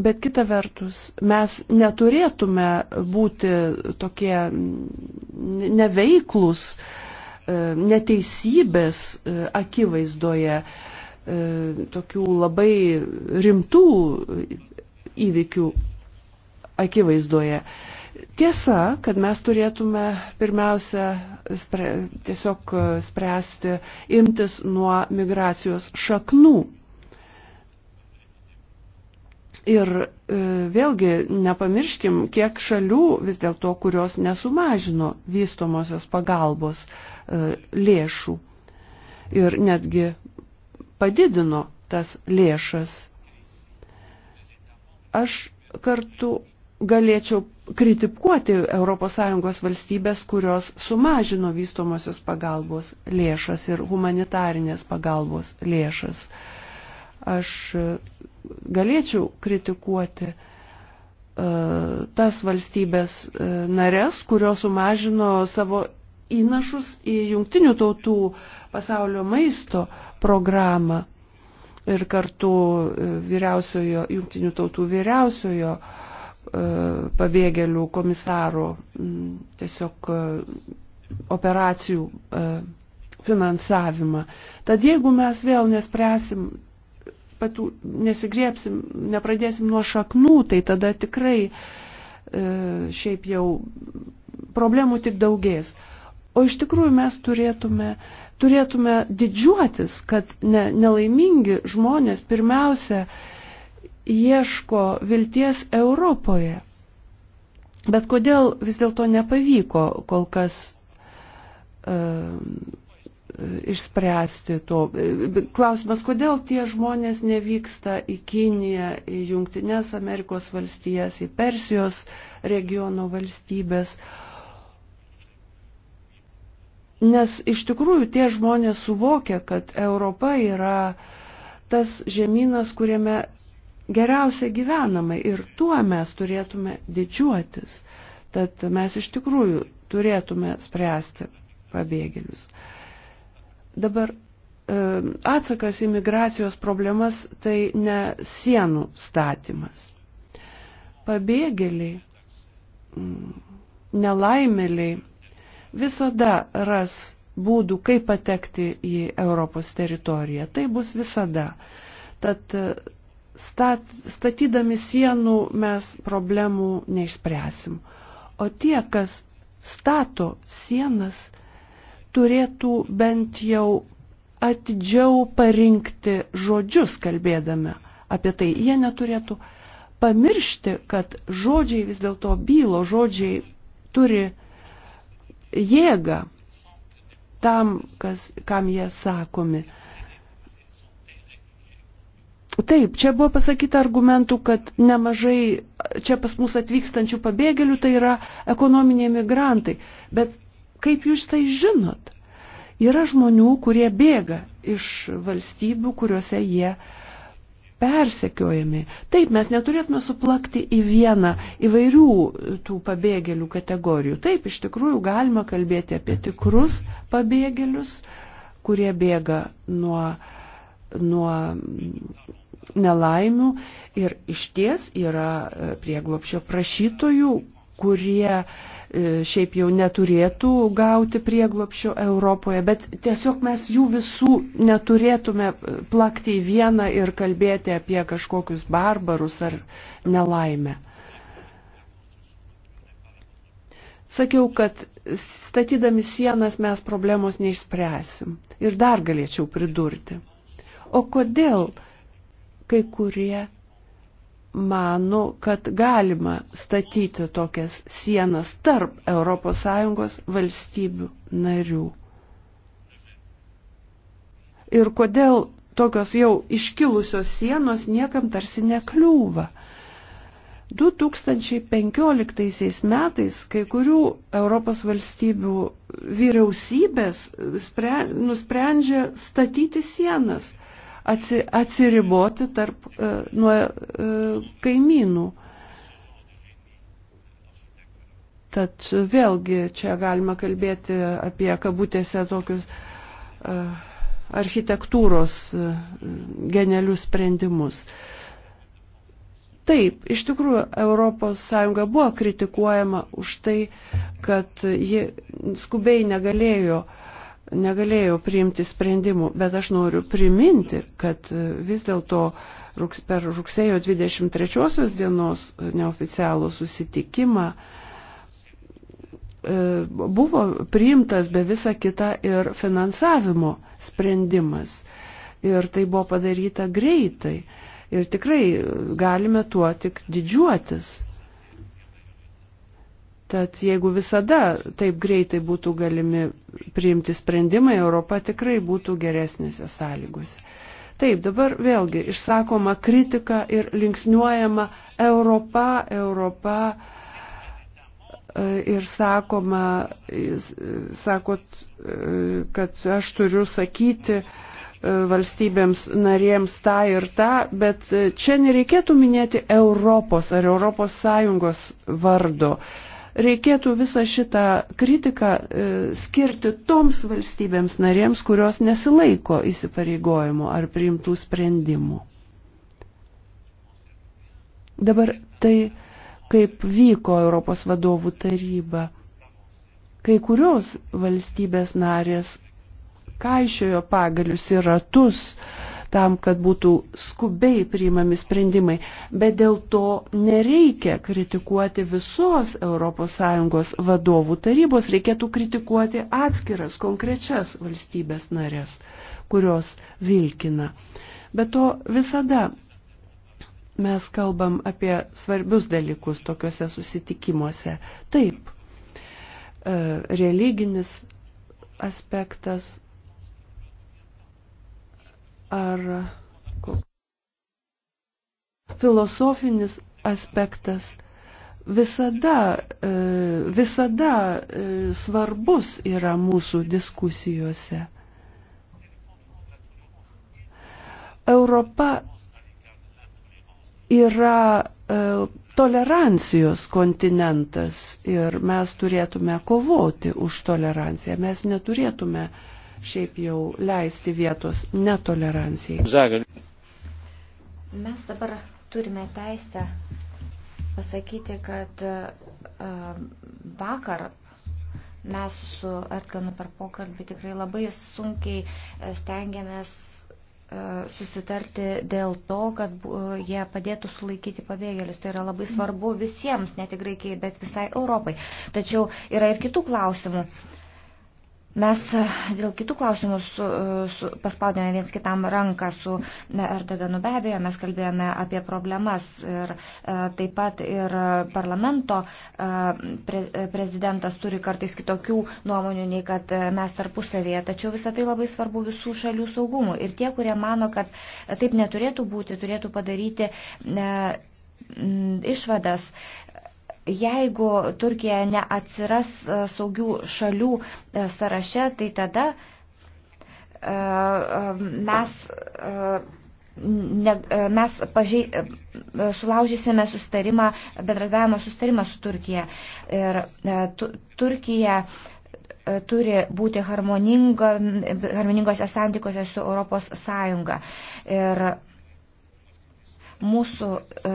bet kita vertus, mes neturėtume būti tokie neveiklus e, neteisybės e, akivaizdoje E, tokių labai rimtų įvykių akivaizdoje. Tiesa, kad mes turėtume pirmiausia spre, tiesiog e, spręsti, imtis nuo migracijos šaknų. Ir e, vėlgi nepamirškim, kiek šalių vis dėlto, kurios nesumažino vystomosios pagalbos e, lėšų. Ir netgi padidino tas lėšas. Aš kartu galėčiau kritikuoti ES valstybės, kurios sumažino vystomosios pagalbos lėšas ir humanitarinės pagalbos lėšas. Aš galėčiau kritikuoti e, tas valstybės e, narės, kurios sumažino savo įnašus į jungtinių tautų pasaulio maisto programą ir kartu e, vyriausiojo, jungtinių tautų vyriausiojo e, pabėgėlių komisaro tiesiog e, operacijų finansavimą. Tad jeigu mes vėl nespręsim, patų, nesigriepsim, nepradėsim nuo šaknų, tai tada tikrai šiaip jau problemų tik daugės. O iš tikrųjų mes turėtume, turėtume didžiuotis, kad ne, nelaimingi žmonės pirmiausia ieško vilties Europoje. Bet kodėl vis dėlto nepavyko kol kas uh, išspręsti to. Klausimas, kodėl tie žmonės nevyksta į Kiniją, į Junktinės Amerikos valstijas, į Persijos regiono valstybės. Uh, Nes iš tikrųjų tie žmonės suvokia, kad Europa yra tas žemynas, kuriame geriausia gyvenama ir tuo mes turėtume didžiuotis. Tad mes iš tikrųjų turėtume spręsti pabėgėlius. Dabar e, atsakas į migracijos problemas tai ne sienų statymas. Pabėgėliai, nelaimėliai visada ras būdų, kaip patekti į Europos teritoriją. Tai bus visada. Tad e, stat, statydami sienų mes problemų neišspręsim. O tie, kas stato sienas, turėtų bent jau atidžiau parinkti žodžius kalbėdami apie tai. Jie neturėtų pamiršti, kad žodžiai vis dėlto bylo, žodžiai turi jėgą tam, kas, kam jie sakomi. Taip, čia buvo pasakyta argumentų, kad nemažai čia pas mus atvykstančių pabėgėlių tai yra ekonominiai migrantai. Bet kaip jūs tai žinot? Yra žmonių, kurie bėga iš valstybių, kuriuose jie uh, persekiojami. Taip, mes neturėtume suplakti į vieną įvairių tų pabėgėlių kategorijų. Taip, iš tikrųjų galima kalbėti apie tikrus pabėgėlius, kurie bėga nuo, nuo nelaimių ir iš ties yra e, prieglopšio prašytojų, kurie e, šiaip jau neturėtų gauti prieglopščio Europoje, bet tiesiog mes jų visų neturėtume e, plakti į vieną ir kalbėti apie kažkokius barbarus ar nelaimę. Sakiau, kad statydami sienas mes problemos neišspręsim. Ir dar galėčiau pridurti. O kodėl kai kurie mano, kad galima statyti tokias sienas tarp ES valstybių narių. Ir kodėl tokios jau iškilusios sienos niekam tarsi nekliūva. 2015 metais kai kurių Europos valstybių vyriausybės spre, nusprendžia statyti sienas atsi, atsiriboti tarp, e, nuo e, kaimynų. Tad vėlgi čia galima kalbėti apie kabutėse tokius e, architektūros genelius sprendimus. Taip, iš tikrųjų, ES buvo kritikuojama už tai, kad ji skubiai negalėjo uh, negalėjo priimti sprendimų, bet aš noriu priminti, kad e, vis dėlto rugs, per rugsėjo 23 dienos e, neoficialų susitikimą e, buvo priimtas be visa kita ir finansavimo sprendimas. Ir tai buvo padaryta greitai. Ir tikrai galime tuo tik didžiuotis. Tad jeigu visada taip greitai būtų galimi priimti sprendimai, Europa tikrai būtų geresnėse sąlygose. Taip, dabar vėlgi išsakoma kritika ir linksniuojama Europa, Europa e, ir sakoma, e, sakot, e, kad aš turiu sakyti valstybėms narėms tą ir tą, bet čia nereikėtų minėti Europos ar Europos Sąjungos vardo reikėtų visą šitą kritiką e, skirti toms valstybėms narėms, kurios nesilaiko įsipareigojimo ar priimtų sprendimų. Dabar tai, kaip vyko Europos vadovų taryba, kai kurios valstybės narės kaišiojo pagalius ir ratus, uh, tam, kad būtų skubiai priimami sprendimai, bet dėl to nereikia kritikuoti visos ES vadovų tarybos, reikėtų kritikuoti atskiras konkrečias valstybės narės, kurios vilkina. Bet to visada mes kalbam apie svarbius dalykus tokiuose susitikimuose. Taip, e, religinis aspektas, ar filosofinis aspektas visada, e, visada e, svarbus yra mūsų diskusijose. Europa yra e, tolerancijos kontinentas ir mes turėtume kovoti už toleranciją. Mes neturėtume uh, šiaip jau leisti vietos netolerancijai. Zagal. Mes dabar turime teisę pasakyti, kad e, vakar mes su Erkanu per pokalbį tikrai labai sunkiai e, stengiamės e, susitarti dėl to, kad jie padėtų sulaikyti pabėgėlius. Tai yra labai svarbu visiems, ne tik Graikijai, bet visai Europai. Tačiau yra ir kitų klausimų. Uh, Mes e, dėl kitų klausimų su, e, su, paspaudėme viens kitam ranką su Erdoganu be abejo, mes kalbėjome apie problemas ir e, taip pat ir parlamento e, pre, prezidentas turi kartais kitokių nuomonių nei kad e, mes tarpusavėje, tačiau visą tai labai svarbu visų šalių saugumų ir tie, kurie mano, kad taip neturėtų būti, turėtų padaryti e, išvadas. E, Jeigu Turkija neatsiras e, saugių šalių e, sąraše, tai tada e, mes, ne, mes pažei, sulaužysime sustarimą, bendradavimo sustarimą su Turkija. Ir tu, Turkija turi būti harmoningose santykiuose su Europos Sąjunga. Ir mūsų e,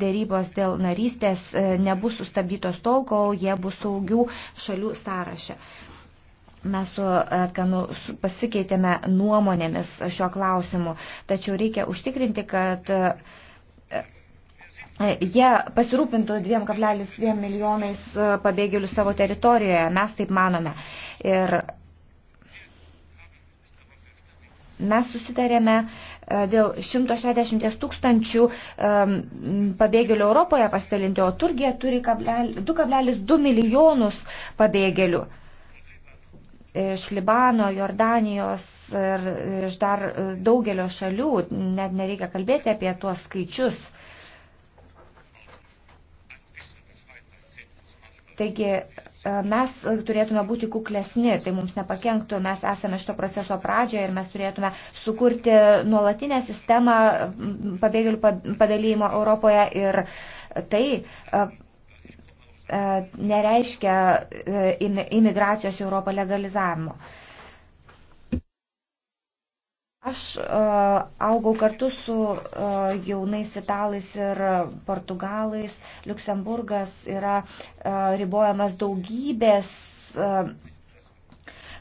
dėrybos dėl narystės e, nebus sustabdytos tol, kol jie bus saugių šalių sąraše. Mes su Atkanu e, pasikeitėme nuomonėmis šio klausimu, tačiau reikia užtikrinti, kad jie pasirūpintų 2,2 milijonais pabėgėlių savo teritorijoje. Mes taip manome. Ir mes susitarėme E, dėl 160 tūkstančių e, pabėgėlių Europoje pasidalinti, o Turkija turi 2,2 milijonus pabėgėlių iš Libano, Jordanijos ir iš dar daugelio šalių, net nereikia kalbėti apie tuos skaičius. Taigi E, mes turėtume būti kuklesni, tai mums nepakenktų, mes esame šito proceso pradžioje ir mes turėtume sukurti nuolatinę sistemą pabėgėlių padalymo Europoje ir tai e, e, nereiškia imigracijos Europą legalizavimo. Aš uh, augau kartu su uh, jaunais italais ir portugalais. Luksemburgas yra uh, ribojamas daugybės, uh,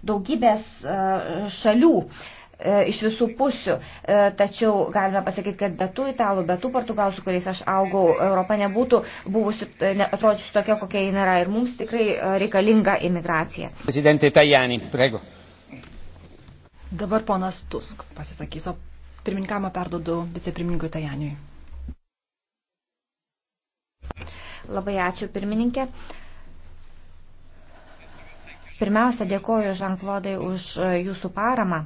daugybės uh, šalių. Uh, iš visų pusių. Uh, tačiau galime pasakyti, kad be tų italų, be tų portugalų, su kuriais aš augau, Europa nebūtų buvusi, ne, atrodysi tokia, kokia jin yra. Ir mums tikrai uh, reikalinga imigracija. Prezidentė Tajani, prego. Dabar ponas Tusk pasisakys, o pirmininkamą perdodu vicepirmininkui Tajaniui. Labai ačiū, pirmininkė. Pirmiausia, dėkoju Žanklodai už e, jūsų paramą.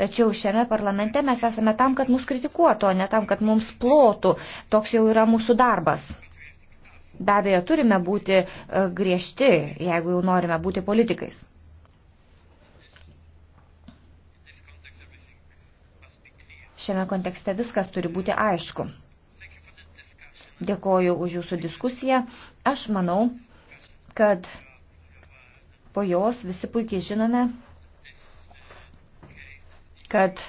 Tačiau šiame parlamente mes esame tam, kad mus kritikuotų, o ne tam, kad mums plotų. Toks jau yra mūsų darbas. Be abejo, turime būti e, griežti, jeigu jau norime būti politikais. Šiame kontekste viskas turi būti aišku. Dėkoju už jūsų diskusiją. Aš manau, kad po jos visi puikiai žinome, kad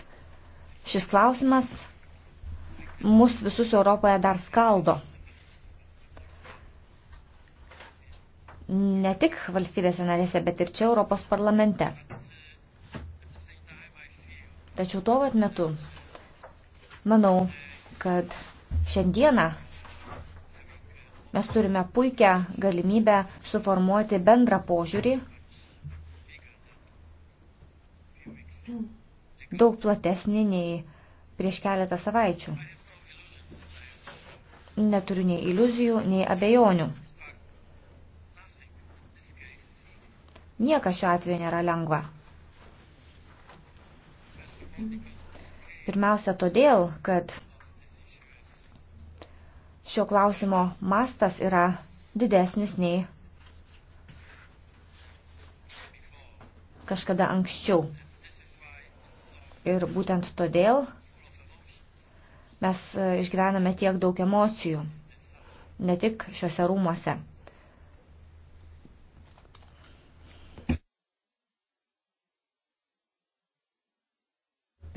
šis klausimas mus visus Europoje dar skaldo. ne tik valstybėse narėse, bet ir čia Europos parlamente. Tačiau tuo pat metu manau, kad šiandieną mes turime puikią galimybę suformuoti bendrą požiūrį, daug platesnį nei prieš keletą savaičių. Neturiu nei iliuzijų, nei abejonių. Niekas šiuo atveju nėra lengva. Pirmiausia todėl, kad šio klausimo mastas yra didesnis nei kažkada anksčiau. Ir būtent todėl mes e, išgyvename tiek daug emocijų, ne tik šiuose rūmuose.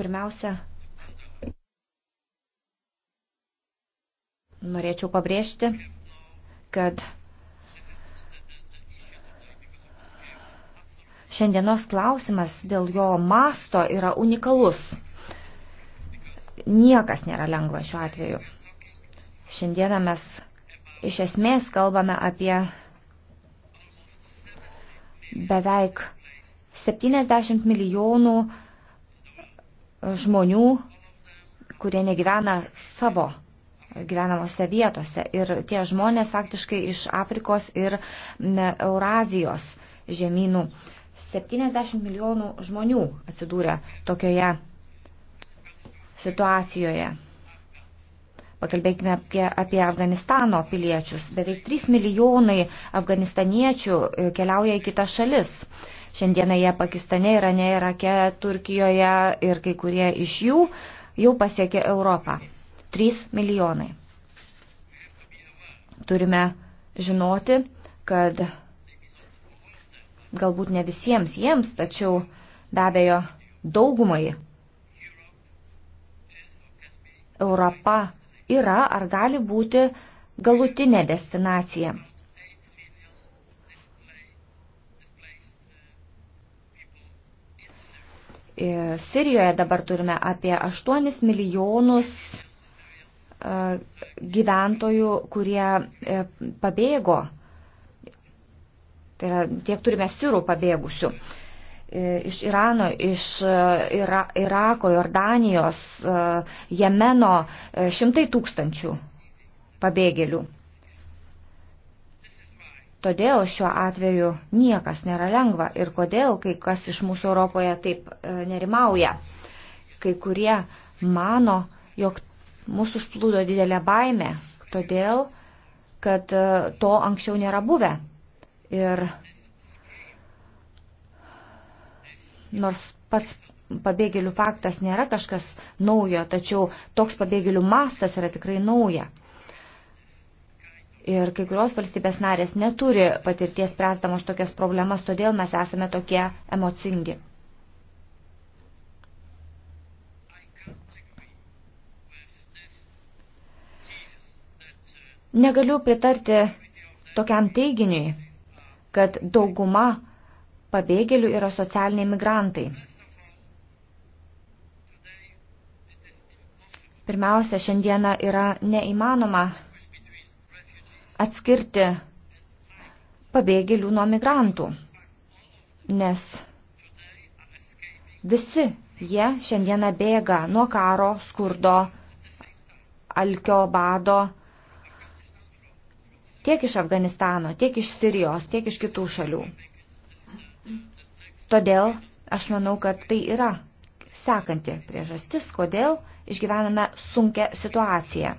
Pirmiausia, norėčiau pabrėžti, kad šiandienos klausimas dėl jo masto yra unikalus. Niekas nėra lengva šiuo atveju. Šiandieną mes iš esmės kalbame apie beveik 70 milijonų žmonių, kurie negyvena savo gyvenamose vietose. Ir tie žmonės faktiškai iš Afrikos ir Eurazijos žemynų. 70 milijonų žmonių atsidūrė tokioje situacijoje. Pakalbėkime apie, apie Afganistano piliečius. Beveik 3 milijonai afganistaniečių e, keliauja į kitas šalis. Uh, Šiandieną jie Pakistane, Irane, Irake, Turkijoje ir kai kurie iš jų jau pasiekė Europą. 3 milijonai. Turime žinoti, kad galbūt ne visiems jiems, tačiau be abejo daugumai Europa yra ar gali būti galutinė destinacija. Sirijoje dabar turime apie 8 milijonus e, gyventojų, kurie e, pabėgo. Tai yra, tiek turime sirų pabėgusių. E, iš Irano, iš Ira, Irako, Jordanijos, Jemeno šimtai tūkstančių pabėgėlių. Todėl šiuo atveju niekas nėra lengva ir kodėl kai kas iš mūsų Europoje taip e, nerimauja. Kai kurie mano, jog mūsų užplūdo didelė baime, todėl, kad e, to anksčiau nėra buvę. Ir nors pats pabėgėlių faktas nėra kažkas naujo, tačiau toks pabėgėlių mastas yra tikrai nauja. Ir kai kurios valstybės narės neturi patirties spręsdamos tokias problemas, todėl mes esame tokie emocingi. Negaliu pritarti tokiam teiginiui, kad dauguma pabėgėlių yra socialiniai migrantai. Pirmiausia, šiandieną yra neįmanoma atskirti pabėgėlių nuo migrantų, nes visi jie šiandieną bėga nuo karo, skurdo, alkio, bado, tiek iš Afganistano, tiek iš Sirijos, tiek iš kitų šalių. Todėl aš manau, kad tai yra sekanti priežastis, kodėl išgyvename sunkę situaciją,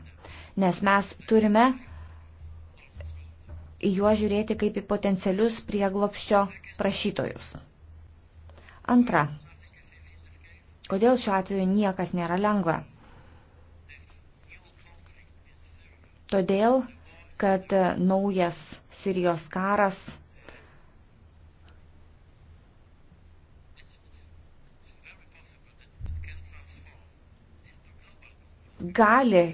nes mes turime į juos žiūrėti kaip į potencialius prieglopščio prašytojus. Antra. Kodėl šiuo atveju niekas nėra lengva? Todėl, kad naujas Sirijos karas gali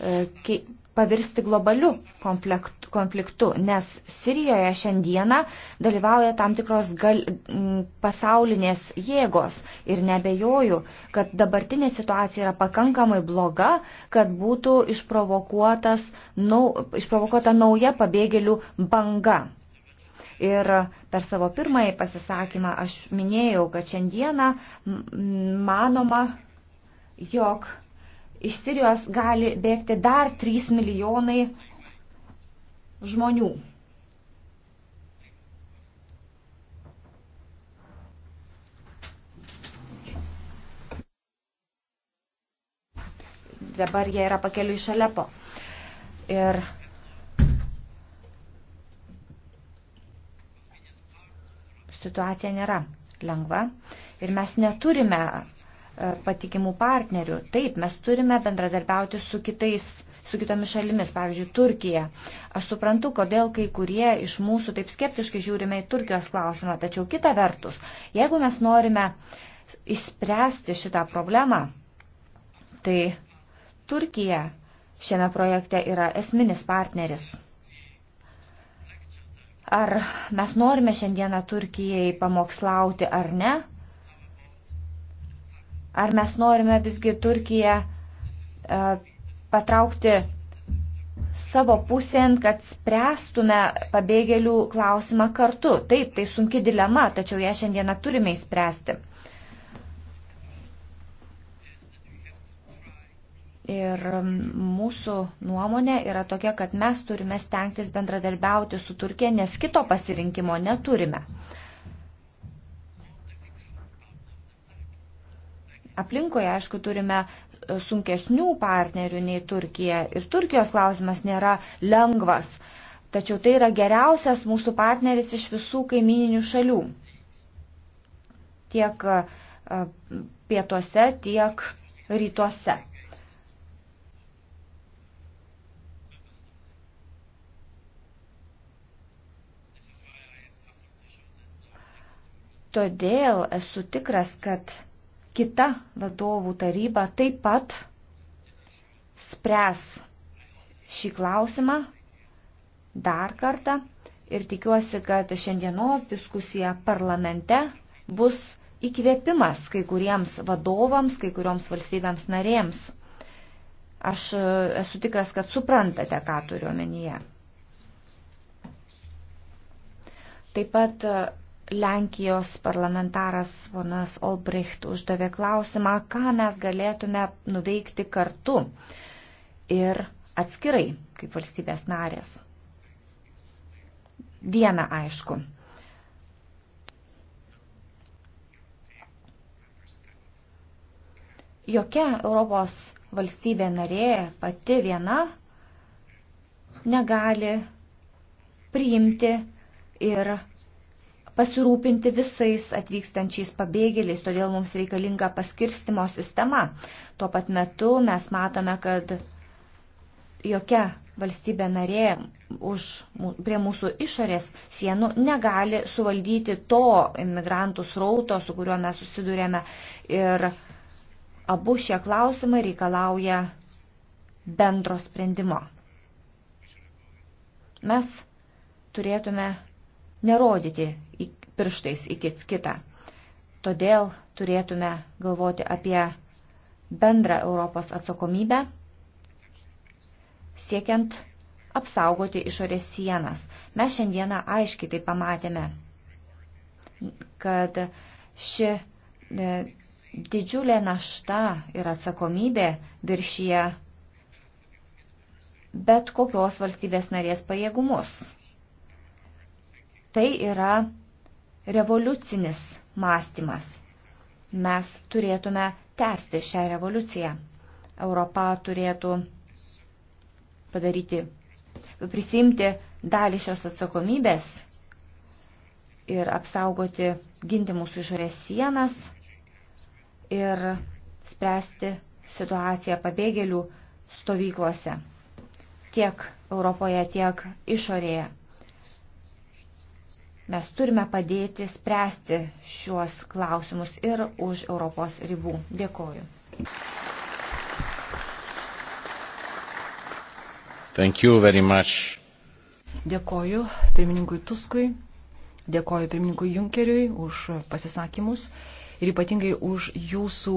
e, pavirsti globaliu komplektu konfliktu, nes Sirijoje šiandieną dalyvauja tam tikros gal, pasaulinės jėgos ir nebejoju, kad dabartinė situacija yra pakankamai bloga, kad būtų nau, išprovokuota nauja pabėgėlių banga. Ir per savo pirmąjį pasisakymą aš minėjau, kad šiandieną manoma, jog iš Sirijos gali bėgti dar 3 milijonai žmonių. Dabar jie yra pakeliu iš Alepo. Ir situacija nėra lengva. Ir mes neturime e, patikimų partnerių. Taip, mes turime bendradarbiauti su kitais su kitomis šalimis, pavyzdžiui, Turkija. Aš suprantu, kodėl kai kurie iš mūsų taip skeptiškai žiūrime į Turkijos klausimą, tačiau kita vertus, jeigu mes norime išspręsti šitą problemą, tai Turkija šiame projekte yra esminis partneris. Ar mes norime šiandieną Turkijai pamokslauti ar ne? Ar mes norime visgi Turkiją e, patraukti savo pusėn, kad spręstume pabėgėlių klausimą kartu. Taip, tai sunki dilema, tačiau ją šiandieną turime įspręsti. Ir mūsų nuomonė yra tokia, kad mes turime stengtis bendradarbiauti su Turkija, nes kito pasirinkimo neturime. Aplinkoje, aišku, turime sunkesnių partnerių nei Turkija ir Turkijos klausimas nėra lengvas, tačiau tai yra geriausias mūsų partneris iš visų kaimininių šalių. Tiek e, pietuose, tiek rytuose. Todėl esu tikras, kad kita vadovų taryba taip pat spręs šį klausimą dar kartą ir tikiuosi, kad šiandienos diskusija parlamente bus įkvėpimas kai kuriems vadovams, kai kurioms valstybėms narėms. Aš e, esu tikras, kad suprantate, ką turiu omenyje. Taip pat e, Lenkijos parlamentaras ponas Olbricht uždavė klausimą, ką mes galėtume nuveikti kartu ir atskirai, kaip valstybės narės. Viena aišku. Jokia Europos valstybė narė pati viena negali priimti ir pasirūpinti visais atvykstančiais pabėgėliais, todėl mums reikalinga paskirstimo sistema. Tuo pat metu mes matome, kad jokia valstybė narė už, prie mūsų išorės sienų negali suvaldyti to imigrantų srauto, su kuriuo mes susidurėme. Ir abu šie klausimai reikalauja bendro sprendimo. Mes turėtume nerodyti pirštais į kitą. Todėl turėtume galvoti apie bendrą Europos atsakomybę, siekiant apsaugoti išorės sienas. Mes šiandieną aiškiai tai pamatėme, kad ši e, didžiulė našta ir atsakomybė viršyje bet kokios valstybės narės pajėgumus. Tai yra revoliucinis mąstymas. Mes turėtume tęsti šią revoliuciją. Europa turėtų padaryti, prisimti dalį šios atsakomybės ir apsaugoti, ginti mūsų išorės sienas ir spręsti situaciją pabėgėlių stovyklose tiek Europoje, tiek išorėje. Mes turime padėti spręsti šiuos klausimus ir už Europos ribų. Dėkoju. Dėkoju pirmininkui Tuskui, dėkoju pirmininkui Junkeriui už pasisakymus ir ypatingai už jūsų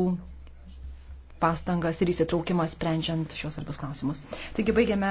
pastangas ir įsitraukimas sprendžiant šios svarbius klausimus. Taigi baigiame.